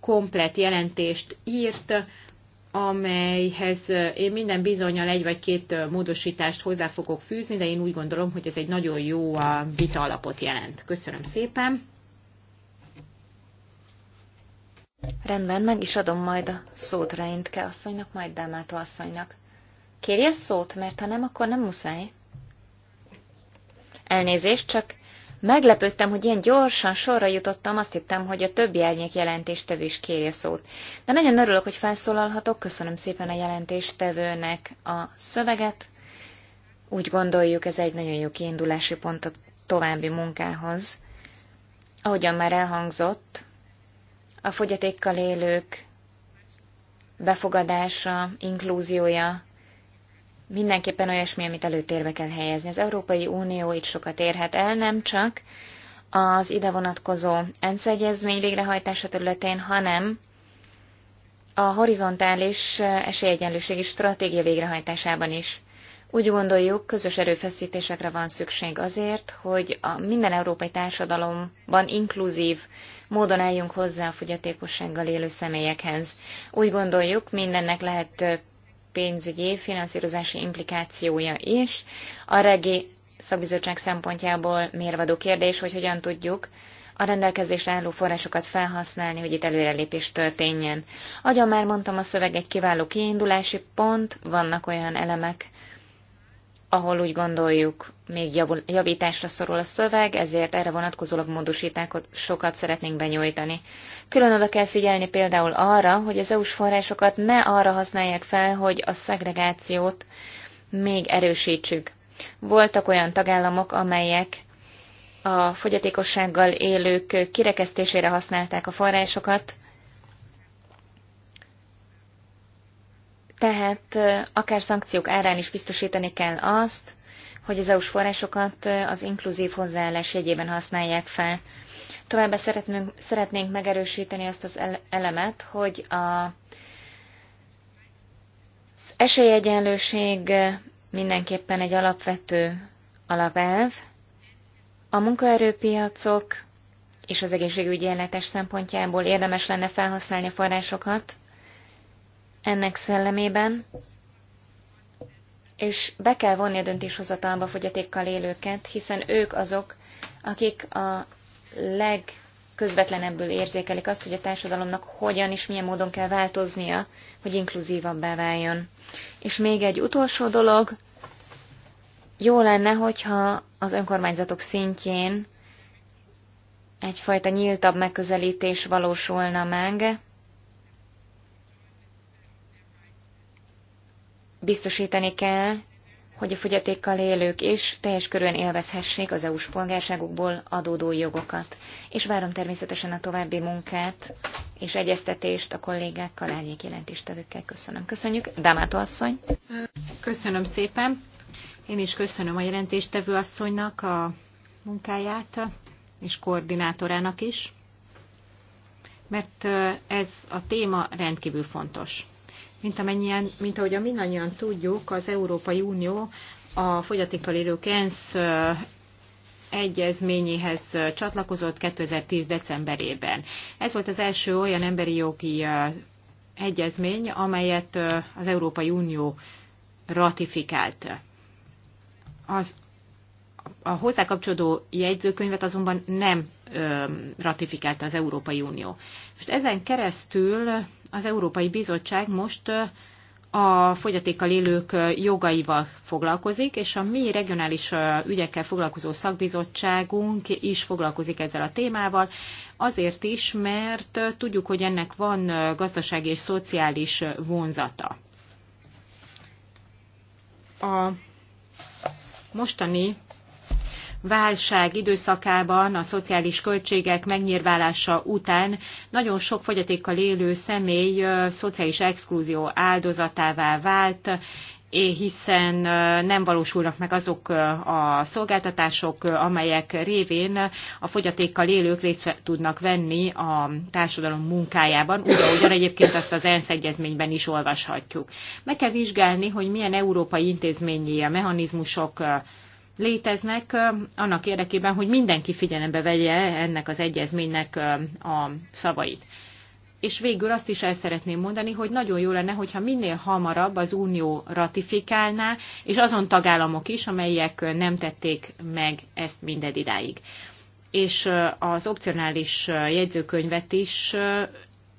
komplet jelentést írt, amelyhez én minden bizonyal egy vagy két módosítást hozzá fogok fűzni, de én úgy gondolom, hogy ez egy nagyon jó vita alapot jelent. Köszönöm szépen! Rendben, meg is adom majd a szót Reintke asszonynak, majd Dámátó asszonynak. Kérje szót, mert ha nem, akkor nem muszáj. Elnézést, csak meglepődtem, hogy ilyen gyorsan sorra jutottam, azt hittem, hogy a többi árnyék jelentéstevő is kérje szót. De nagyon örülök, hogy felszólalhatok, köszönöm szépen a jelentéstevőnek a szöveget. Úgy gondoljuk, ez egy nagyon jó kiindulási pont a további munkához. Ahogyan már elhangzott, a fogyatékkal élők befogadása, inklúziója mindenképpen olyasmi, amit előtérbe kell helyezni. Az Európai Unió itt sokat érhet el, nem csak az ide vonatkozó ENSZ egyezmény végrehajtása területén, hanem a horizontális esélyegyenlőségi stratégia végrehajtásában is. Úgy gondoljuk, közös erőfeszítésekre van szükség azért, hogy a minden európai társadalomban inkluzív módon álljunk hozzá a fogyatékossággal élő személyekhez. Úgy gondoljuk, mindennek lehet pénzügyi, finanszírozási implikációja is. A regi szakbizottság szempontjából mérvadó kérdés, hogy hogyan tudjuk a rendelkezésre álló forrásokat felhasználni, hogy itt előrelépés történjen. Ahogyan már mondtam, a szöveg egy kiváló kiindulási pont, vannak olyan elemek, ahol úgy gondoljuk, még javításra szorul a szöveg, ezért erre vonatkozólag módosítákat sokat szeretnénk benyújtani. Külön oda kell figyelni például arra, hogy az EU-s forrásokat ne arra használják fel, hogy a szegregációt még erősítsük. Voltak olyan tagállamok, amelyek a fogyatékossággal élők kirekesztésére használták a forrásokat, Tehát akár szankciók árán is biztosítani kell azt, hogy az EU-s forrásokat az inkluzív hozzáállás jegyében használják fel. Továbbá szeretnénk, szeretnénk megerősíteni azt az elemet, hogy a, az esélyegyenlőség mindenképpen egy alapvető alapelv, a munkaerőpiacok és az egészségügyi ellátás szempontjából érdemes lenne felhasználni a forrásokat, ennek szellemében, és be kell vonni a döntéshozatalba fogyatékkal élőket, hiszen ők azok, akik a legközvetlenebbül érzékelik azt, hogy a társadalomnak hogyan és milyen módon kell változnia, hogy inkluzívabbá váljon. És még egy utolsó dolog, jó lenne, hogyha az önkormányzatok szintjén egyfajta nyíltabb megközelítés valósulna meg, Biztosítani kell, hogy a fogyatékkal élők is teljes körűen élvezhessék az EU-s polgárságukból adódó jogokat. És várom természetesen a további munkát és egyeztetést a kollégákkal, árnyék jelentéstevőkkel. Köszönöm. Köszönjük. Dámátó asszony. Köszönöm szépen. Én is köszönöm a jelentéstevő asszonynak a munkáját, és koordinátorának is, mert ez a téma rendkívül fontos. Mint, amennyien, mint a mindannyian tudjuk, az Európai Unió a fogyatékkal élők ENSZ egyezményéhez csatlakozott 2010. decemberében. Ez volt az első olyan emberi jogi egyezmény, amelyet az Európai Unió ratifikált. Az a hozzá kapcsolódó jegyzőkönyvet azonban nem ö, ratifikálta az Európai Unió. Most ezen keresztül az Európai Bizottság most ö, a fogyatékkal élők jogaival foglalkozik, és a mi regionális ügyekkel foglalkozó szakbizottságunk is foglalkozik ezzel a témával, azért is, mert tudjuk, hogy ennek van gazdasági és szociális vonzata. A mostani válság időszakában a szociális költségek megnyírválása után nagyon sok fogyatékkal élő személy szociális exklúzió áldozatává vált, hiszen nem valósulnak meg azok a szolgáltatások, amelyek révén a fogyatékkal élők részt tudnak venni a társadalom munkájában, úgy, ahogyan egyébként azt az ENSZ egyezményben is olvashatjuk. Meg kell vizsgálni, hogy milyen európai intézményi mechanizmusok léteznek annak érdekében, hogy mindenki figyelembe vegye ennek az egyezménynek a szavait. És végül azt is el szeretném mondani, hogy nagyon jó lenne, hogyha minél hamarabb az Unió ratifikálná, és azon tagállamok is, amelyek nem tették meg ezt minded idáig. És az opcionális jegyzőkönyvet is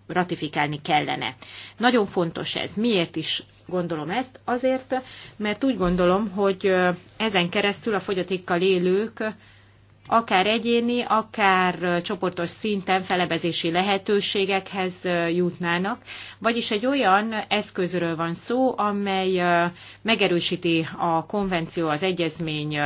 ratifikálni kellene. Nagyon fontos ez. Miért is gondolom ezt, azért, mert úgy gondolom, hogy ezen keresztül a fogyatékkal élők akár egyéni, akár csoportos szinten felebezési lehetőségekhez jutnának, vagyis egy olyan eszközről van szó, amely megerősíti a konvenció, az egyezmény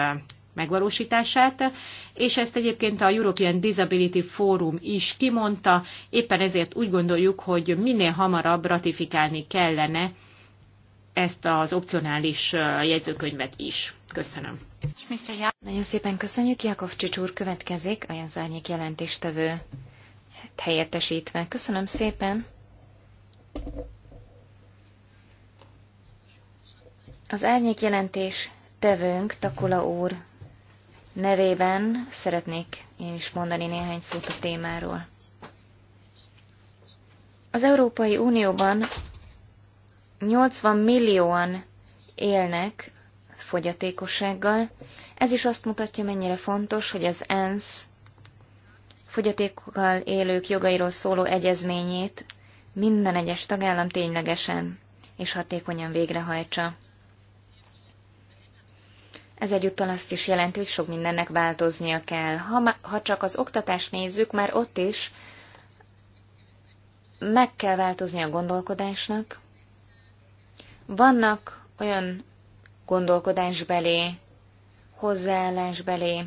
megvalósítását, és ezt egyébként a European Disability Forum is kimondta, éppen ezért úgy gondoljuk, hogy minél hamarabb ratifikálni kellene ezt az opcionális jegyzőkönyvet is. Köszönöm. Nagyon szépen köszönjük. Jakov Csics úr következik, a Jánzárnyék jelentéstevő helyettesítve. Köszönöm szépen. Az árnyék jelentés tevőnk, Takula úr nevében szeretnék én is mondani néhány szót a témáról. Az Európai Unióban 80 millióan élnek fogyatékossággal. Ez is azt mutatja, mennyire fontos, hogy az ENSZ fogyatékkal élők jogairól szóló egyezményét minden egyes tagállam ténylegesen és hatékonyan végrehajtsa. Ez egyúttal azt is jelenti, hogy sok mindennek változnia kell. Ha, ha csak az oktatást nézzük, már ott is meg kell változni a gondolkodásnak, vannak olyan gondolkodásbeli, hozzáállásbeli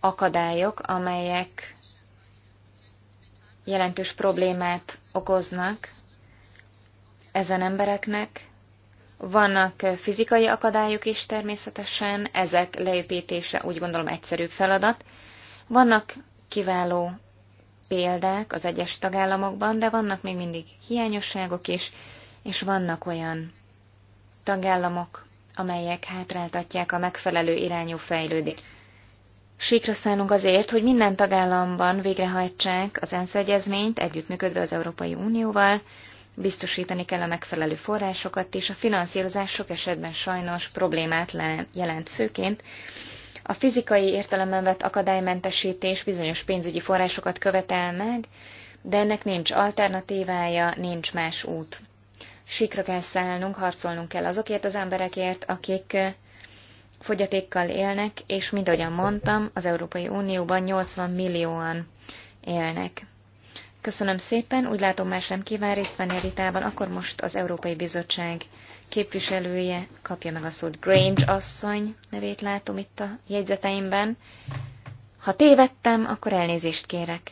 akadályok, amelyek jelentős problémát okoznak ezen embereknek. Vannak fizikai akadályok is természetesen, ezek leépítése úgy gondolom egyszerűbb feladat. Vannak kiváló példák az egyes tagállamokban, de vannak még mindig hiányosságok is, és vannak olyan tagállamok, amelyek hátráltatják a megfelelő irányú fejlődést. Síkra szállunk azért, hogy minden tagállamban végrehajtsák az ENSZ egyezményt, együttműködve az Európai Unióval, biztosítani kell a megfelelő forrásokat, és a finanszírozás sok esetben sajnos problémát jelent főként. A fizikai értelemben vett akadálymentesítés bizonyos pénzügyi forrásokat követel meg, de ennek nincs alternatívája, nincs más út. Sikra kell szállnunk, harcolnunk kell azokért az emberekért, akik fogyatékkal élnek, és mint ahogyan mondtam, az Európai Unióban 80 millióan élnek. Köszönöm szépen, úgy látom más nem kíván részt venni a vitában, akkor most az Európai Bizottság képviselője kapja meg a szót. Grange asszony nevét látom itt a jegyzeteimben. Ha tévedtem, akkor elnézést kérek.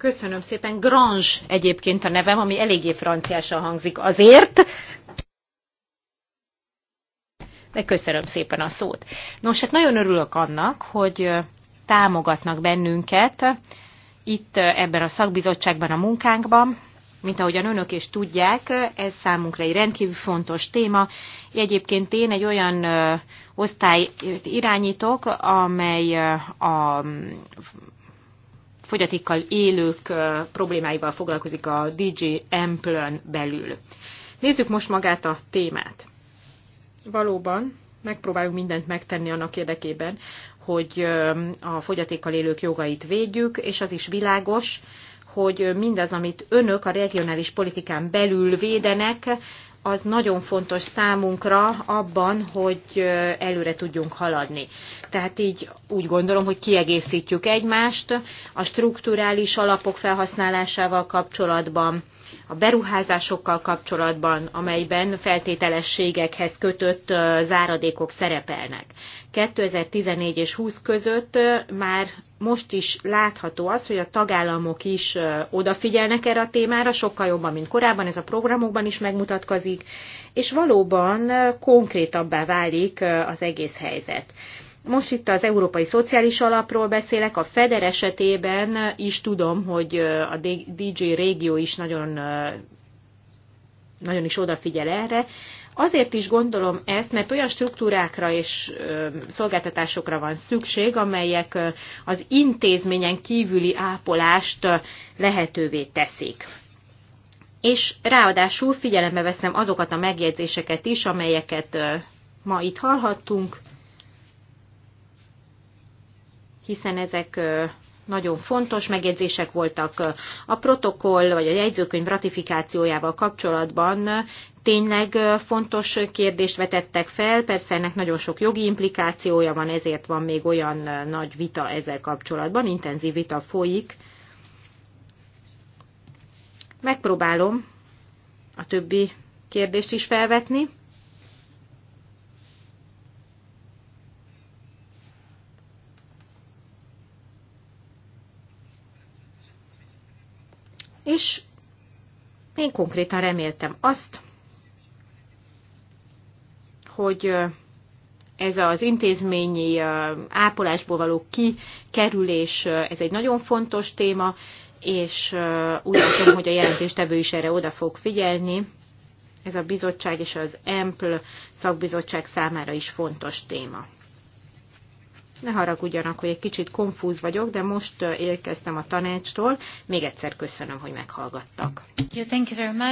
Köszönöm szépen. Grange egyébként a nevem, ami eléggé franciásan hangzik azért. De köszönöm szépen a szót. Nos, hát nagyon örülök annak, hogy támogatnak bennünket itt ebben a szakbizottságban, a munkánkban. Mint ahogyan önök is tudják, ez számunkra egy rendkívül fontos téma. Egyébként én egy olyan osztályt irányítok, amely a fogyatékkal élők problémáival foglalkozik a DJ Amplön belül. Nézzük most magát a témát. Valóban megpróbálunk mindent megtenni annak érdekében, hogy a fogyatékkal élők jogait védjük, és az is világos, hogy mindaz, amit önök a regionális politikán belül védenek, az nagyon fontos számunkra abban, hogy előre tudjunk haladni. Tehát így úgy gondolom, hogy kiegészítjük egymást a strukturális alapok felhasználásával kapcsolatban, a beruházásokkal kapcsolatban, amelyben feltételességekhez kötött záradékok szerepelnek. 2014 és 20 között már most is látható az, hogy a tagállamok is odafigyelnek erre a témára, sokkal jobban, mint korábban, ez a programokban is megmutatkozik, és valóban konkrétabbá válik az egész helyzet. Most itt az Európai Szociális Alapról beszélek, a FEDER esetében is tudom, hogy a DJ régió is nagyon, nagyon is odafigyel erre, Azért is gondolom ezt, mert olyan struktúrákra és szolgáltatásokra van szükség, amelyek az intézményen kívüli ápolást lehetővé teszik. És ráadásul figyelembe veszem azokat a megjegyzéseket is, amelyeket ma itt hallhattunk, hiszen ezek nagyon fontos megjegyzések voltak a protokoll vagy a jegyzőkönyv ratifikációjával kapcsolatban. Tényleg fontos kérdést vetettek fel, persze ennek nagyon sok jogi implikációja van, ezért van még olyan nagy vita ezzel kapcsolatban, intenzív vita folyik. Megpróbálom a többi kérdést is felvetni. és én konkrétan reméltem azt, hogy ez az intézményi ápolásból való kikerülés, ez egy nagyon fontos téma, és úgy látom, hogy a jelentéstevő is erre oda fog figyelni. Ez a bizottság és az EMPL szakbizottság számára is fontos téma. Ne haragudjanak, hogy egy kicsit konfúz vagyok, de most érkeztem a tanácstól. Még egyszer köszönöm, hogy meghallgattak. Uh,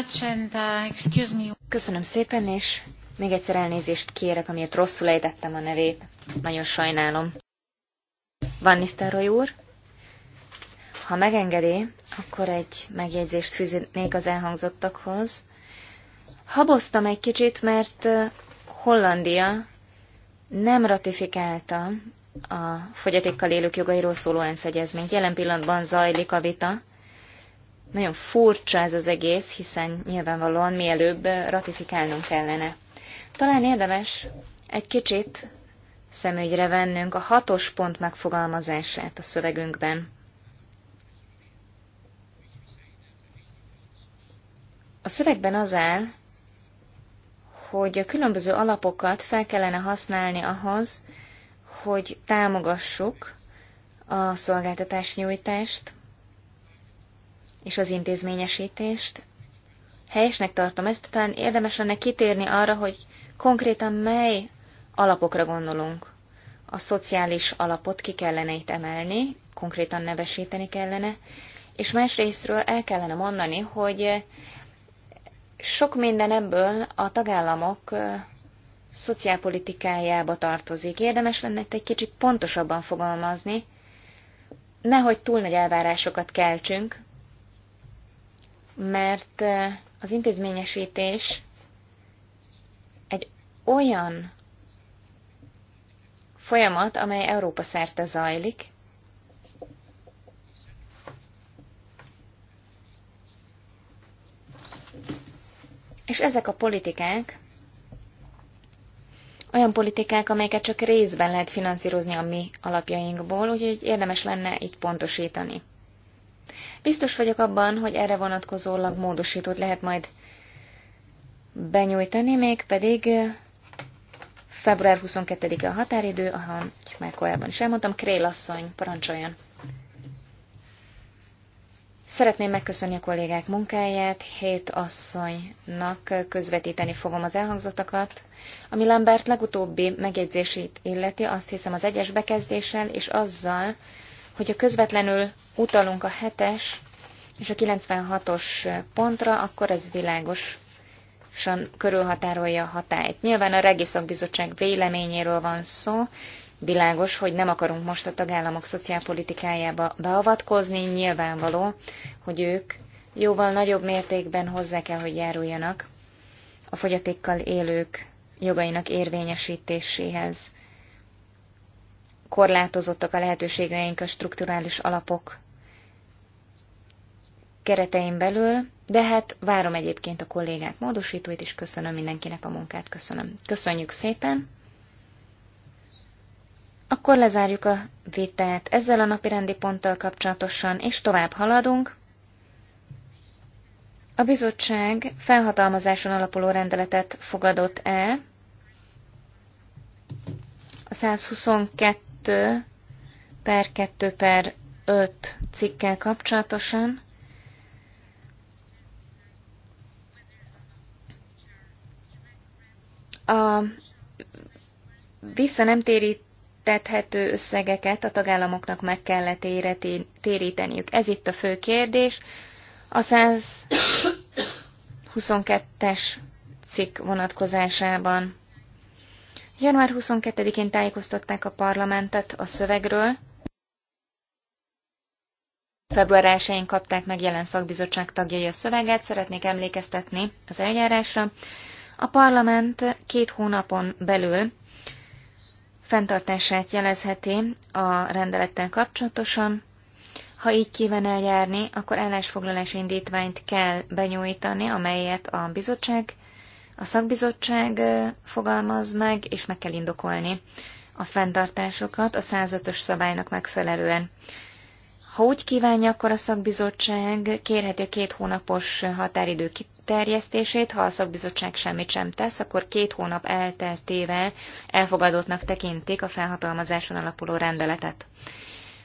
köszönöm szépen, és még egyszer elnézést kérek, amiért rosszul ejtettem a nevét. Nagyon sajnálom. Van Nisztároly úr? Ha megengedi, akkor egy megjegyzést fűznék az elhangzottakhoz. Haboztam egy kicsit, mert Hollandia nem ratifikálta a fogyatékkal élők jogairól szóló ENSZ egyezményt. Jelen pillanatban zajlik a vita. Nagyon furcsa ez az egész, hiszen nyilvánvalóan mielőbb ratifikálnunk kellene. Talán érdemes egy kicsit szemügyre vennünk a hatos pont megfogalmazását a szövegünkben. A szövegben az áll, hogy a különböző alapokat fel kellene használni ahhoz, hogy támogassuk a szolgáltatásnyújtást és az intézményesítést. Helyesnek tartom ezt, talán érdemes lenne kitérni arra, hogy konkrétan mely alapokra gondolunk. A szociális alapot ki kellene itt emelni, konkrétan nevesíteni kellene, és másrésztről el kellene mondani, hogy sok minden ebből a tagállamok szociálpolitikájába tartozik. Érdemes lenne egy kicsit pontosabban fogalmazni, nehogy túl nagy elvárásokat keltsünk, mert az intézményesítés egy olyan folyamat, amely Európa szerte zajlik, és ezek a politikák olyan politikák, amelyeket csak részben lehet finanszírozni a mi alapjainkból, úgyhogy érdemes lenne így pontosítani. Biztos vagyok abban, hogy erre vonatkozólag módosítót lehet majd benyújtani, még pedig eh, február 22-e a határidő, ahogy már korábban is elmondtam, Krél asszony, parancsoljon. Szeretném megköszönni a kollégák munkáját, hét asszonynak közvetíteni fogom az elhangzottakat. Ami Lambert legutóbbi megjegyzését illeti, azt hiszem az egyes bekezdéssel és azzal, hogyha közvetlenül utalunk a hetes és a 96-os pontra, akkor ez világosan körülhatárolja a hatályt. Nyilván a Regiszakbizottság véleményéről van szó, Világos, hogy nem akarunk most a tagállamok szociálpolitikájába beavatkozni, nyilvánvaló, hogy ők jóval nagyobb mértékben hozzá kell, hogy járuljanak a fogyatékkal élők jogainak érvényesítéséhez. Korlátozottak a lehetőségeink a strukturális alapok keretein belül, de hát várom egyébként a kollégák módosítóit, és köszönöm mindenkinek a munkát, köszönöm. Köszönjük szépen! Akkor lezárjuk a vitát ezzel a napirendi ponttal kapcsolatosan, és tovább haladunk. A bizottság felhatalmazáson alapuló rendeletet fogadott el. A 122 per 2 per 5 cikkel kapcsolatosan. A vissza nem térít megtethető összegeket a tagállamoknak meg kellett éreti, téríteniük. Ez itt a fő kérdés. A 122-es cikk vonatkozásában. Január 22-én tájékoztatták a parlamentet a szövegről. Február 1-én kapták meg jelen szakbizottság tagjai a szöveget, szeretnék emlékeztetni az eljárásra. A parlament két hónapon belül fenntartását jelezheti a rendelettel kapcsolatosan. Ha így kíván eljárni, akkor állásfoglalási indítványt kell benyújtani, amelyet a bizottság, a szakbizottság fogalmaz meg, és meg kell indokolni a fenntartásokat a 105-ös szabálynak megfelelően. Ha úgy kívánja, akkor a szakbizottság kérheti a két hónapos határidő terjesztését, ha a szakbizottság semmit sem tesz, akkor két hónap elteltével elfogadottnak tekintik a felhatalmazáson alapuló rendeletet.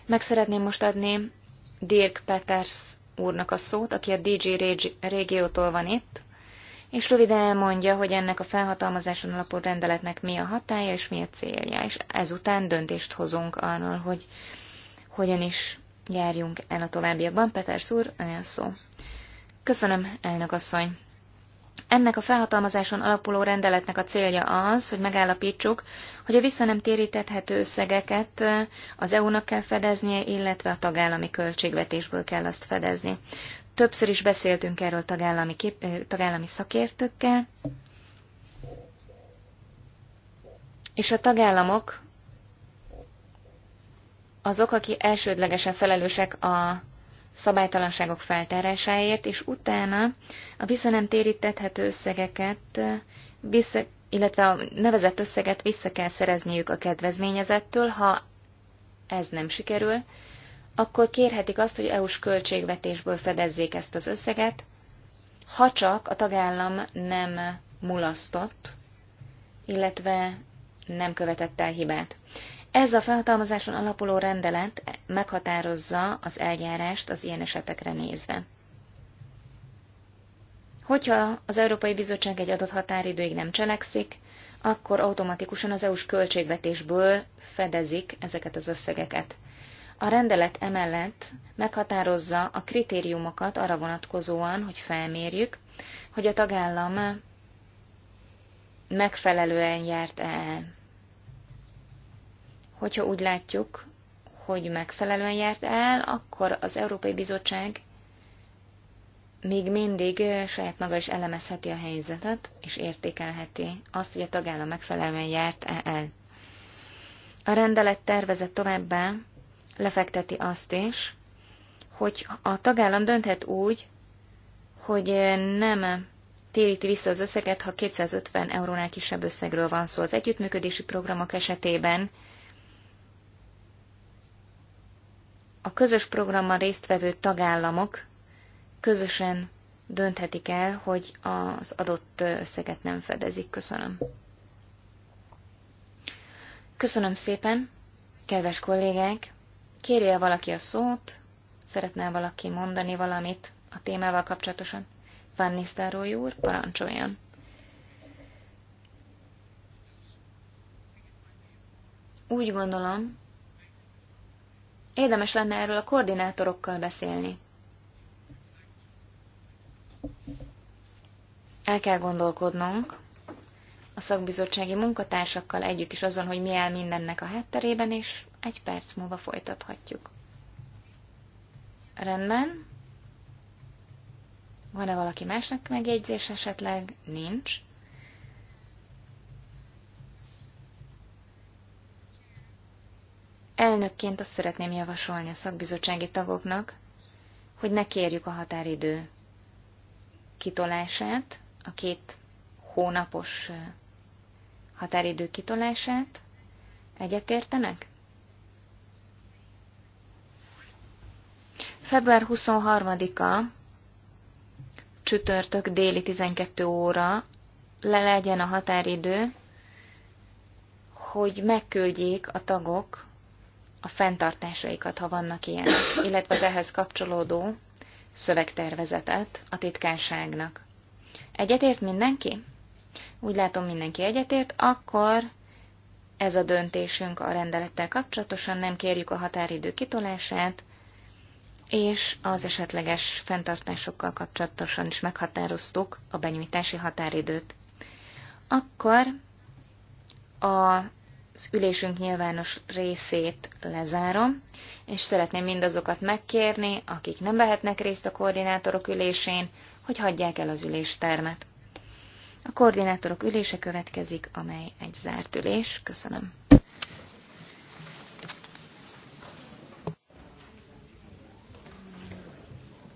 Meg szeretném most adni Dirk Peters úrnak a szót, aki a DG régiótól van itt, és röviden elmondja, hogy ennek a felhatalmazáson alapú rendeletnek mi a hatája és mi a célja, és ezután döntést hozunk arról, hogy hogyan is járjunk el a továbbiakban. Peters úr, olyan szó. Köszönöm, elnök asszony. Ennek a felhatalmazáson alapuló rendeletnek a célja az, hogy megállapítsuk, hogy a vissza nem téríthető összegeket az EU-nak kell fedeznie, illetve a tagállami költségvetésből kell azt fedezni. Többször is beszéltünk erről tagállami, kép, tagállami szakértőkkel, és a tagállamok azok, akik elsődlegesen felelősek a szabálytalanságok feltárásáért, és utána a nem térítethető összegeket, vissza, illetve a nevezett összeget vissza kell szerezniük a kedvezményezettől, ha ez nem sikerül, akkor kérhetik azt, hogy EU-s költségvetésből fedezzék ezt az összeget, ha csak a tagállam nem mulasztott, illetve nem követett el hibát. Ez a felhatalmazáson alapuló rendelet meghatározza az eljárást az ilyen esetekre nézve. Hogyha az Európai Bizottság egy adott határidőig nem cselekszik, akkor automatikusan az EU-s költségvetésből fedezik ezeket az összegeket. A rendelet emellett meghatározza a kritériumokat arra vonatkozóan, hogy felmérjük, hogy a tagállam megfelelően járt-e Hogyha úgy látjuk, hogy megfelelően járt el, akkor az Európai Bizottság még mindig saját maga is elemezheti a helyzetet, és értékelheti azt, hogy a tagállam megfelelően járt -e el. A rendelet tervezett továbbá lefekteti azt is, hogy a tagállam dönthet úgy, hogy nem téríti vissza az összeget, ha 250 eurónál kisebb összegről van szó. Az együttműködési programok esetében a közös programban résztvevő tagállamok közösen dönthetik el, hogy az adott összeget nem fedezik. Köszönöm. Köszönöm szépen, kedves kollégák! Kérje valaki a szót, szeretne valaki mondani valamit a témával kapcsolatosan? Van Nisztároly úr, parancsoljon! Úgy gondolom, Érdemes lenne erről a koordinátorokkal beszélni. El kell gondolkodnunk a szakbizottsági munkatársakkal együtt is azon, hogy mi el mindennek a hátterében, és egy perc múlva folytathatjuk. Rendben. Van-e valaki másnak megjegyzés esetleg? Nincs. Elnökként azt szeretném javasolni a szakbizottsági tagoknak, hogy ne kérjük a határidő kitolását, a két hónapos határidő kitolását. Egyetértenek? Február 23-a csütörtök déli 12 óra le legyen a határidő, hogy megküldjék a tagok a fenntartásaikat, ha vannak ilyen, illetve az ehhez kapcsolódó szövegtervezetet a titkárságnak. Egyetért mindenki? Úgy látom, mindenki egyetért, akkor ez a döntésünk a rendelettel kapcsolatosan, nem kérjük a határidő kitolását, és az esetleges fenntartásokkal kapcsolatosan is meghatároztuk a benyújtási határidőt. Akkor a az ülésünk nyilvános részét lezárom, és szeretném mindazokat megkérni, akik nem vehetnek részt a koordinátorok ülésén, hogy hagyják el az üléstermet. A koordinátorok ülése következik, amely egy zárt ülés. Köszönöm.